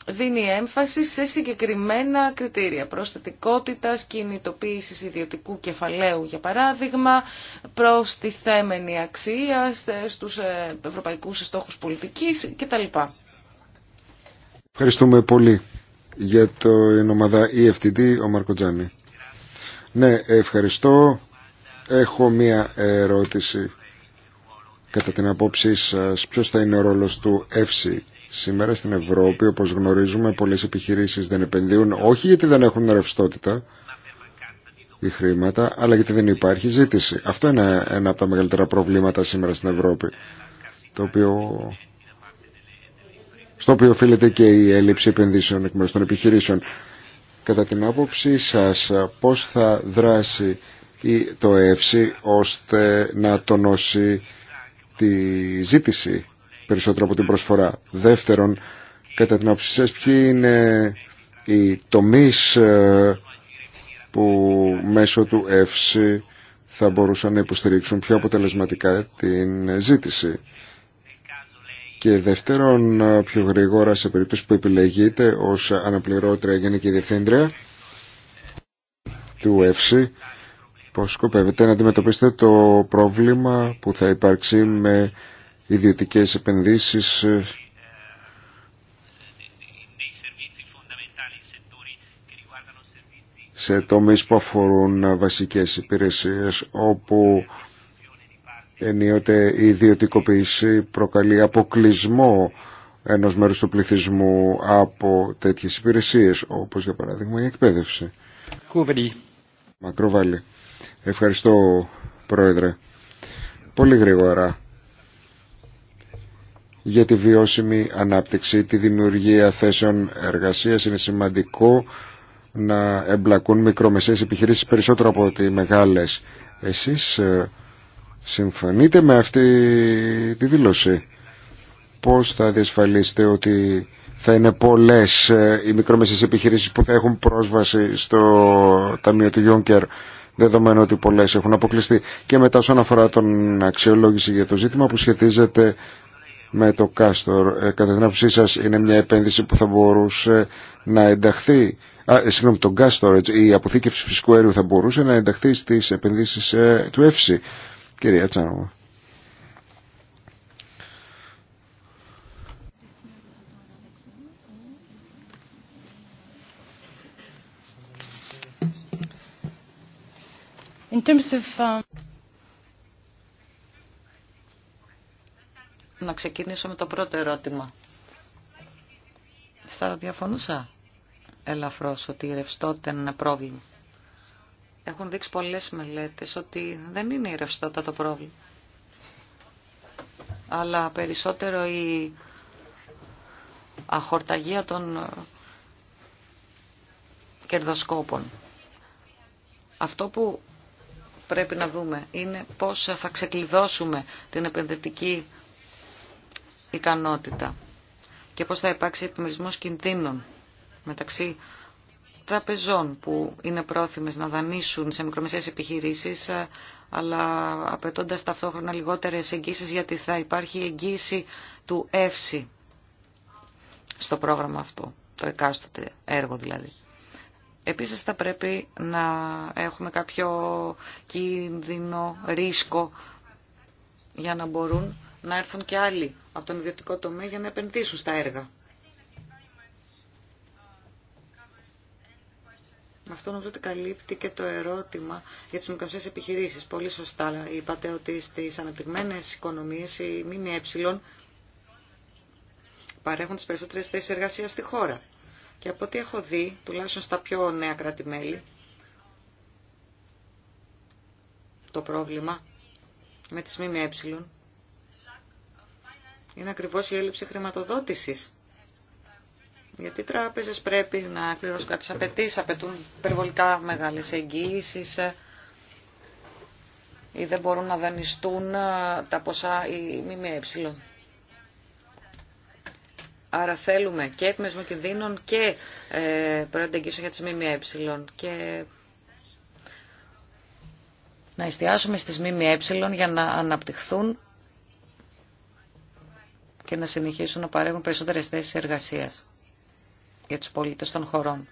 δίνει έμφαση σε συγκεκριμένα κριτήρια Προσθετικότητα, κινητοποίηση ιδιωτικού κεφαλαίου για παράδειγμα, τη θέμενη αξία στους ε, ευρωπαϊκούς στόχους πολιτικής κτλ. Ευχαριστούμε πολύ για το ομάδα EFTD, ο Μαρκο Τζάνι. Ναι, ευχαριστώ. Έχω μία ερώτηση κατά την απόψή σας. Ποιος θα είναι ο ρόλος του ΕΦΣΙ Σήμερα στην Ευρώπη, όπως γνωρίζουμε, πολλές επιχειρήσεις δεν επενδύουν όχι γιατί δεν έχουν ρευστότητα ή χρήματα, αλλά γιατί δεν υπάρχει ζήτηση. Αυτό είναι ένα από τα μεγαλύτερα προβλήματα σήμερα στην Ευρώπη, το οποίο... στο οποίο οφείλεται και η έλλειψη επενδύσεων εκ μέρους των επιχειρήσεων. Κατά την άποψή σας, πώς θα δράσει το ΕΦΣΙ ώστε να τονώσει τη ζήτηση περισσότερο από την προσφορά. Δεύτερον, κατά την άποψή σας, ποιοι είναι οι τομείς ε, που μέσω του ΕΦΣΙ θα μπορούσαν να υποστηρίξουν πιο αποτελεσματικά την ζήτηση. Και δεύτερον, ε, πιο γρήγορα σε περίπτωση που επιλεγείτε ως αναπληρώτρια γενική διευθύντρια του ΕΦΣΙ, πώς σκοπεύετε να αντιμετωπίσετε το πρόβλημα που θα υπάρξει με ιδιωτικές επενδύσεις ε, σε τομείς που αφορούν ε, βασικές υπηρεσίες όπου ενίοτε η ιδιωτικοποίηση προκαλεί αποκλεισμό ενός μέρους του πληθυσμού από τέτοιες υπηρεσίες όπως για παράδειγμα η εκπαίδευση. Κούβρι. Ευχαριστώ Πρόεδρε. Πολύ γρήγορα για τη βιώσιμη ανάπτυξη, τη δημιουργία θέσεων εργασίας. Είναι σημαντικό να εμπλακούν μικρομεσαίες επιχειρήσεις περισσότερο από ότι μεγάλες. Εσείς ε, συμφωνείτε με αυτή τη δήλωση. Πώς θα διασφαλίσετε ότι θα είναι πολλές ε, οι μικρομεσαίες επιχειρήσεις που θα έχουν πρόσβαση στο Ταμείο του Γιόνκερ δεδομένου ότι πολλές έχουν αποκλειστεί. Και μετά όσον αφορά τον αξιολόγηση για το ζήτημα που σχετίζεται με το Κάστορ. Ε, κατά την άποψή σα, είναι μια επένδυση που θα μπορούσε να ενταχθεί. Α, ε, συγγνώμη, το Κάστορ, η αποθήκευση φυσικού αερίου θα μπορούσε να ενταχθεί στι επενδύσει ε, του ΕΦΣΥ. Κυρία Τσάνοβα. In terms of, um, Να ξεκινήσω με το πρώτο ερώτημα. Θα διαφωνούσα ελαφρώς ότι η ρευστότητα είναι ένα πρόβλημα. Έχουν δείξει πολλές μελέτες ότι δεν είναι η ρευστότητα το πρόβλημα. Αλλά περισσότερο η αχορταγία των κερδοσκόπων. Αυτό που πρέπει να δούμε είναι πώς θα ξεκλειδώσουμε την επενδυτική ικανότητα και πώς θα υπάρξει επιμερισμός κινδύνων μεταξύ τραπεζών που είναι πρόθυμες να δανείσουν σε μικρομεσαίες επιχειρήσεις ε, αλλά απαιτώντας ταυτόχρονα λιγότερες εγγύσεις γιατί θα υπάρχει εγγύηση του εύση στο πρόγραμμα αυτό, το εκάστοτε έργο δηλαδή. Επίσης θα πρέπει να έχουμε κάποιο κίνδυνο, ρίσκο για να μπορούν να έρθουν και άλλοι από τον ιδιωτικό τομέα για να επενδύσουν στα έργα. Αυτό νομίζω ότι καλύπτει και το ερώτημα για τις μικρομεσαίες επιχειρήσεις. Πολύ σωστά είπατε ότι στις αναπτυγμένες οικονομίες οι ΜΜΕ παρέχουν τις περισσότερες θέσεις εργασίας στη χώρα. Και από ό,τι έχω δει, τουλάχιστον στα πιο νέα κράτη-μέλη, το πρόβλημα με τις ΜΜΕ είναι ακριβώς η έλλειψη χρηματοδότησης. Γιατί οι τράπεζες πρέπει να πληρώσουν κάποιες απαιτήσει, απαιτούν υπερβολικά μεγάλες εγγύησεις ε, ή δεν μπορούν να δανειστούν ε, τα ποσά ή Ε. Άρα θέλουμε και επιμεσμό κινδύνων και ε, προϊόντα για τις ΜΜΕ και να εστιάσουμε στις ΜΜΕ για να αναπτυχθούν και να συνεχίσουν να παρέχουν περισσότερες θέσεις εργασίας για τους πολίτες των χωρών.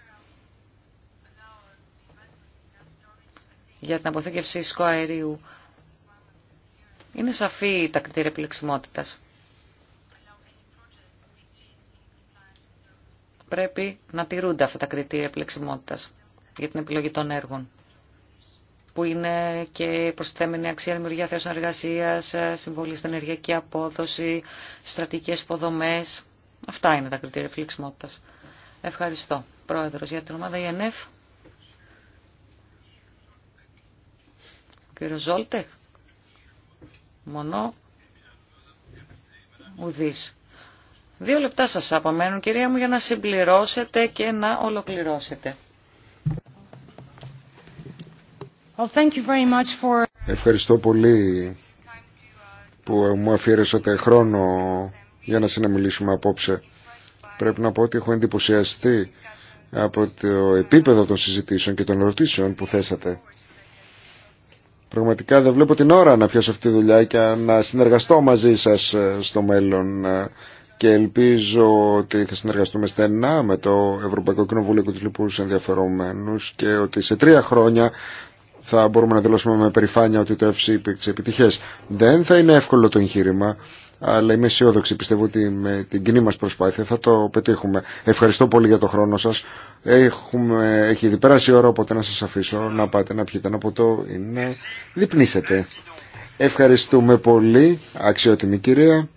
Για την αποθήκευση φυσικού αερίου είναι σαφή τα κριτήρια επιλεξιμότητας. Πρέπει να τηρούνται αυτά τα κριτήρια επιλεξιμότητας για την επιλογή των έργων που είναι και προσθέμενη αξία δημιουργία θέσεων εργασία, συμβολή στην ενεργειακή απόδοση, στρατηγικέ υποδομέ. Αυτά είναι τα κριτήρια φιλεξιμότητα. Ευχαριστώ. Πρόεδρο για την ομάδα ΙΕΝΕΦ. Κύριο Ζόλτεχ. Μονό. Ουδής. Δύο λεπτά σας απομένουν, κυρία μου, για να συμπληρώσετε και να ολοκληρώσετε. Well, thank you very much for... Ευχαριστώ πολύ που μου αφιέρεσατε χρόνο για να συναμιλήσουμε απόψε. Πρέπει να πω ότι έχω εντυπωσιαστεί από το επίπεδο των συζητήσεων και των ερωτήσεων που θέσατε. Πραγματικά δεν βλέπω την ώρα να πιάσω αυτή τη δουλειά και να συνεργαστώ μαζί σας ε, στο μέλλον ε, και ελπίζω ότι θα συνεργαστούμε στενά με το Ευρωπαϊκό Κοινοβούλιο και τους λοιπούς και ότι σε τρία χρόνια θα μπορούμε να δηλώσουμε με περηφάνεια ότι το FC υπήρξε επιτυχές. Δεν θα είναι εύκολο το εγχείρημα, αλλά είμαι αισιόδοξη. Πιστεύω ότι με την κοινή μας προσπάθεια θα το πετύχουμε. Ευχαριστώ πολύ για το χρόνο σας. Έχουμε, έχει ήδη περάσει η ώρα, οπότε να σας αφήσω να πάτε να πιείτε ένα ποτό είναι να Ευχαριστούμε πολύ, αξιότιμη κυρία.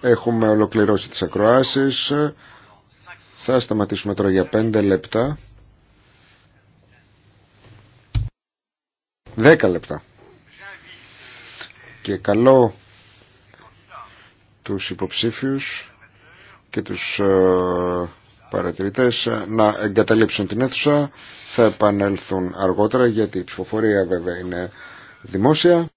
Έχουμε ολοκληρώσει τις ακροάσεις. Θα σταματήσουμε τώρα για πέντε λεπτά. Δέκα λεπτά. Και καλό τους υποψήφιους και τους ε, παρατηρητές να εγκαταλείψουν την αίθουσα. Θα επανέλθουν αργότερα γιατί η ψηφοφορία βέβαια είναι δημόσια.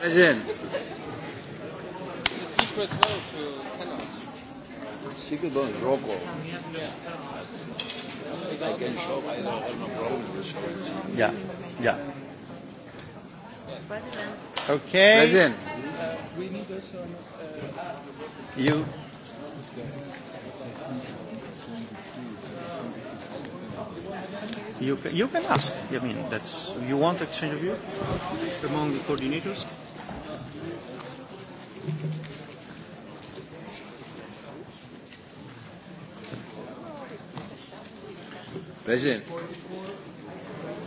Secret Yeah, yeah. Okay. We need also. You. You can, you can ask. I mean, that's you want exchange of view among the coordinators. President.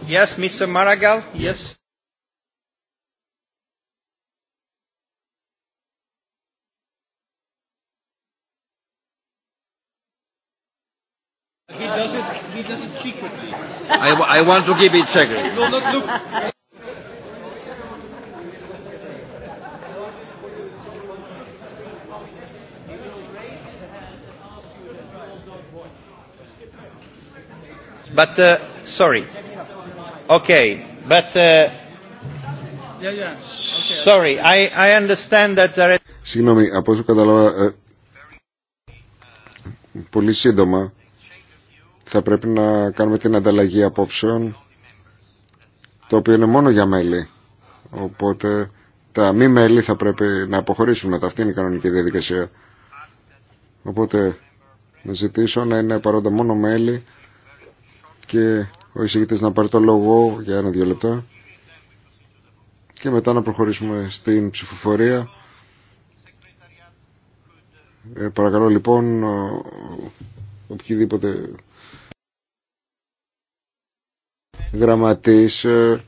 Yes, Mr. Maragall, yes. He does it, he does it secretly. I, I want to keep it secret. But Συγγνώμη, από όσο καταλάβα, ε, πολύ σύντομα θα πρέπει να κάνουμε την ανταλλαγή απόψεων, το οποίο είναι μόνο για μέλη. Οπότε τα μη μέλη θα πρέπει να αποχωρήσουν μετά. Αυτή είναι η κανονική διαδικασία. Οπότε να ζητήσω να είναι παρόντα μόνο μέλη και ο εισηγητής να πάρει το λόγο για ένα-δύο λεπτά και μετά να προχωρήσουμε στην ψηφοφορία. Ε, παρακαλώ λοιπόν οποιοδήποτε γραμματής ε,